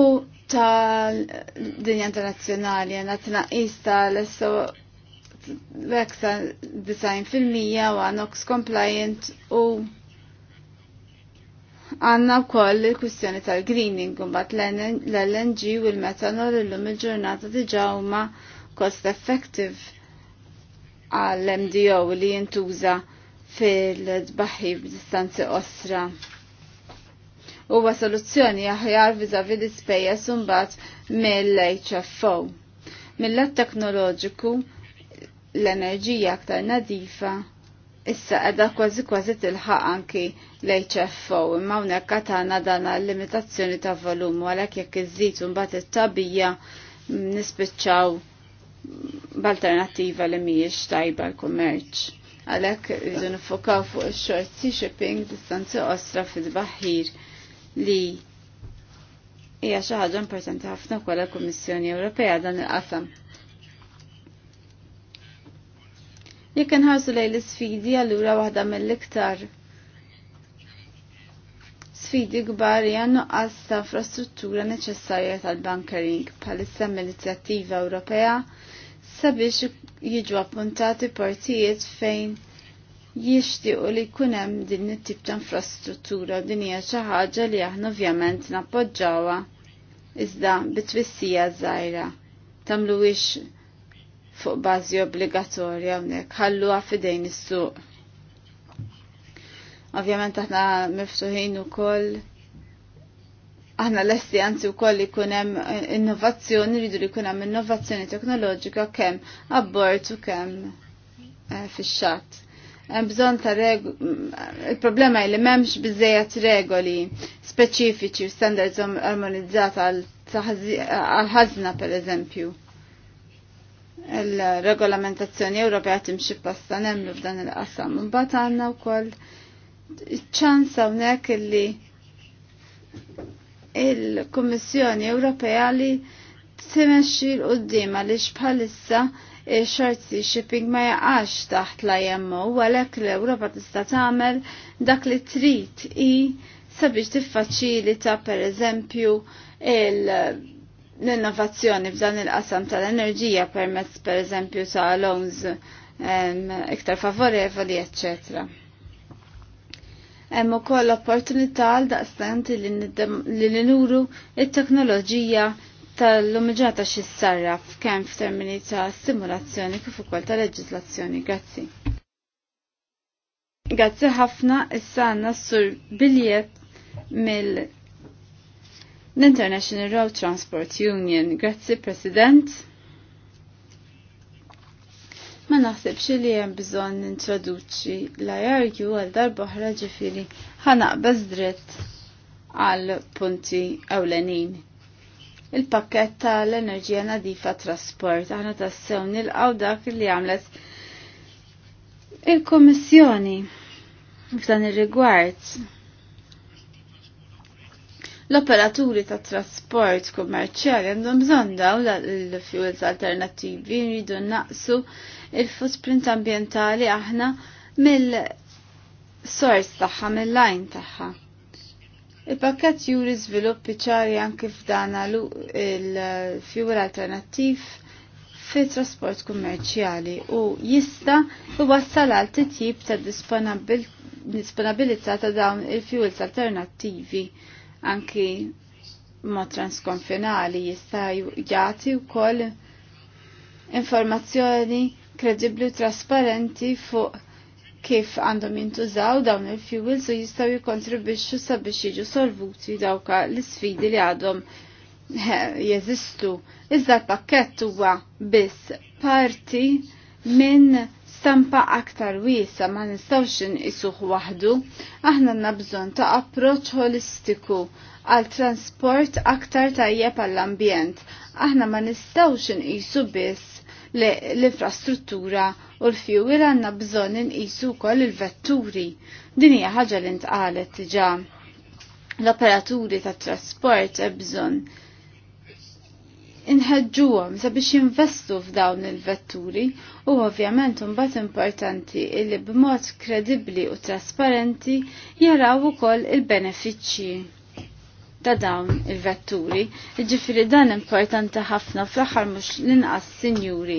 tal-dinja internazzjonali għandna tnaqqis tal-esso l-eksa mija u għanox compliant u Għanna wkoll il-kwistjoni tal-greening mbagħad l-LNG u l-metanol illum il-ġurnata diġà huma cost effective għall-MDO li jintuża fil-dbaħħi b'distanzi osra. Huwa soluzzjoni aħjar viżavi l-ispejjeż imbagħad mill-HFO. Mill-lat teknoloġiku l-enerġija aktar nadifa issa edha kważi kważi tilħaq anki l-HFO imma hawnhekk għatana dana l limitazzjoni ta' volum għalhekk jekk iżżid mbagħad it-tabija mm, nispiċċaw b'alternattiva li mhijiex tajba l-kummerċ. Għalhekk rridu nifokaw fuq ix-short sea shipping distanzi ostra fil baħħir li hija xi ħaġa importanti ħafna kwa l-Kummissjoni Ewropea dan il-qasam. Jekk inħarsu lejn l-isfidi allura waħda mill-iktar sfidi kbar hija nuqqas ta' infrastruttura neċessarja tal-bunkering bħalissa mill-inizjattiva Ewropea sabiex jiġu appuntati partijiet fejn jixtiequ li jkun hemm din it-tip ta' infrastruttura u din hija xi ħaġa li aħna ovvjament nappoġġawha iżda bitwissija żgħira. Tamlu wix fuq bażi obbligatorja hawnhekk ħallu għafidejn is-suq. Ovvjament aħna miftuħin ukoll aħna lesti anzi wkoll ikun hemm innovazzjoni, rridu li jkun hemm innovazzjoni teknoloġika kemm abbord u kemm eh, fix-xatt. Hemm bżonn ta' il-problema li m'hemmx biżejjed regoli speċifiċi u standards armonizzata għal ħażna pereżempju il-regolamentazzjoni Ewropea timxi pasta nemlu f'dan il-qasam. Mbagħad għandna wkoll ċans hawnhekk illi il-Kummissjoni Ewropea li timexxi l qudiem għaliex bħalissa sea shipping ma jaqax taħt la jemmu għalhekk l-Ewropa tista' tagħmel dak li trid i sabiex tiffaċilita pereżempju il- l-innovazzjoni f'dan il-qasam tal-enerġija permezz per eżempju ta' loans iktar favorevoli, eccetera. Hemm ukoll opportunità għal daqstan li ninuru it-teknoloġija tal-lumiġata xissarraf kemm f'termini ta' simulazzjoni kif ukoll ta' leġislazzjoni. Grazzi. Grazzi ħafna issa għandna sur biljet mill l-International Road Transport Union. Grazzi, President. Ma naħsebx li hemm bżonn nintroduċi l jargju għal darboħra ġifiri ħanaqbaż dritt għal punti ewlenin. Il-pakket tal-enerġija nadifa trasport aħna tassew nil-għaw dak li għamlet il komissjoni f'dan ir-rigward L-operaturi ta' trasport kummerċjali għandhom bżonn dawn l-fuels alternattivi jridu naqsu il-footprint ambjentali aħna mill-sors tagħha mill-lajn tagħha. il pakkett juri żviluppi ċari anke f'dan il-fuel alternattiv fit trasport kummerċjali u jista' iwassal għal titjib ta' disponibilità ta' dawn il-fuels alternattivi anki ma transkonfinali jista' jagħti wkoll informazzjoni kredibbli u trasparenti fuq kif għandhom jintużaw dawn il-fuels u jistaw jikontribixxu sabiex jiġu solvuti dawka l-sfidi li għadhom jeżistu. Iżda l-pakkett huwa biss parti minn stampa aktar wiesa ma nistawx isuħ wahdu, aħna nabżon ta' approċ holistiku għal transport aktar tajjeb għall ambjent Aħna ma nistawx isu biss l-infrastruttura u l-fjuwil għanna bżon nqisu kol il-vetturi. Din hija ħaġa li ntqalet diġà. L-operaturi tat trasport bżonn inħedġuhom sabiex jinvestu f'dawn il-vetturi u ovvjament imbagħad importanti illi b'mod kredibbli u trasparenti jaraw ukoll il-benefiċċji ta' dawn il-vetturi. Ġifiri dan importanti ħafna fl-aħħar mhux l-inqas sinjuri.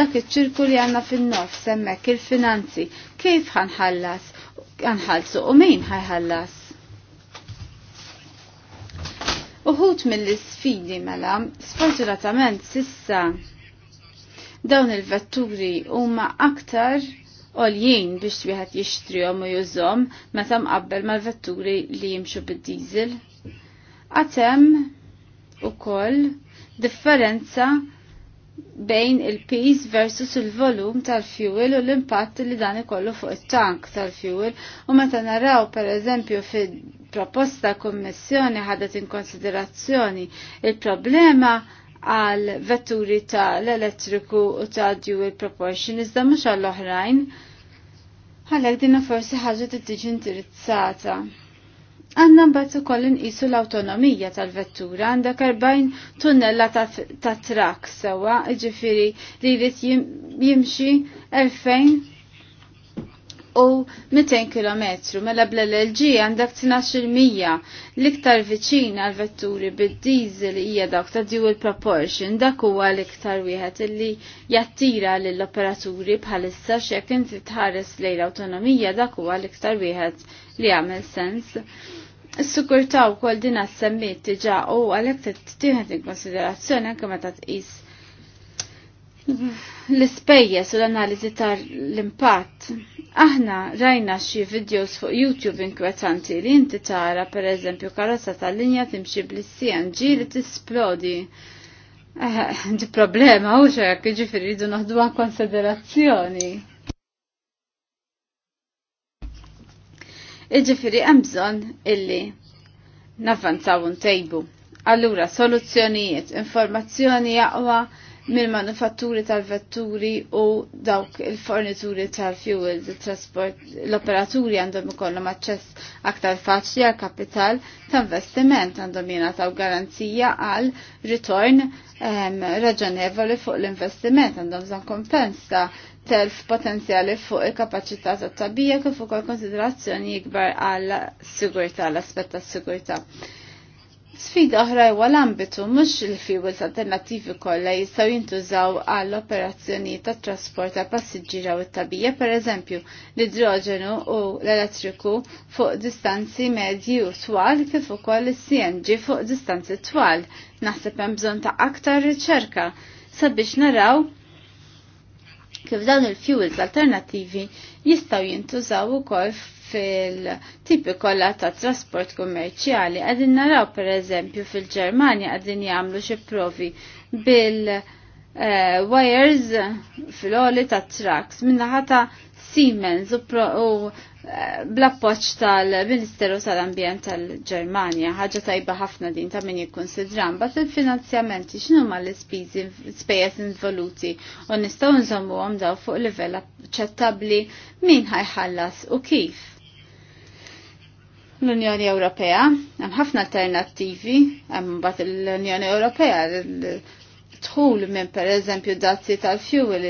Dak iċ-ċirku li għandna fin-nofs hemmhekk il-finanzi kif ħanħallas, ħanħalsu u min ħajħallas. Uħut mill-sfidi mela, sfortunatament sissa dawn il-vetturi huma aktar oljien biex wieħed jixtrihom u jużhom meta mqabbel mal-vetturi li jimxu bid-diesel. hemm ukoll differenza bejn il-peace versus il-volum tal-fuel u l-impatt li dan ikollu fuq it-tank tal-fuel u meta naraw per eżempju fid proposta kommissjoni ħadet in konsiderazzjoni il-problema għal vetturi ta' l-elettriku u ta' dual proportion iżda mhux għall oħrajn ħalek dinna forsi t tiġi indirizzata. Għanna mbagħad ukoll inqisu l-awtonomija tal-vettura għandek 40 tunnella ta' trak sewwa, jiġifieri li jrid jimxi 2000 u 200 km mela bl-LLG għandak 12% l-iktar viċin għal vetturi bid-diesel hija dawk ta' dual proportion dak huwa l-iktar wieħed illi jattira lill-operaturi bħalissa x'jekk inti tħares lejn l-awtonomija dak huwa l-iktar wieħed li għamel sens. Is-sukurtaw kol din assemmit diġà u għalhekk tittieħed in konsiderazzjoni anke meta tqis l-ispejjes u l-analiżi tar l-impatt. Aħna rajna xi videos fuq YouTube inkwetanti li inti tara pereżempju karozza tal-linja timxi bl-CNG li tisplodi. Eh, di problema u jak ġifiri ridu naħdu konsiderazzjoni. Iġifiri għamżon illi navvanzaw un tejbu. Allura, soluzzjonijiet, informazzjoni jaqwa, mill-manufatturi tal-vetturi u dawk il-fornituri tal-fuel, il-trasport, l-operaturi għandhom ikollhom aċċess aktar faċli għal kapital ta' investiment għandhom jingħataw garanzija għal ritorn ehm, raġonevoli fuq l-investiment għandhom bżonn kompensa telf potenzjali fuq il-kapaċità tat-tabija kif ukoll konsiderazzjoni ikbar għal sigurtà l-aspett tas-sigurtà. Sfida oħra huwa l-ambitu mhux il-fuels alternattivi kollha jistgħu jintużaw għall operazzjonijiet tat trasport tal passiġġiera u t-tabija, pereżempju l-idroġenu u l-elettriku fuq distanzi medji u twal kif ukoll is-CNG fuq distanzi twal. Naħseb hemm bżonn ta' aktar riċerka sabiex naraw kif dawn il-fuels alternattivi jistgħu jintużaw ukoll fil-tipi kollha ta' trasport kummerċjali. Għadin naraw per eżempju fil-Ġermanja għadin jagħmlu xe provi bil-wires eh, fil-oli ta' trucks ħata Siemens u, eh, bl-appoċ tal-Ministeru tal-Ambjent tal-Ġermanja, ħaġa tajba ħafna din ta' min jikkonsidram bat il-finanzjamenti xinu ma l-spejjeż involuti u nistgħu nżommuhom daw fuq livell aċċettabbli min ħajħallas u kif l-Unjoni Ewropea, hemm ħafna alternattivi, hemm bat l-Unjoni Ewropea, tħul minn per eżempju dazzi tal fjuwil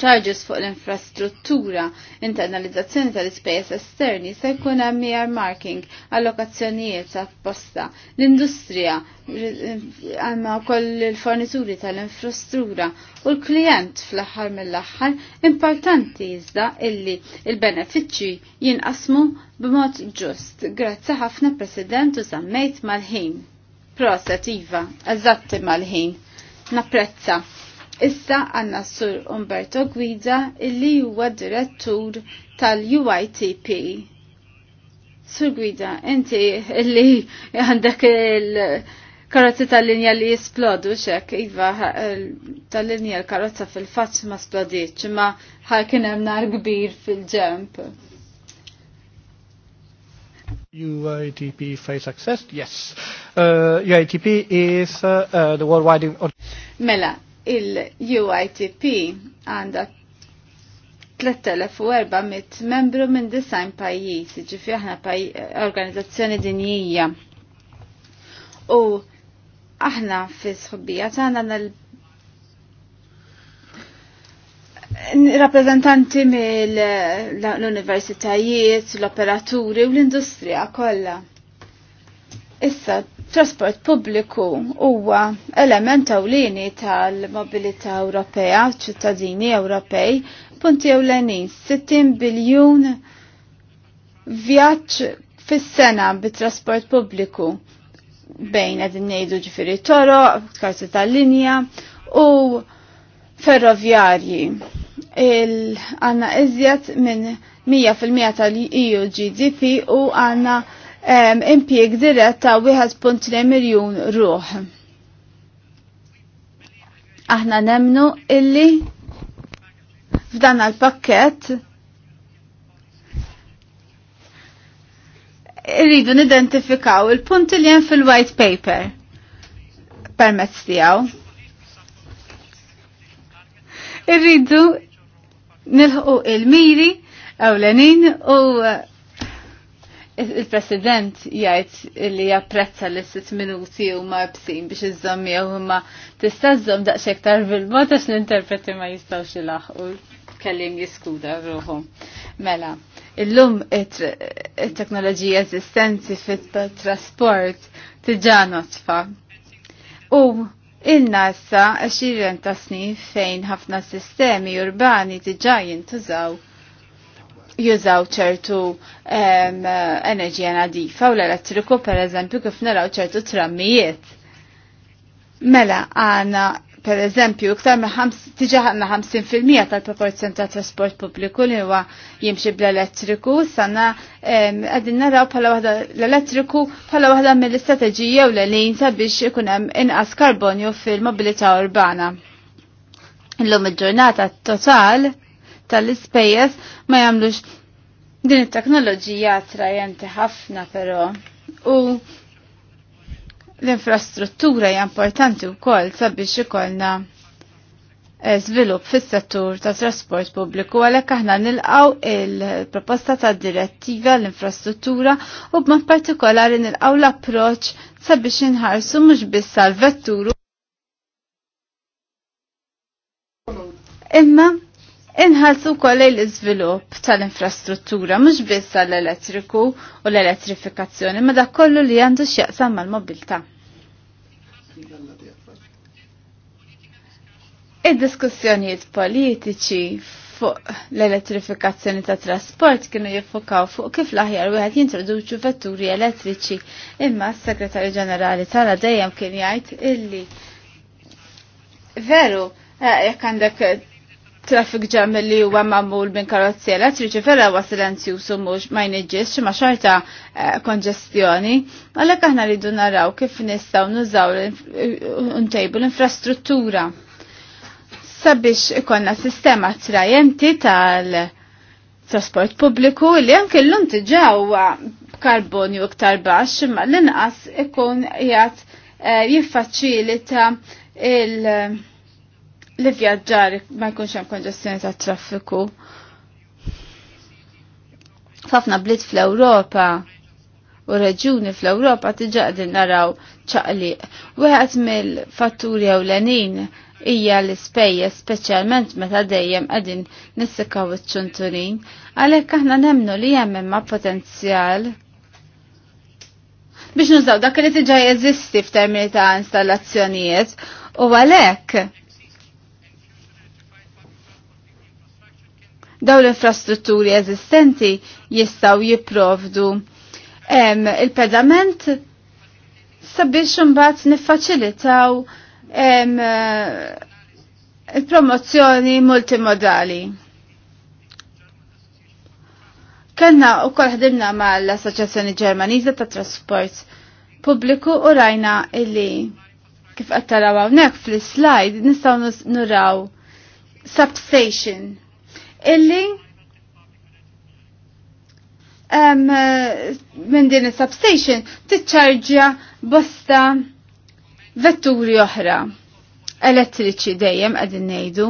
charges fuq l-infrastruttura, internalizzazzjoni tal-ispejjeż esterni se jkun hemm marking, allokazzjonijiet apposta. L-industrija għandna wkoll il-fornituri tal-infrastruttura u l-klijent fl-aħħar mill-aħħar importanti iżda illi il-benefiċċji jinqasmu b'mod ġust. Grazzi ħafna President u sammejt mal-ħin. Proset Iva, eżatti mal-ħin. Napprezza. Issa għanna sur Umberto Guida illi huwa direttur tal-UITP. Sur Guida, inti illi għandek il-karozzi tal-linja li jisplodu xek, iva tal-linja l-karozza fil-fatt ma splodiċ, ma ħalkien hemm nar kbir fil-ġemp. UITP face success, yes. Uh, UITP is uh, uh, the worldwide... Mela, il-UITP għanda 3400 membru minn design pajjiż, ġifi aħna organizzazzjoni dinjija. U aħna fi sħobbija tagħna l rappresentanti mill-universitajiet, l-operaturi u l-industrija kollha. Issa trasport pubbliku huwa element ewlieni tal-mobilità Ewropea, ċittadini Ewropej, punti ewlenin 60 biljun vjaġġ fis-sena bit-trasport pubbliku bejn qegħdin ngħidu ġifieri toro, karti tal-linja u ferrovjarji. Il għanna iżjed minn 100% tal-EU GDP u għanna impjeg dirett ta' 1.3 miljon ruħ. Aħna nemnu illi f'dan għal-pakket irridu nidentifikaw il-punti li jen fil-white paper permezz tijaw. Irridu nilħu il-miri, ewlenin u il-president jgħid li japprezza l sitt minuti u ma bsin biex iżżomm jew imma tista' żomm daqsxejn tarvil mod għax l-interpreti ma jistgħux u kellim jiskuda ruħu. Mela, illum it-teknoloġija eżistenti fit-trasport tiġa notfa. U il-nasa 20 ta' snin fejn ħafna sistemi urbani tiġa jintużaw jużaw ċertu enerġija nadifa u l-elettriku per eżempju kif naraw ċertu trammijiet. Mela għana per eżempju iktar ma' tiġa għanna 50% tal-proporzjon ta' trasport pubbliku li huwa jimxi bl-elettriku, sanna għadin naraw pala wahda l-elettriku pala waħda mill-istrateġija u l-lejn sabiex ikun hemm inqas karbonju fil-mobilità urbana. Illum il-ġurnata total tal-ispejjeż ma jagħmlux din it-teknoloġija trajenti ħafna però u l-infrastruttura hija importanti wkoll sabiex ikollna eh, żvilupp fis-settur ta' trasport pubbliku għalhekk aħna nilqgħu il-proposta ta' direttiva l-infrastruttura u b'mod partikolari nilqgħu l-approċċ sabiex inħarsu mhux biss għall vetturu imma Inħalsu kollej l-izvilup tal-infrastruttura, mux biss l-elettriku u l-elettrifikazzjoni, ma da kollu li għandu xieqsam mal-mobilta. Id-diskussjonijiet politiċi fuq l-elettrifikazzjoni ta' trasport kienu jiffokaw fuq kif l-aħjar wieħed jintroduċu vetturi elettriċi, imma s-Segretarju Ġenerali tara dejjem kien jgħid illi veru eh, jekk għandek traffic jam li huwa mammul minn karozziera triġi vera huwa silenzjuż u mhux ma xi ma xorta eh, konġestjoni. Għalhekk aħna rridu naraw kif nistgħu nużaw ntejbu l-infrastruttura sabiex ikonna sistema trajenti tal-trasport pubbliku li anke l-lum tiġawa karbonju iktar baxx imma l-inqas ikun jgħat eh, jiffaċilita il- li vjaġġar ma jkunx hemm konġestjoni ta' traffiku. F'ħafna bliet fl-Ewropa u reġuni fl-Ewropa tiġa qegħdin naraw ċaqli. Wieħed mill-fatturi ewlenin hija l-ispejja speċjalment meta dejjem qegħdin nissikaw iċ-ċunturin, għalhekk aħna nemnu li hemm imma potenzjal biex nużaw dak li tiġa jeżisti f'termini ta' installazzjonijiet u għalhekk Daw l-infrastrutturi eżistenti jistaw jiprovdu il-pedament sabiex mbagħad niffaċilitaw il-promozzjoni multimodali. Kenna u kol ħdimna ma l-Assoċjazzjoni Ġermaniża ta' Trasport Pubbliku u rajna illi kif qed taraw hawnhekk fl-slide nistgħu nuraw substation illi um, minn din il-substation titċarġja bosta vetturi oħra elettriċi dejjem għadin nejdu.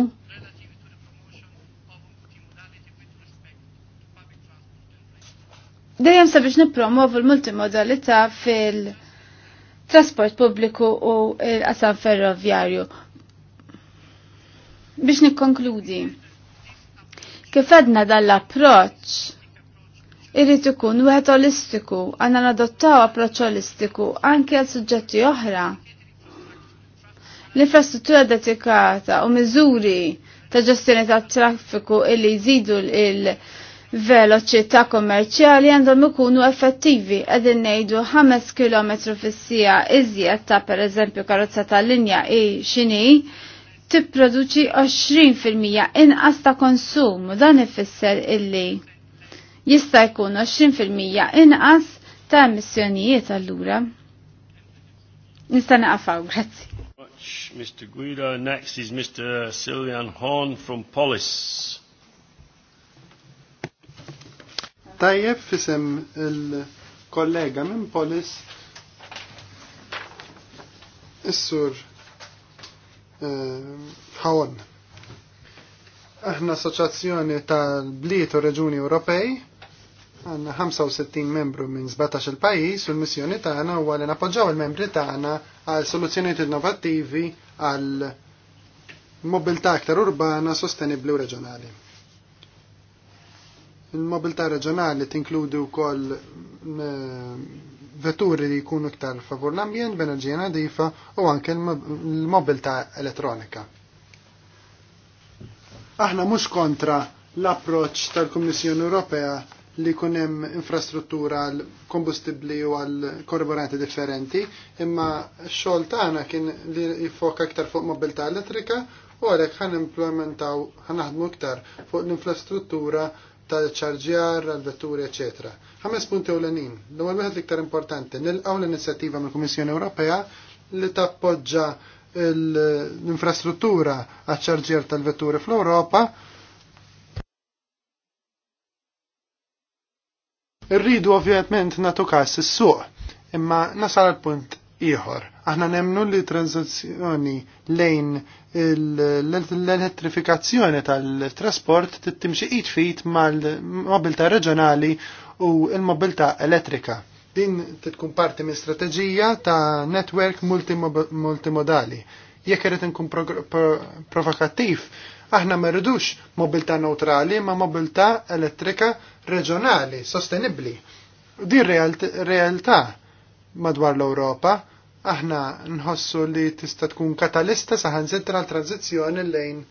Dejjem sabiex nipromovu l-multimodalità fil-trasport pubbliku u l-qasam ferroviarju. Biex nikkonkludi. Kif għadna dal approċ irrit ikun wieħed olistiku, għandna nadottaw approċċ olistiku anke għal suġġetti oħra. L-infrastruttura dedikata u miżuri ta' ġestjoni ta' traffiku illi jżidu il- veloċità kommerċjali għandhom ikunu effettivi qegħdin ngħidu 5 km fis-sija iżjed ta' pereżempju karozza tal linja i xini tipproduċi 20% inqas ta' konsum u dan ifisser illi jista' jkun 20% inqas ta' emissjonijiet allura. Nista' naqafaw, grazzi. Mr. Guida, next is Mr. Cillian Horn from Polis. Tajjeb fisem il-kollega minn Polis, is-sur ħawn. Aħna assoċjazzjoni tal-bliet u reġuni Ewropej għanna 65 membru minn 17 il-pajis u l-missjoni tagħna huwa li nappoġġaw il-membri tagħna għal soluzzjonijiet innovattivi għal mobilità aktar urbana, sostenibbli u reġjonali. Il-mobilità reġjonali tinkludi wkoll eh, vetturi li jkunu iktar favur l-ambjent, b'enerġija nadifa u anke l-mobilità elettronika. Aħna mhux kontra l-approċċ tal-Kummissjoni Ewropea li kun hemm infrastruttura għal kombustibbli u għal korboranti differenti, imma x-xogħol tagħna kien li jfokka iktar fuq mobilità elettrika u għalhekk ħan implementaw ħan naħdmu iktar fuq l-infrastruttura tal-ċarġjar, għal-vetturi, ecc. Ħames punti ewlenin. l l wieħed l liktar importanti, nil-għaw l-inizjattiva mill-Kummissjoni Ewropea li tappoġġa l-infrastruttura għal ċarġjar tal-vetturi fl-Ewropa. Irridu ovvjament natu każ is-suq, imma nasal punt ieħor. Aħna nemnu li tranzazzjoni lejn l-elettrifikazzjoni tal-trasport tittimxi id-fit mal-mobilta reġjonali u l-mobilta elettrika. Din titkun parti minn strateġija ta' network multimodali. Jekk irid inkun provokattiv, aħna ma rridux mobilta neutrali ma mobilta elettrika reġjonali, sostenibbli. Din realtà madwar l-Ewropa aħna nħossu li tista' tkun katalista saħan zentra l-tranzizzjoni lejn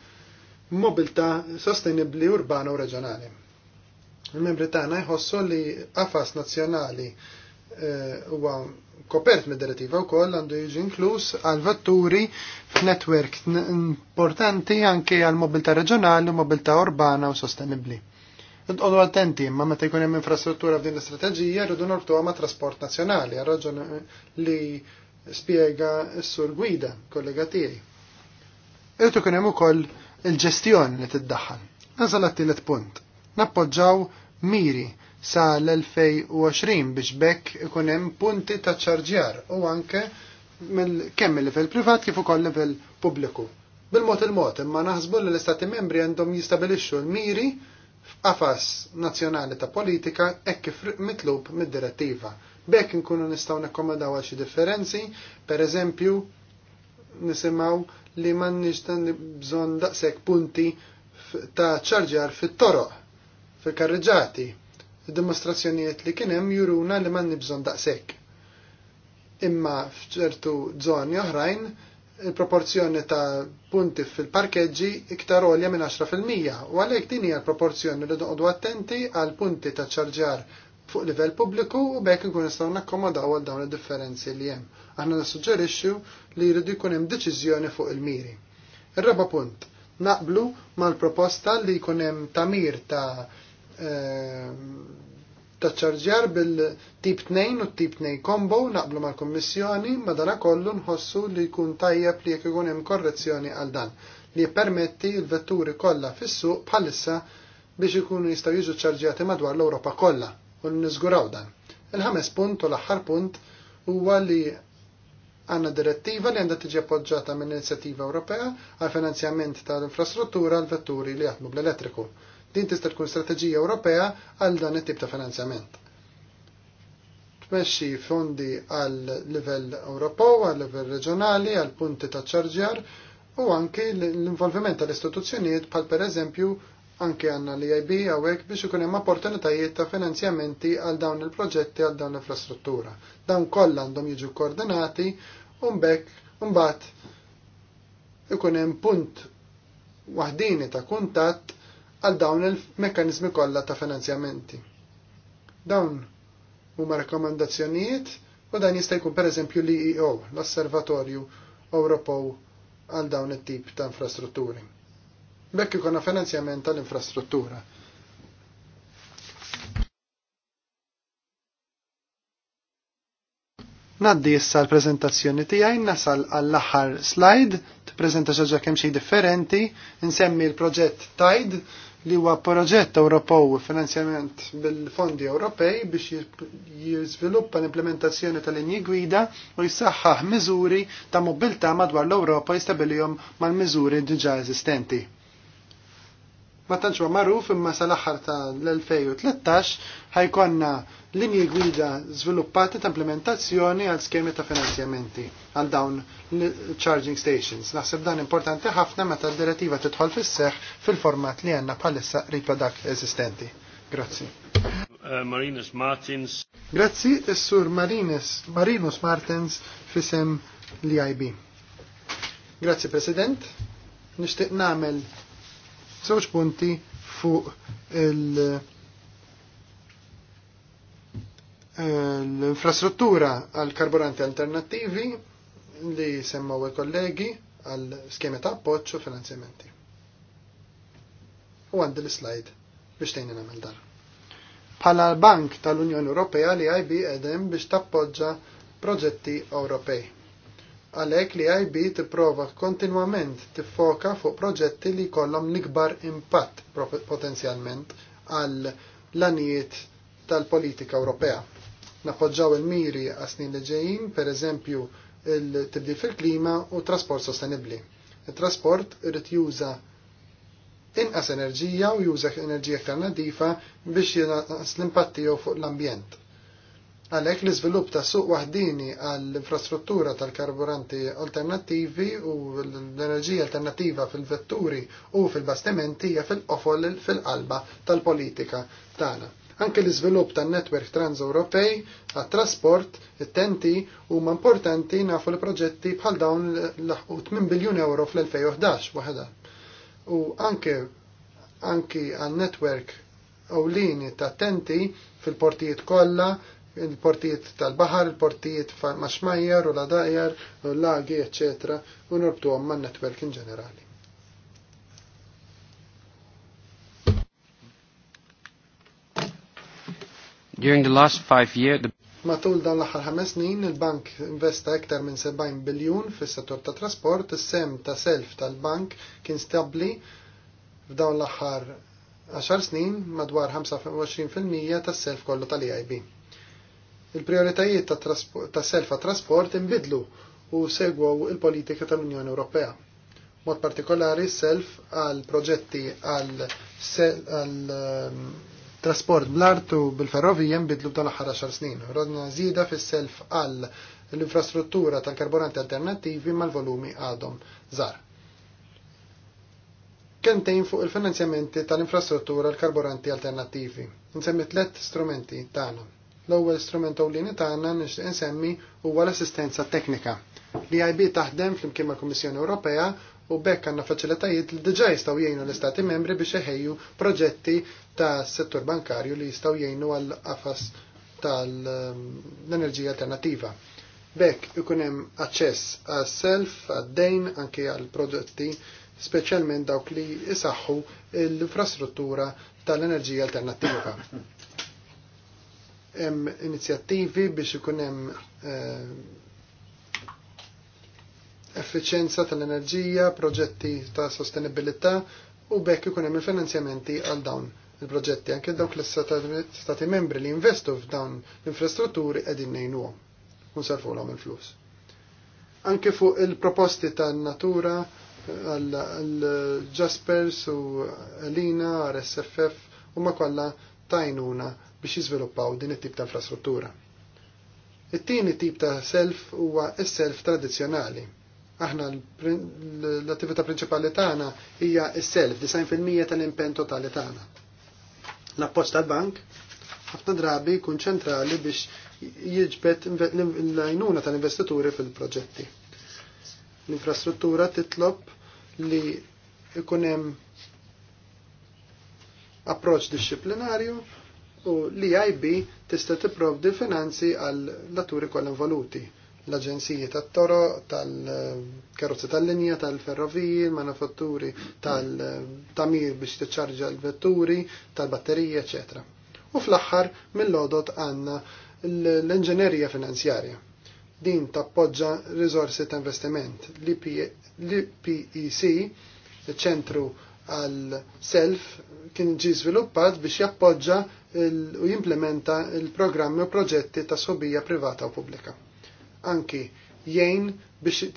mobilta sostenibli urbana u reġjonali. Il-membri tagħna jħossu li qafas nazzjonali eh, huwa kopert mid-direttiva wkoll għandu jiġi inkluż għal vetturi f'netwerk importanti anke għal mobilta reġjonali u mobilta urbana u sostenibli. Nqodu attenti, ma meta jkun hemm infrastruttura f'din l-istrateġija rridu nortuha ma' trasport nazzjonali, għal raġun li spiega s-sur Gwida, kollega tiegħi. Irtu kien hemm ukoll il ġestjon li tiddaħħal. Nażal għat-tielet punt. Nappoġġaw miri sa l-2020 biex bekk ikun hemm punti ta' ċarġjar u anke kemm il-livell privat kif ukoll livell pubbliku. Bil-mod il-mod, imma naħsbu li l-Istati membri għandhom jistabilixxu l-miri f'qafas nazzjonali ta' politika hekk kif mitlub mid-direttiva. Bekk nkunu nistgħu nekkomodaw għal xi differenzi, pereżempju nisimgħu li m'għandniex dan bżonn daqshekk punti ta' ċarġar fit-toroq, fil-karreġati. Id-dimostrazzjonijiet li kien hemm juruna li m'għandni bżonn daqshekk. Imma f'ċertu żoni oħrajn il-proporzjoni ta' punti fil-parkeġġi iktar olja minn 10% u għalhekk din hija l-proporzjoni li doqgħodu attenti għal punti ta' ċarġar fuq livell pubbliku u bekk nkun nistgħu nakkomodaw għal dawn id-differenzi li hemm. Aħna nissuġġerixxu li jridu jkun hemm deċiżjoni fuq il-miri. Ir-raba punt, naqblu mal-proposta li jkun hemm tamir ta' ehm, ta' ċarġjar bil-tip 2 u tip 2 combo naqblu mal-kommissjoni madanakollu nħossu li jkun tajjeb li jekk ikun hemm korrezzjoni għal dan li jippermetti l-vetturi kollha fis-suq bħalissa biex ikunu jistgħu jiġu ċarġjati madwar l-Ewropa kollha u nizguraw dan. Il-ħames punt u l-aħħar punt huwa li għanna direttiva li għandha tiġi appoġġata minn inizjattiva Ewropea għal finanzjament tal-infrastruttura għal vetturi li jaħdmu bl-elettriku. Din tista' tkun strateġija Ewropea għal dan it-tip ta' finanzjament. Tmexxi fondi għal livell Ewropew, għal livell reġjonali, għal punti ta' ċarġjar u anki l-involviment tal-istituzzjonijiet bħal pereżempju anke għanna li IB għawek biex ikun hemm opportunitajiet ta' finanzjamenti għal dawn il-proġetti għal dawn l-infrastruttura. Dawn kollha għandhom jiġu koordinati u mbekk mbagħad ikun hemm punt waħdini ta' kuntatt għal dawn il-mekkanizmi kollha ta' finanzjamenti. Dawn huma rakkomandazzjonijiet u dan jista' jkun pereżempju l-EEO, l-Osservatorju Ewropew għal dawn it-tip ta' infrastrutturi. Bekk ikonna finanzjament tal-infrastruttura. Naddi issa l-prezentazzjoni tiegħi nasal għall-aħħar slide, tippreżenta xi kemm xi differenti, insemmi l-proġett Tide li huwa proġett Ewropew finanzjament bil-fondi Ewropej biex jiżviluppa l-implementazzjoni tal-linji gwida u jsaħħaħ miżuri ta' mobilità madwar l-Ewropa jistabilihom mal-miżuri diġà eżistenti ma tantx ma magħruf imma sal-aħħar ta' l-2013 ħajkonna linji gwida żviluppati ta' implementazzjoni għal skemi ta' finanzjamenti għal dawn charging stations. Naħseb dan importanti ħafna meta d-direttiva tidħol fis-seħħ fil-format li għandna bħalissa rikla dak eżistenti. Grazzi. Uh, Marinus Martins. Grazzi, s-sur Marinus, Marinus Martins fisem l-IB. Grazzi, President. Nishtiq namel żewġ punti fuq il- eh, l-infrastruttura għal karburanti alternattivi li semmaw il-kollegi għal skemi ta' appoċċu u finanzjamenti. U għandi l-slide biex tejni namel dar. Pala l-Bank tal-Unjoni Ewropea li IB edem biex tappoġġa proġetti Ewropej għalhekk li IB tipprova kontinwament tiffoka fuq proġetti li jkollhom l-ikbar impatt potenzjalment għal l-anijiet tal-politika Ewropea. Napoġġaw il-miri għasnin li ġejjin, per eżempju, il-tibdil fil-klima u trasport sostenibli. Il-trasport irrit juża inqas enerġija u juża enerġija ktar nadifa biex jenqas l-impatti fuq l-ambjent. Għalhekk l-iżvilupp ta' suq wahdini għall-infrastruttura tal-karburanti alternattivi u l-enerġija alternattiva fil-vetturi u fil-bastimenti hija fil-qofol fil-qalba tal-politika tagħna. Anke l-iżvilupp tan-netwerk Trans-Ewropej għat-trasport, it-tenti huma importanti nafu l-proġetti bħal dawn laħqu 8 biljun euro fl-2011 waħda. U anke anki għan netwerk ewlieni ta' tenti fil-portijiet kollha il-portijiet tal-bahar, il-portijiet maċmajjar u l-adajjar, u lagi, etc. u nurbtu għom man netwerk in ġenerali. During the last five years, the Matul dan l-aħħar ħames snin, il-bank investa iktar minn 70 biljun fis-settur ta' trasport, is-sem ta' self tal-bank kien stabbli f'dawn l-aħħar 10 snin madwar 25% tas-self kollu tal-EIB. Il-prioritajiet ta' selfa trasport imbidlu u segwaw il-politika tal-Unjoni Ewropea. Mod partikolari self għal proġetti għal, ehm, trasport bl-artu bil-ferrovija imbidlu tal-aħħar 10 snin. Rodna zida fis-self għal l-infrastruttura tal-karburanti alternattivi mal-volumi għadhom zar. Kentejn fuq il-finanzjamenti tal-infrastruttura l-karburanti alternattivi. Nsemmi tlet strumenti tagħna L-ewwel strument ewlieni tagħna nixtieq insemmi huwa l-assistenza teknika. Li ib taħdem flimkien mal-Kummissjoni Ewropea u bekk għandna faċilitajiet li diġà jistgħu jgħinu l-Istati membri biex iħejju proġetti ta' settur bankarju li jistgħu jgħinu għal qafas tal-enerġija ehm, alternattiva. Bekk ikun hemm aċċess għas-self, għad-dejn, anke għal prodotti, speċjalment dawk li isaħħu l-infrastruttura tal-enerġija alternattiva hemm inizjattivi biex ikun hemm eh, effiċenza tal-enerġija, proġetti ta' sostenibilità u bekk ikun hemm il-finanzjamenti għal dawn il-proġetti anke dawk l-istati membri li investu f'dawn l-infrastrutturi qegħdin ngħinuhom u sarfulhom il-flus. Anke fuq il-proposti tan-natura għal Jaspers u Lina, RSFF u ma kollha tajnuna biex jiżviluppaw din it-tip ta' infrastruttura. It-tieni tip ta' self huwa s-self tradizzjonali. Aħna l-attività prinċipali tagħna hija s-self, 90% tal-impenn totali tagħna. L-appoġġ tal-bank ħafna drabi jkun ċentrali biex jiġbed l-għajnuna tal-investituri fil-proġetti. L-infrastruttura titlob li jkun hemm approċ dixxiplinarju u l ib tista' tipprovdi finanzi għal laturi kollha involuti l-aġenziji tat-toro, tal karozza tal-linja, tal-ferroviji, manufatturi, tal-tamir biex tiċċarġa l-vetturi, tal-batterija, eċetera. U fl-aħħar mill-lodot għandna l-inġenerija finanzjarja din tappoġġa risorsi ta' investiment. L-PEC, e iċ ċentru għal self kien ġi sviluppat biex jappoġġa u jimplementa il-programmi u proġetti ta' sobija privata u pubblika. Anki jgħin biex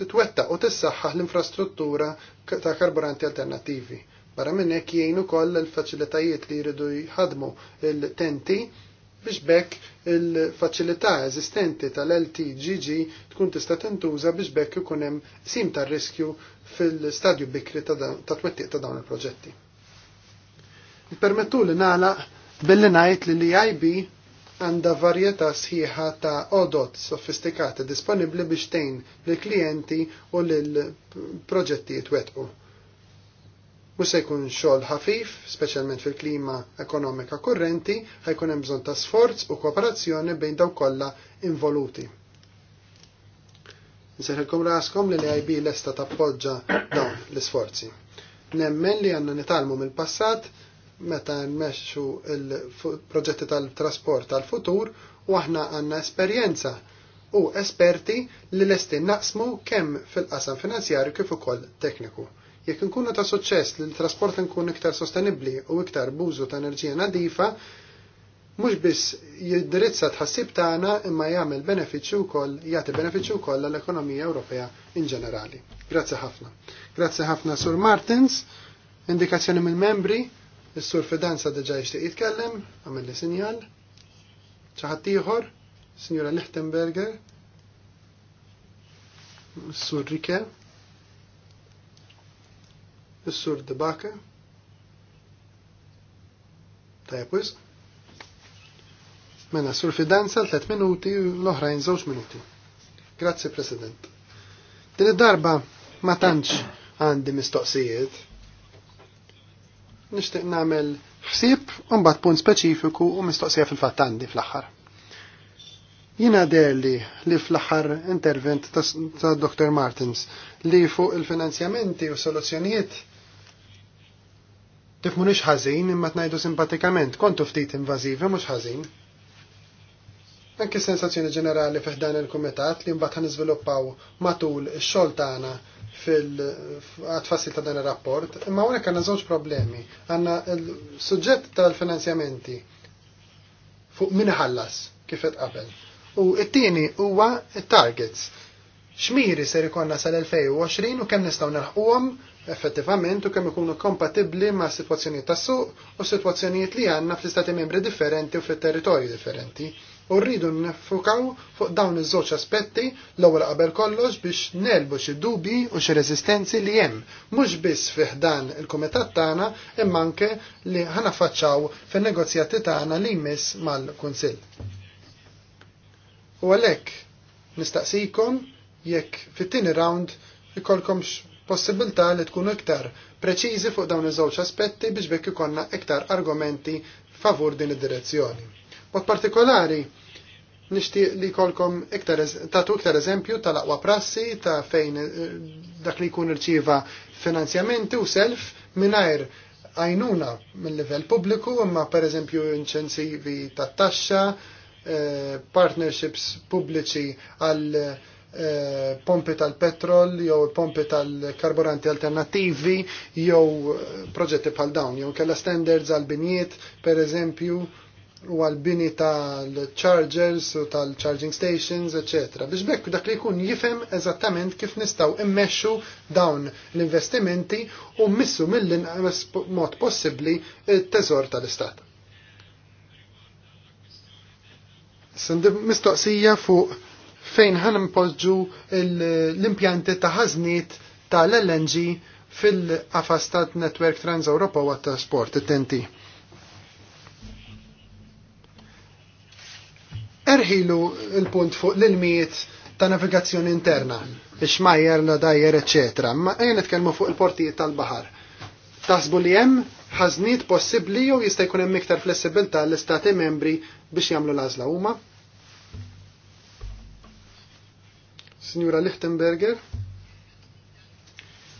titwetta u tissaħħaħ l-infrastruttura ta' karburanti alternativi. Barra minn hekk jgħin ukoll l-faċilitajiet li jridu jħadmu il-tenti biex bekk il-faċilità eżistenti tal-LTGG tkun tista' tintuża biex bekk ikun hemm sim tar-riskju fil-stadju bikri ta' twettiq ta' dawn il-proġetti. Permettu li nagħlaq billi ngħid li l e ib għandha varjetà sħiħa ta' odot sofistikati disponibbli biex tgħin lill-klijenti u lill-proġetti jitwetqu Mu se jkun xogħol ħafif, speċjalment fil-klima ekonomika kurrenti, ħajkun hemm bżonn ta' sforz u kooperazzjoni bejn daw kollha involuti. Nseħilkom raskom li l-IB lesta tappoġġa dawn l-isforzi. Nemmen li għanna nitalmu mill-passat meta nmexxu il-proġetti tal-trasport tal-futur u aħna għanna esperjenza u esperti li lesti naqsmu kemm fil-qasam finanzjarju kif ukoll tekniku. Jekk nkunu ta' suċċess li l-trasport nkun iktar sostenibbli u iktar bużu ta' enerġija nadifa, mhux biss jiddirizza tħassib tagħna imma jagħmel benefiċċju wkoll jagħti benefiċċju wkoll għall-ekonomija Ewropea in ġenerali. Grazzi ħafna. Grazzi ħafna Sur Martins, indikazzjoni mill-membri, is-Sur Fidanza diġà jixtieq jitkellem, għamel li sinjal. ħadd ieħor, Signora Lichtenberger, Sur Rike. Is-sur Debaka. Tajab wis. Mena sur fidanza l-3 minuti u l-oħrajn żewġ minuti. Grazzi President. Din id-darba ma tantx għandi mistoqsijiet. Nixtieq nagħmel ħsieb u mbagħad punt speċifiku u mistoqsija fil-fatt għandi fl-aħħar. Jina derli li fl aħħar intervent ta' Dr. Martins li fuq il-finanzjamenti u soluzzjonijiet Tif nix ħażin imma tnajdu simpatikament, kontu ftit invażivi mhux ħażin. Anki sensazzjoni ġenerali fiħdan il-kumitat li mbagħad niżviluppaw matul ix-xogħol tagħna fil-għatfassil ta' dan ir-rapport, imma hawnhekk għandna żewġ problemi. Għandna l-suġġett tal-finanzjamenti fuq min ħallas kif qed qabel. U t-tieni huwa targets xmiri ser ikonna sal-2020 u kemm nistgħu nelħquhom effettivament u kemm ikunu kompatibbli ma' sitwazzjonijiet tas-suq u sitwazzjonijiet li għandna fl-istati membri differenti u fit-territorji differenti. U rridu nifukaw fuq dawn iż-żewġ aspetti l-ewwel qabel kollox biex nelbu xi dubi u xi reżistenzi li hemm mhux biss fih dan il-kumitat tagħna imma anke li ħana faċċaw fin-negozjati tagħna li jmiss mal-Kunsill. U għalhekk nistaqsikom jekk fit-tieni round ikolkomx possibilità li tkunu iktar preċiżi fuq dawn iż-żewġ aspetti biex bekk ikonna iktar argumenti favur din id-direzzjoni. Mod partikolari, nixtieq li kolkom iktar tagħtu iktar eżempju tal-aqwa prassi ta' fejn eh, dak li jkun irċiva finanzjamenti u self mingħajr għajnuna mill-livell pubbliku imma pereżempju inċensivi ta' taxxa, eh, partnerships pubbliċi għal Eh, pompi tal-petrol, jew pompi tal-karburanti alternativi, jew eh, proġetti bħal dawn, jew kella standards għal-binjiet, per eżempju, u għal-bini tal-chargers u tal-charging stations, ecc. Biex bekk dak li jkun jifhem eżattament kif nistaw immexxu dawn l-investimenti u missu mill-inqas mod possibbli t-teżor tal-istat. Mistoqsija fuq fejn ħan impoġġu l-impjanti ta' ħażniet tal-LNG fil-Afastat Network Trans-Europa u għat-trasport, it-TNT. Erħilu il-punt fuq l-ilmijiet ta' navigazzjoni interna, ix-xmajer, la dajjer, eccetera, ma għajna kelmu fuq il-portijiet tal-bahar. Taħsbu li hemm ħażniet possibbli jew jista' jkun hemm iktar flessibilità l-istati membri biex jagħmlu l-għażla huma? Signora Lichtenberger.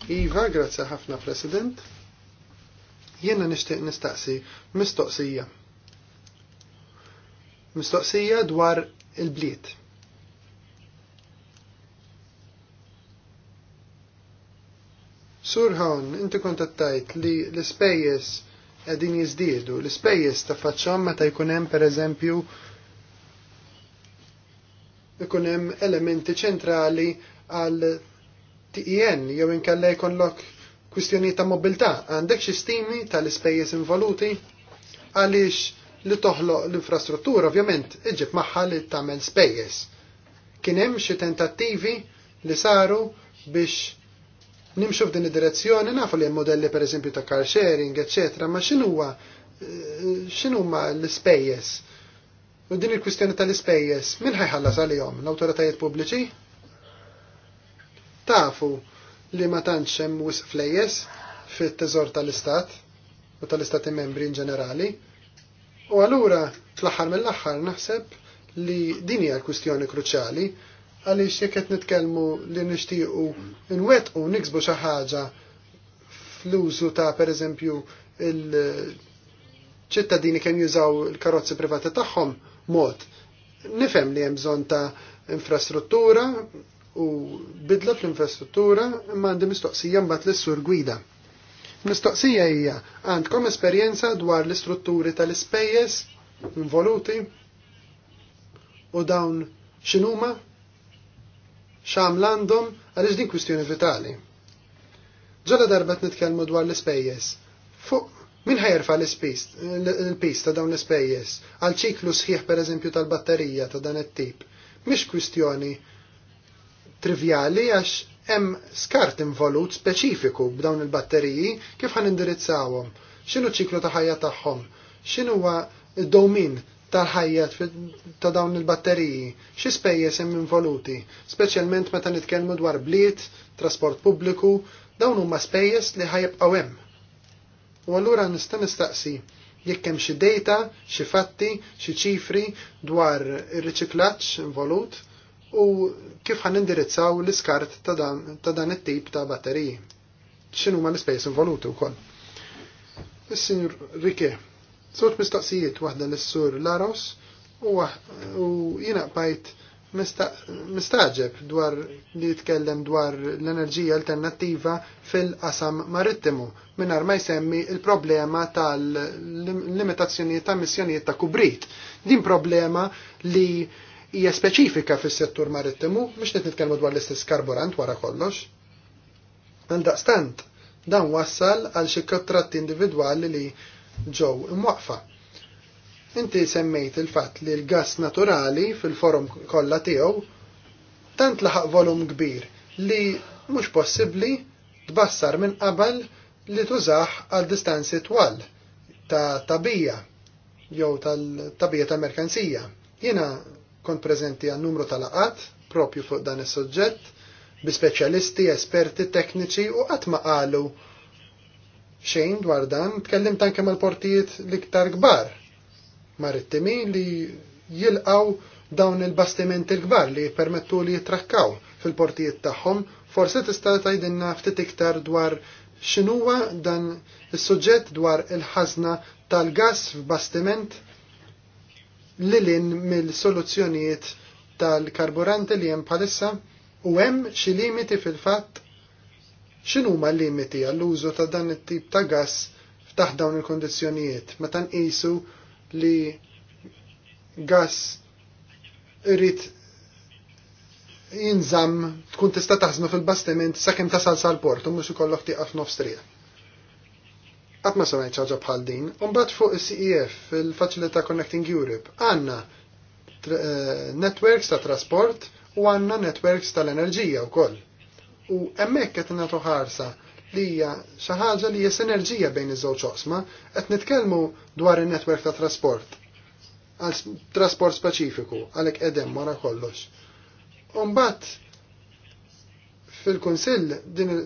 Iva, grazie ħafna President. Jiena nixtieq nistaqsi mistoqsija. Mistoqsija dwar il-bliet. Sur Hawn, inti kontattajt li l ispejjeż qegħdin jiżdiedu, l ispejjeż ta' faċċhom meta jkun hemm pereżempju ikun hemm elementi ċentrali għal TIN e jew inkella jkollok kwistjoni ta' mobilità. Għandek xi stimi tal-ispejjeż involuti għaliex li toħloq l-infrastruttura ovvjament iġib magħha li tagħmel spejjeż. Kien hemm xi tentattivi li saru biex nimxu f'din id-direzzjoni, nafu li hemm modelli pereżempju ta' car sharing, eċċetera, ma x'inhuwa eh, x'inhuma l-ispejjeż U din il-kwistjoni tal-ispejjeż, min ħajħallas għalihom? L-awtoritajiet pubbliċi? Tafu li ma tantx hemm wisq flejjes fit-teżor tal-Istat u tal-Istati membri in ġenerali. U allura fl-aħħar mill-aħħar naħseb li din hija l-kwistjoni kruċjali għaliex jekk qed nitkellmu li nixtiequ nwettqu niksbu xi ħaġa fl-użu ta' pereżempju il-ċittadini kemm jużaw il-karozzi privati tagħhom mod. Nifhem li hemm bżonn ta' infrastruttura u bidla fl-infrastruttura imma għandi mistoqsija mbagħad l-sur gwida. Mistoqsija hija għandkom esperjenza dwar l-istrutturi tal-ispejjeż involuti u dawn x'inhuma x'għaml għandhom għaliex din kwistjoni vitali. Ġola darba nitkellmu dwar l-ispejjeż. Fuq Min ħajerfa l-pis ta' dawn l-spejjes għal ċiklu sħiħ per eżempju tal-batterija ta' dan it-tip? Mhix kwistjoni trivjali għax hemm skart involut speċifiku b'dawn il-batteriji kif ħan indirizzawhom, x'inhu ċiklu ta' ħajja tagħhom, x'inhu huwa domin tal-ħajja ta' dawn il-batteriji, xi spejjeż hemm involuti, speċjalment meta nitkellmu dwar bliet, trasport pubbliku, dawn huma spejjeż li ħajbqgħu hemm U allura nista' nistaqsi jekk hemm xi data, xi fatti, xi ċifri dwar ir-riċiklaġġ involut u kif ħan indirizzaw l-iskart ta' dan it-tip ta' batteriji. X'inhu ma l-ispejs involuti wkoll. Is-Sinjur Rike, sort mistoqsijiet waħda lis sur Laros u jiena bajt mistaġeb dwar li jitkellem dwar l-enerġija alternattiva fil-qasam marittimu minnar ma jsemmi il-problema tal limitazzjonijiet ta' missjonijiet ta' kubrit. Din problema li hija speċifika fis-settur marittimu, mhux qed nitkellmu dwar l-istess karburant wara kollox. Għaldaqstant, dan wassal għal xi kontratti individwali li ġew imwaqfa Inti semmejt il-fatt li l-gas naturali fil-forum kollha tiegħu tant laħaq volum kbir li mhux possibbli tbassar minn qabel li tużaħ għal distanzi twal ta' tabija jew tal-tabija ta' merkanzija. Jiena kont preżenti għal numru tal-aqat propju fuq dan is-suġġett bi speċjalisti, esperti, tekniċi u qatt ma qalu xejn dwar dan, tkellimt anke mal-portijiet l-iktar kbar marittimi li jilqaw dawn il-bastimenti l-kbar li jippermettu li jitrakkaw fil-portijiet tagħhom, forsi tista' tgħidilna ftit iktar dwar x'inhuwa dan is-suġġett dwar il-ħażna tal-gass f'bastiment lilin mill-soluzzjonijiet tal-karburanti li hemm bħalissa u hemm xi limiti fil-fatt x'inhuma l-limiti għall-użu ta' dan it-tip ta' gass f'taħt dawn il-kondizzjonijiet meta nqisu li gas irrit jinżam tkun tista' taħżnu fil-bastiment sakemm tasal sal-port u mhux ikollok tieqaf nofstrija. triq. Qatt ma semgħet bħal din, u mbagħad fuq is-CEF, il facilita Connecting Europe, għandna eh, networks ta' trasport u għandna networks tal-enerġija wkoll. U hemmhekk qed nagħtu ħarsa li hija xi ħaġa li hija sinerġija bejn iż-żewġ oqsma qed nitkellmu dwar in-netwerk ta' trasport għal trasport speċifiku għalhekk qegħdem wara kollox. Umbagħad fil-Kunsill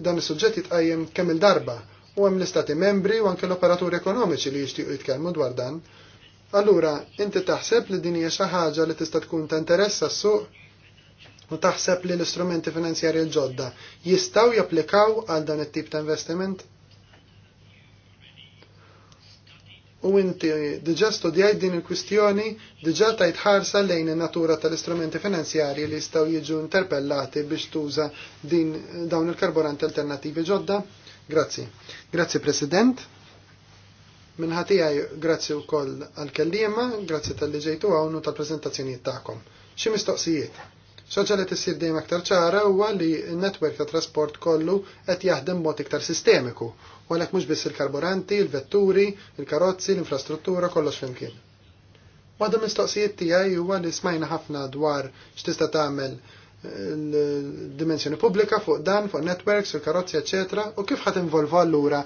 dan is-suġġett jitqajjem kemm il-darba u hemm l-istati membri u anke l-operaturi ekonomiċi li jixtiequ jitkellmu dwar dan. Allura, inti taħseb li din hija xi ħaġa li tista' tkun ta' interess għas-suq u taħseb li l-istrumenti finanzjarji l-ġodda jistaw japplikaw għal dan it-tip ta' investiment? U inti diġa studjajt din il-kwistjoni, diġa tajt ħarsa lejn in-natura tal-istrumenti finanzjarji li jistaw jiġu interpellati biex tuża din dawn il-karburanti alternativi ġodda? Grazzi. Grazzi President. Minħatijaj grazzi u koll għal-kellima, grazzi tal liġejtu għawnu tal-prezentazzjoni ta'kom. ċi mistoqsijiet? Xaġa li tissir dejjem aktar ċara huwa li n-netwerk ta' trasport kollu qed jaħdem mod iktar sistemiku, u għalhekk mhux biss il-karburanti, il-vetturi, il-karozzi, l-infrastruttura kollox flimkien. Waħda mistoqsijiet tiegħi huwa li smajna ħafna dwar x'tista' tagħmel eh, l-dimensjoni pubblika fuq dan, fuq networks, fil karozzi eċetera, u kif ħadd involva allura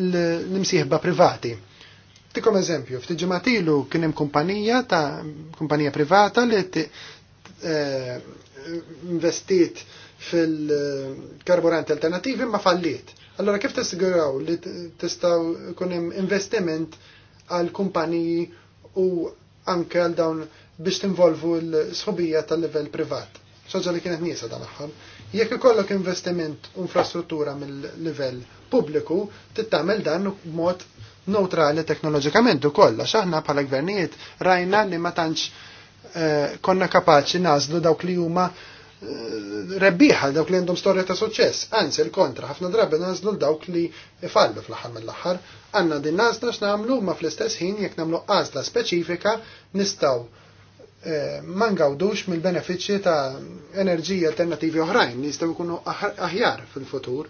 l-imsieħba privati. Tikom eżempju, ftit ġematilu kien hemm kumpanija ta' kumpanija privata li Eh, investit fil-karburanti alternativi ma falliet. Allora kif tassiguraw li tistaw kunem investiment għal kumpaniji u anke għal dawn biex tinvolvu l-sħobija tal-level privat? Soġġa li kienet nisa dan aħħar. Jekk ikollok investiment u infrastruttura mill-livell pubbliku, tittamel dan b'mod neutrali teknoloġikament u kollha. X'aħna bħala gvernijiet rajna li ma tantx Eh, konna kapaċi nazlu dawk li huma eh, rebbieħa dawk li għandhom storja ta' suċċess. Anzi, il-kontra, ħafna drabi nażlu dawk li fallu fl-aħħar mill-aħħar. Għandna din nazla x'namlu ma fl-istess ħin jekk nagħmlu għażla speċifika nistgħu eh, ma ngawdux mill-benefiċċji ta' enerġiji alternativi oħrajn li jistgħu jkunu aħjar fil-futur.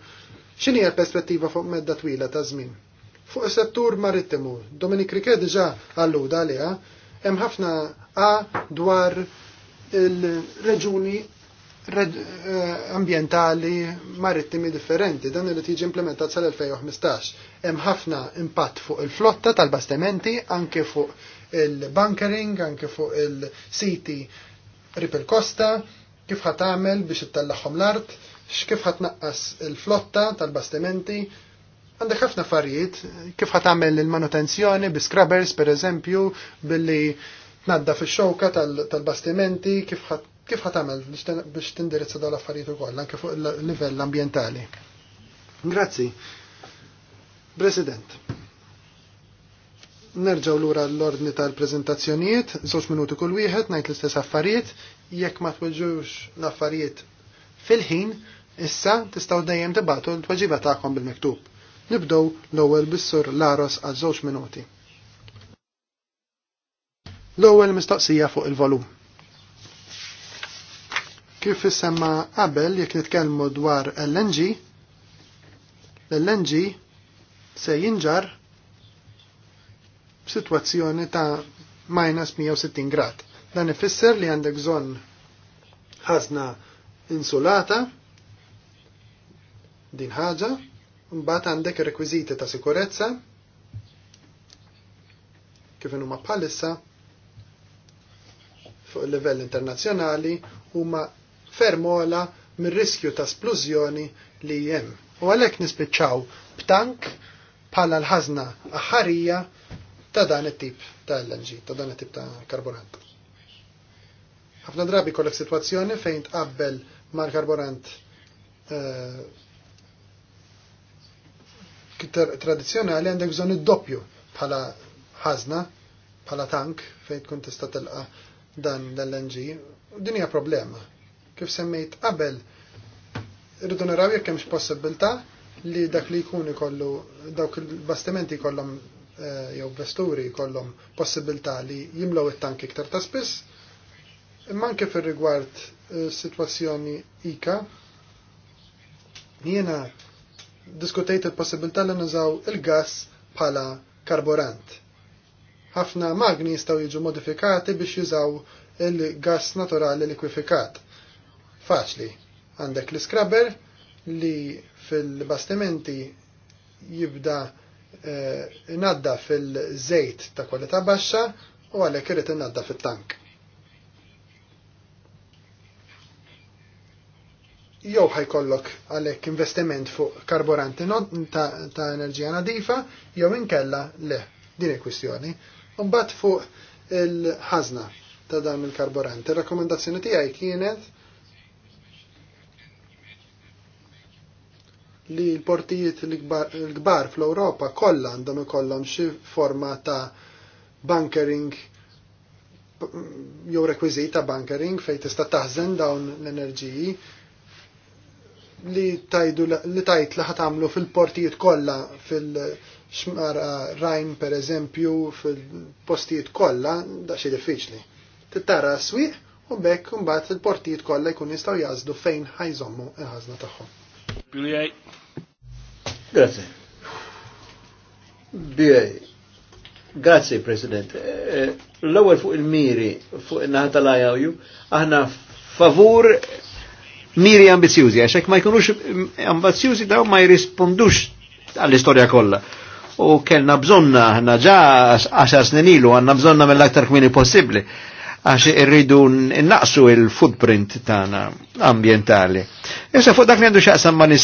X'inhi l-perspettiva fuq medda twila ta' żmien? Fuq is-settur marittimu, Dominik Rike diġà alluda għaliha, hemm ħafna A dwar il-reġuni eh, ambientali marittimi differenti, dan li tiġi implementat sal-2015. Hemm ħafna impatt fuq il-flotta tal-bastimenti, anke fuq il-bunkering, anke fuq il-siti il kosta, kif ħat għamel biex it-tallaħħom l-art, x'kif ħat naqqas il-flotta tal-bastimenti, għandek ħafna affarijiet, kif ħat għamel il-manutenzjoni bi scrubbers per eżempju, billi Nadda fix-xewka tal-bastimenti kif ħat biex tindirizza dawn affarijiet u ukoll anke fuq il-livell ambjentali. Grazzi. President. Nerġaw lura l-ordni tal-prezentazzjonijiet, żewġ minuti kull wieħed, ngħid l-istess affarijiet, jekk ma tweġġux l-affarijiet fil-ħin, issa tistgħu dejjem tibatu l-tweġiba tagħkom bil-miktub. Nibdew l-ewwel bis-sur Laros għal żewġ minuti. L-ewwel mistoqsija fuq il-volum. Kif issemma qabel jekk nitkellmu dwar LNG, l-LNG se jinġar b'sitwazzjoni ta' minus 160 grad. Dan ifisser li għandek bżonn ħażna insulata din ħaġa, mbagħad għandek rekwiżiti ta' sikurezza kif huma bħalissa fuq il-livell internazzjonali huma fermola mir-riskju ta' splużjoni li hemm. U għalhekk nispiċċaw b'tank bħala l-ħażna aħħarija ta' dan it-tip ta' LNG, ta' dan it-tip ta' karburant. Ħafna drabi kollek sitwazzjoni fejn tqabbel mal-karburant eh, tradizzjonali tradizjonali għandek bżonn id-doppju bħala ħażna bħala tank fejn tkun tista' telqa' dan l-LNG, din hija problema. Kif semmejt qabel, rridu naraw jekk hemmx possibilità li dak li jkun ikollu dawk il-bastimenti jkollhom eh, jew vesturi jkollhom possibilità li jimlew it-tank iktar ta' spiss. Imma anke fir-rigward eh, sitwazzjoni ika, jiena diskutejt il-possibilità li nużaw il-gas bħala karburant ħafna magni jistgħu jiġu modifikati biex jużaw il-gas naturali likwifikat. Faċli, għandek l-scrubber li fil-bastimenti jibda eh, inadda fil-żejt ta' kwalità baxxa u għalhekk irid inadda fit-tank. jew ħajkollok għalhekk investiment fuq karburanti ta', ta enerġija nadifa jew inkella le din il-kwistjoni. Mbagħad fuq il-ħażna ta' dan il-karburant. Ir-rakkomandazzjoni tiegħi kienet li l-portijiet l-kbar fl-Europa kollha għandhom ikollhom xi forma ta' bunkering jew rekwiżit ta' bunkering fejn tista' taħżen dawn l-enerġiji li tajdu li tajt li ħatamlu fil-portijiet kollha fil xmara rajn per eżempju fil-postijiet kollha da xi diffiċli. Tittara swieq u bekk bat il-portijiet kollha jkun jistgħu jażdu fejn ħajżommu il-ħażna tagħhom. Grazie. Bijaj. Grazie, President. Eh, l-ewwel fuq il-miri fuq in naħta tal aħna favur miri ambizjuzi, għaxek ma jkunux ambizjuzi daw ma jirrispondux għall istoria kolla u kellna bżonna ħna ġa 10 snin ilu għanna bżonna mill-aktar kmini possibli għax irridu naqsu il-footprint tagħna ambientali. Issa fuq dak li għandu xaqsam ma l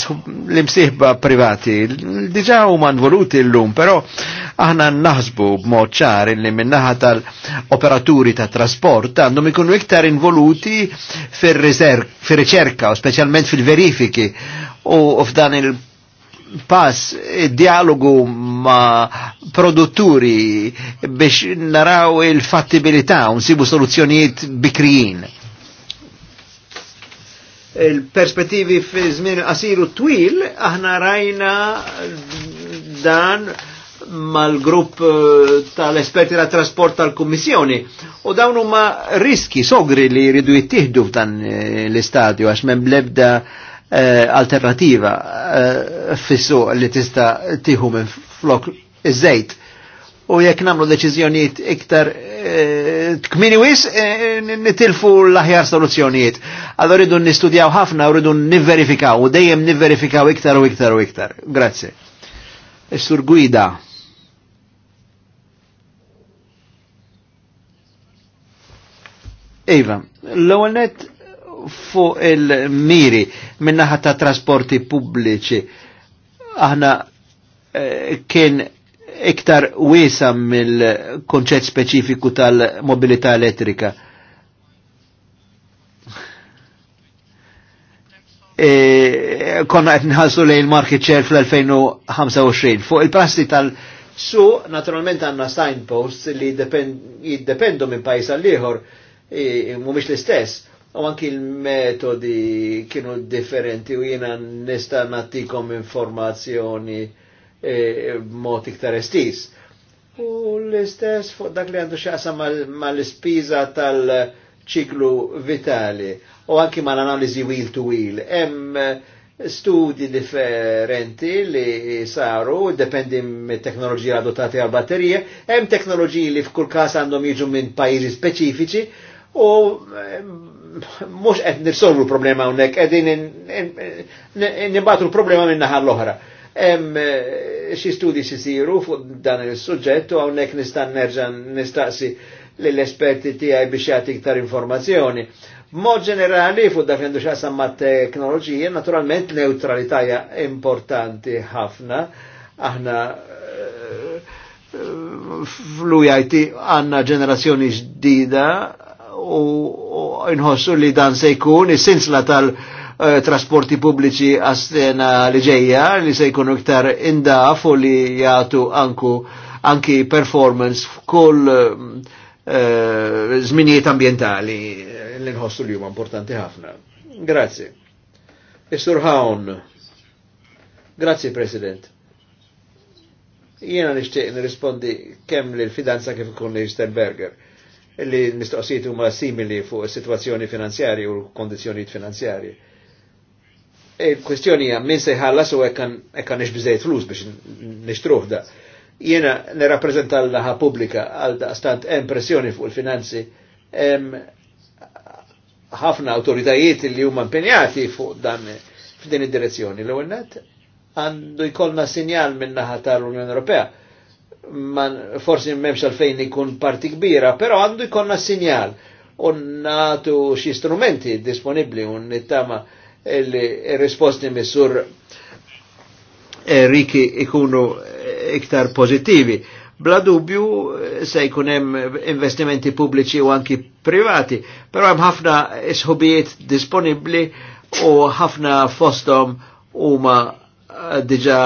imsiħba privati, diġa u man voluti l-lum, però aħna naħsbu b'mod ċar li minnaħa tal-operaturi ta' trasport għandhom ikunu iktar involuti fil riċerka u specialment fil-verifiki u f'dan il- pass dialogu ma produtturi biex naraw il-fattibilità u nsibu soluzzjonijiet bikrijin. Il-perspettivi fi żmien qasiru twil aħna rajna dan mal-grupp eh, tal-esperti tal trasport tal-Kummissjoni u dawn huma riski sogri li jridu jittieħdu f'dan eh, l-istadju għax minn blebda Eh, alternativa eh, fissu li tista tiħu minn flok iż-żejt. U jekk namlu deċiżjonijiet iktar eh, tkmini wis, nitilfu l-aħjar soluzzjonijiet. Allora rridu nistudjaw ħafna u rridu niverifikaw, u dejjem niverifikaw iktar u iktar u iktar. Grazie. Sur Guida. Iva, l-ewwel net fuq il-miri minnaħa ta' trasporti pubbliċi. Aħna eh, kien iktar wisam mill-konċett speċifiku tal-mobilità elettrika. E, konna qed li lejn market share fl-2025. Fuq il-prassi tal-su, naturalment għandna signposts li jiddependu minn pajis għall ieħor e, mhumiex l-istess u anki il-metodi kienu differenti u jiena nista natikom informazzjoni e, mod iktar estis. U l-istess fuq dak li għandu xaqsa mal-spiża mal spiża tal ċiklu vitali u anki mal-analizi wheel to wheel. Hemm studi differenti li saru, dependi mit teknoloġija adottati għal batterije, hemm teknoloġiji li f'kull każ għandhom jiġu minn pajjiżi speċifiċi u mux għed nirsolvu l-problema unnek, għed nibatu l-problema minna ħall oħra Em, eh, xie studi siru fuq dan il-suġġett u hawnhekk nista' nerġa' nistaqsi lill-esperti għaj biex jagħti iktar informazzjoni. Mod ġenerali fuq dak għandu xasam ma' teknoloġija, naturalment neutralità importanti ħafna. Aħna eh, eh, fl-UIT għanna ġenerazzjoni ġdida u inħossu li dan se jkun is-sinsla tal-trasporti eh, pubbliċi għastena li ġejja li se jkunu iktar indaf u li jgħatu anku anki performance f'kull eh, żminijiet zminijiet ambientali li nħossu li huma importanti ħafna. Grazie. Mr. Hawn. Grazie, President. Jiena nishtiq nirrispondi kemm lil fidanza kif ikun li Berger li mistoqsijiet huma simili fuq is-sitwazzjoni finanzjarji u l-kondizzjonijiet finanzjarji. Il-kwestjoni e, hija min se jħallas u hekk għandix biżejjed flus biex nixtruh da. Jiena nirrappreżenta l-laħa pubblika għal daqstant hemm pressjoni fuq il-finanzi hemm ħafna autoritajiet li huma impenjati fuq dan f'din id-direzzjoni. L-ewwel għandu jkollna sinjal minn naħa tal-Unjoni Ewropea man forsi memx għalfejn ikun parti kbira, pero għandu jkonna sinjal un natu xie strumenti disponibli un nittama il-risposti missur riki ikunu iktar pozittivi. Bla dubju se jkun hemm investimenti pubbliċi u anki privati, però hemm ħafna isħubijiet disponibli u ħafna fostom huma diġa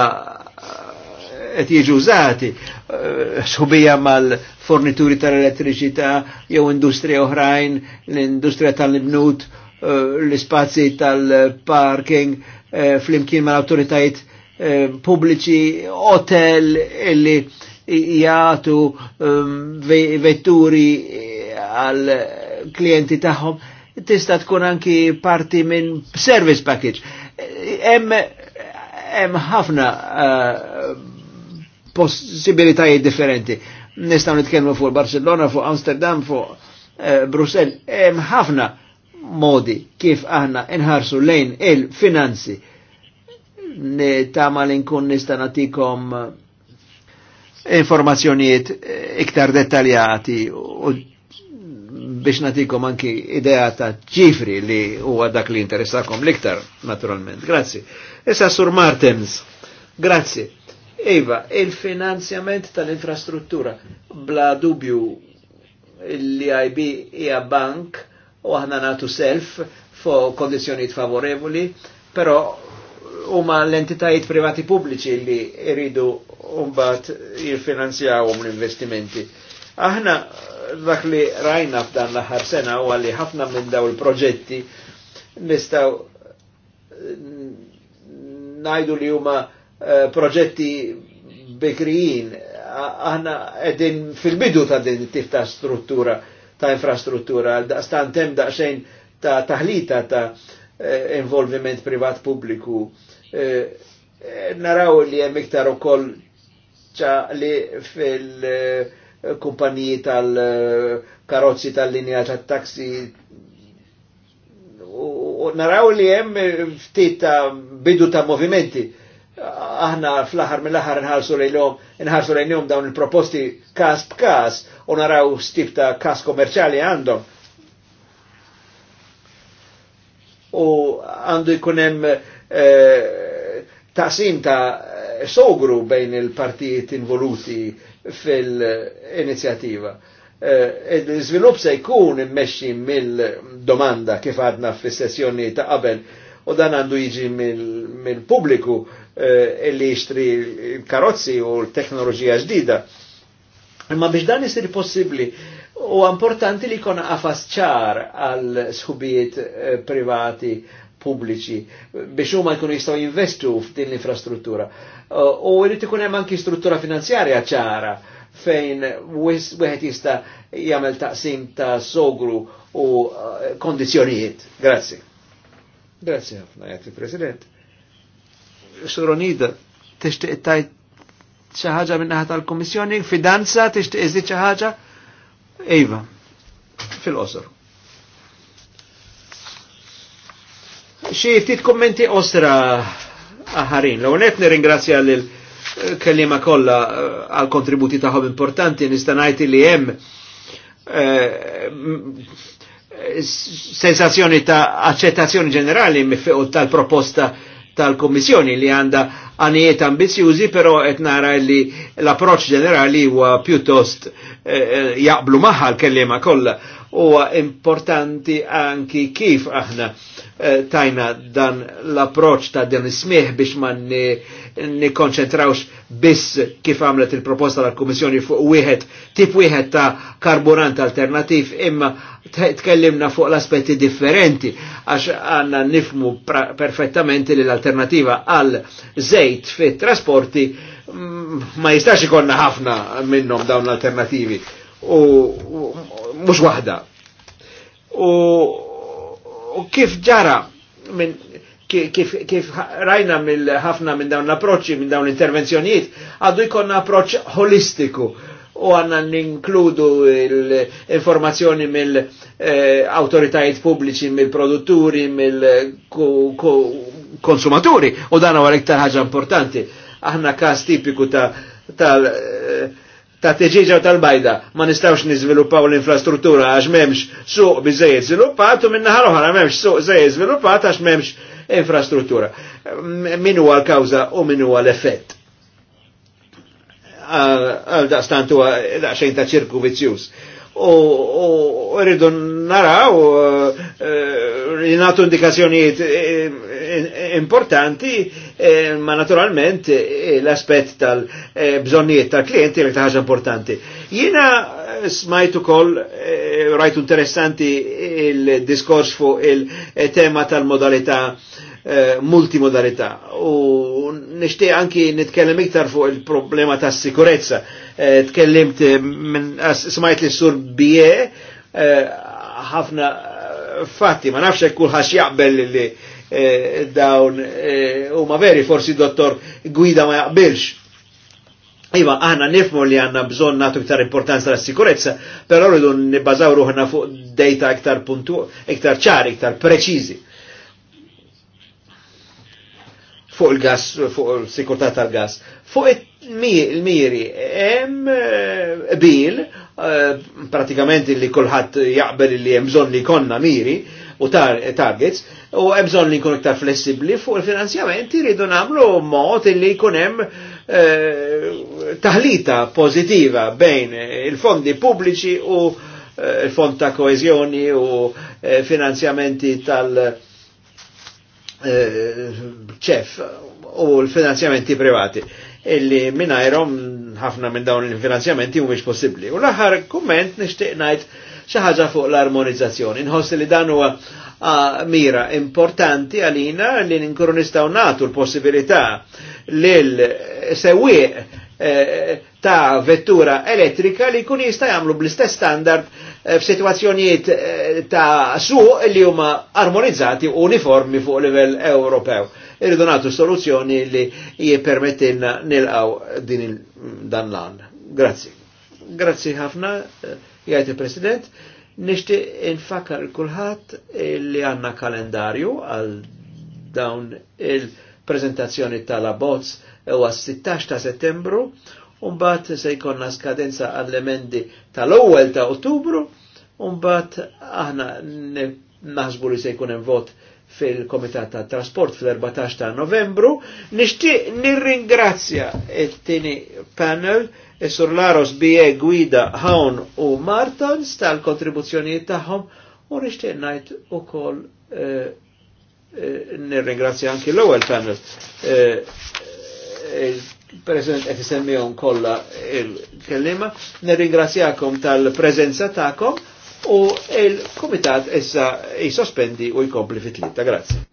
et jiġu użati eh, sħubija mal-fornituri tal-elettriċità jew industrija oħrajn, l-industrija tal-ibnut, eh, l-ispazji tal-parking, eh, fl-imkien mal-autoritajiet pubbliċi, hotel illi jgħatu ehm, vetturi għal klienti tagħhom tista' tkun anki parti minn service package. Hemm hemm ħafna uh, possibilitajiet differenti. Nistaw nitkellmu fuq Barcelona, fuq Amsterdam, fuq eh, Brussel, hemm ħafna modi kif aħna inħarsu lejn il-finanzi. Ta' malinkun nkun nista' natikom eh, informazzjonijiet eh, iktar dettaljati u biex natikom anki idea ta' ċifri li huwa dak li interessakom liktar, naturalment. Grazzi. Issa Sur Martens, grazzi Iva, il-finanzjament tal-infrastruttura, bla dubju l-IB hija bank u aħna natu self fo kondizjonijiet favorevoli, però huma l-entitajiet privati pubbliċi li jridu mbagħad jiffinanzjawhom l-investimenti. Aħna dak li rajna f'dan l-aħħar sena huwa li ħafna minn daw il-proġetti nistgħu ngħidu li huma Eh, proġetti bekrijin. Aħna edin fil-bidu ta' din tifta ta' struttura, ta' infrastruttura, għal-daqstan da' xejn ta' taħlita ta' eh, involviment privat publiku eh, Naraw li hemm iktar ukoll li fil-kumpaniji tal-karozzi tal-linja tat-taksi u naraw li hemm ftit ta' bidu ta' movimenti aħna fl-aħar mill-aħar nħarsu lejlom, nħarsu lejlom dawn il-proposti kas b'kas u naraw stip ta' kas komerċali għandhom. U għandu jkunem eh, ta' sim ta' sogru bejn il-partijiet involuti fil-inizjativa. Eh, il svilup se jkun immexxi mill-domanda kif għadna fis-sessjoni ta' qabel u dan għandu jiġi mill publiku mil eh, li jixtri karozzi u l-teknoloġija ġdida. Imma biex dan jisir possibli u importanti li jkun għafas ċar għal sħubijiet eh, privati pubbliċi biex huma jkunu jistgħu jinvestu f'din l-infrastruttura. Eh, u jrid ikun hemm anki struttura finanzjarja ċara fejn wieħed jista' jagħmel taqsim ta' sogru u kondizjonijiet. Grazzi. Grazie ħafna, jgħat il-President. Suronida, tixtieq tajt xaħġa minnaħat tal-Komissjoni, fidanza, tixtieq iżdi xaħġa? Eva, fil osor Xie ftit kommenti osra aħarin. L-għonet nirringrazzja l-kellima eh, kolla eh, għal-kontributi taħob importanti, nistanajti li jem sensazzjoni ta' accettazzjoni ġenerali tal-proposta tal-Kommissjoni li għanda għanijiet ambizjużi, pero qed nara li l-approċ ġenerali huwa pjuttost eh, eh jaqblu maħal kellima kollha huwa importanti anki kif aħna eh, tajna dan l-approċ ta' dan ismiħ biex ma nikkonċentrawx biss kif għamlet il-proposta tal-Kummissjoni fuq wieħed tip wieħed ta' karburant alternativ imma tkellimna fuq l-aspetti differenti għax għanna nifmu perfettament li l-alternativa għal żejt fit trasporti mm, ma jistax ikonna ħafna minnhom dawn l-alternativi u mux wahda. U kif ġara min kif, kif rajna mill ħafna minn dawn l-approċċi, minn dawn l-intervenzjonijiet, għaddu jkollna approċċ holistiku u għanna ninkludu l-informazzjoni mill-autoritajiet eh, pubbliċi, mill-produtturi, mill-konsumaturi u dan għu għalek ħaġa importanti. Aħna kas tipiku ta' tal eh, ta' teġiġa u tal-bajda ma nistawx nizviluppaw l-infrastruttura għax memx suq bizzej zviluppat u minna ħaroħra memx suq bizzej zviluppat għax memx infrastruttura. Min huwa l-kawza u min huwa l-effett. Għal daqstantu huwa ta' ċirku vizzjus u rridu naraw li eh, eh, natu indikazzjonijiet eh, importanti ma naturalment l aspet tal-bżonnijiet tal-klienti li ħaġa importanti. Jina smajtu kol rajtu interessanti il-diskors fu il-tema tal-modalità Eh, multimodalità. U nishtiq anki nitkellem iktar fuq il-problema ta' sikurezza. Eh, tkellimt eh, minn smajt li sur bie ħafna fatti, ma nafx kull ħax jaqbel li dawn u ma veri forsi dottor Guida ma jaqbilx. Iva, għanna nifmu li għanna bżon natu iktar importanza la sikurezza, pero rridu nibbazaw ruħna fuq data iktar puntu, iktar ċari, iktar preċizi fuq il-gas, fuq il-sikurtà tal-gas. Fuq il-miri, hemm eh, bil, eh, pratikament li kulħadd jaqbel li hemm bżonn li konna miri u targets, u hemm bżonn li jkun iktar flessibbli fuq il-finanzjamenti rridu nagħmlu mod li jkun hemm eh, taħlita pożittiva bejn il-fondi pubbliċi u il-fond ta' koezjoni u finanzjamenti tal- Eh, ċef u l-finanzjamenti privati illi minajrom ħafna minn dawn il-finanzjamenti u mhix possibbli. U l-aħħar kumment nixtieq ngħid xaħġa ħaġa fuq l-armonizzazzjoni. Inħoss li dan huwa mira importanti għalina li ninkunu nistgħu l-possibilità lil sewwieq eh, ta' vettura elettrika li kun jista' jagħmlu bl-istess standard Eh, f'sitwazzjonijiet eh, ta' suq li huma armonizzati u uniformi fuq livell Ewropew. Irridu nagħtu soluzzjoni li jippermettilna nilqgħu din dan l-għan. Grazzi. Grazzi ħafna, eh, jgħid il-President. Nishti infakar kulħadd li għanna kalendarju għal dawn il-prezentazzjoni tal-abbozz u 16 ta' settembru Umbat se jkonna skadenza għall-emendi tal-ewwel ta' Ottubru, umbat aħna naħsbu li se jkun hemm vot fil-Komitat ta' Trasport fil-14 ta' Novembru. Nixtieq nirringrazzja it-tieni panel Isur sur Laros Bie Gwida Hawn u Martons tal-kontribuzzjonijiet tagħhom u nixtieq ngħid ukoll eh, eh, nirringrazzja anki l-ewwel panel eh, President qed isemmihom kollha il-kellima. Nirringrazzjakom tal-preżenza tagħkom u il-Kumitat issa jsospendi u jkompli fit-tlieta. Grazzi.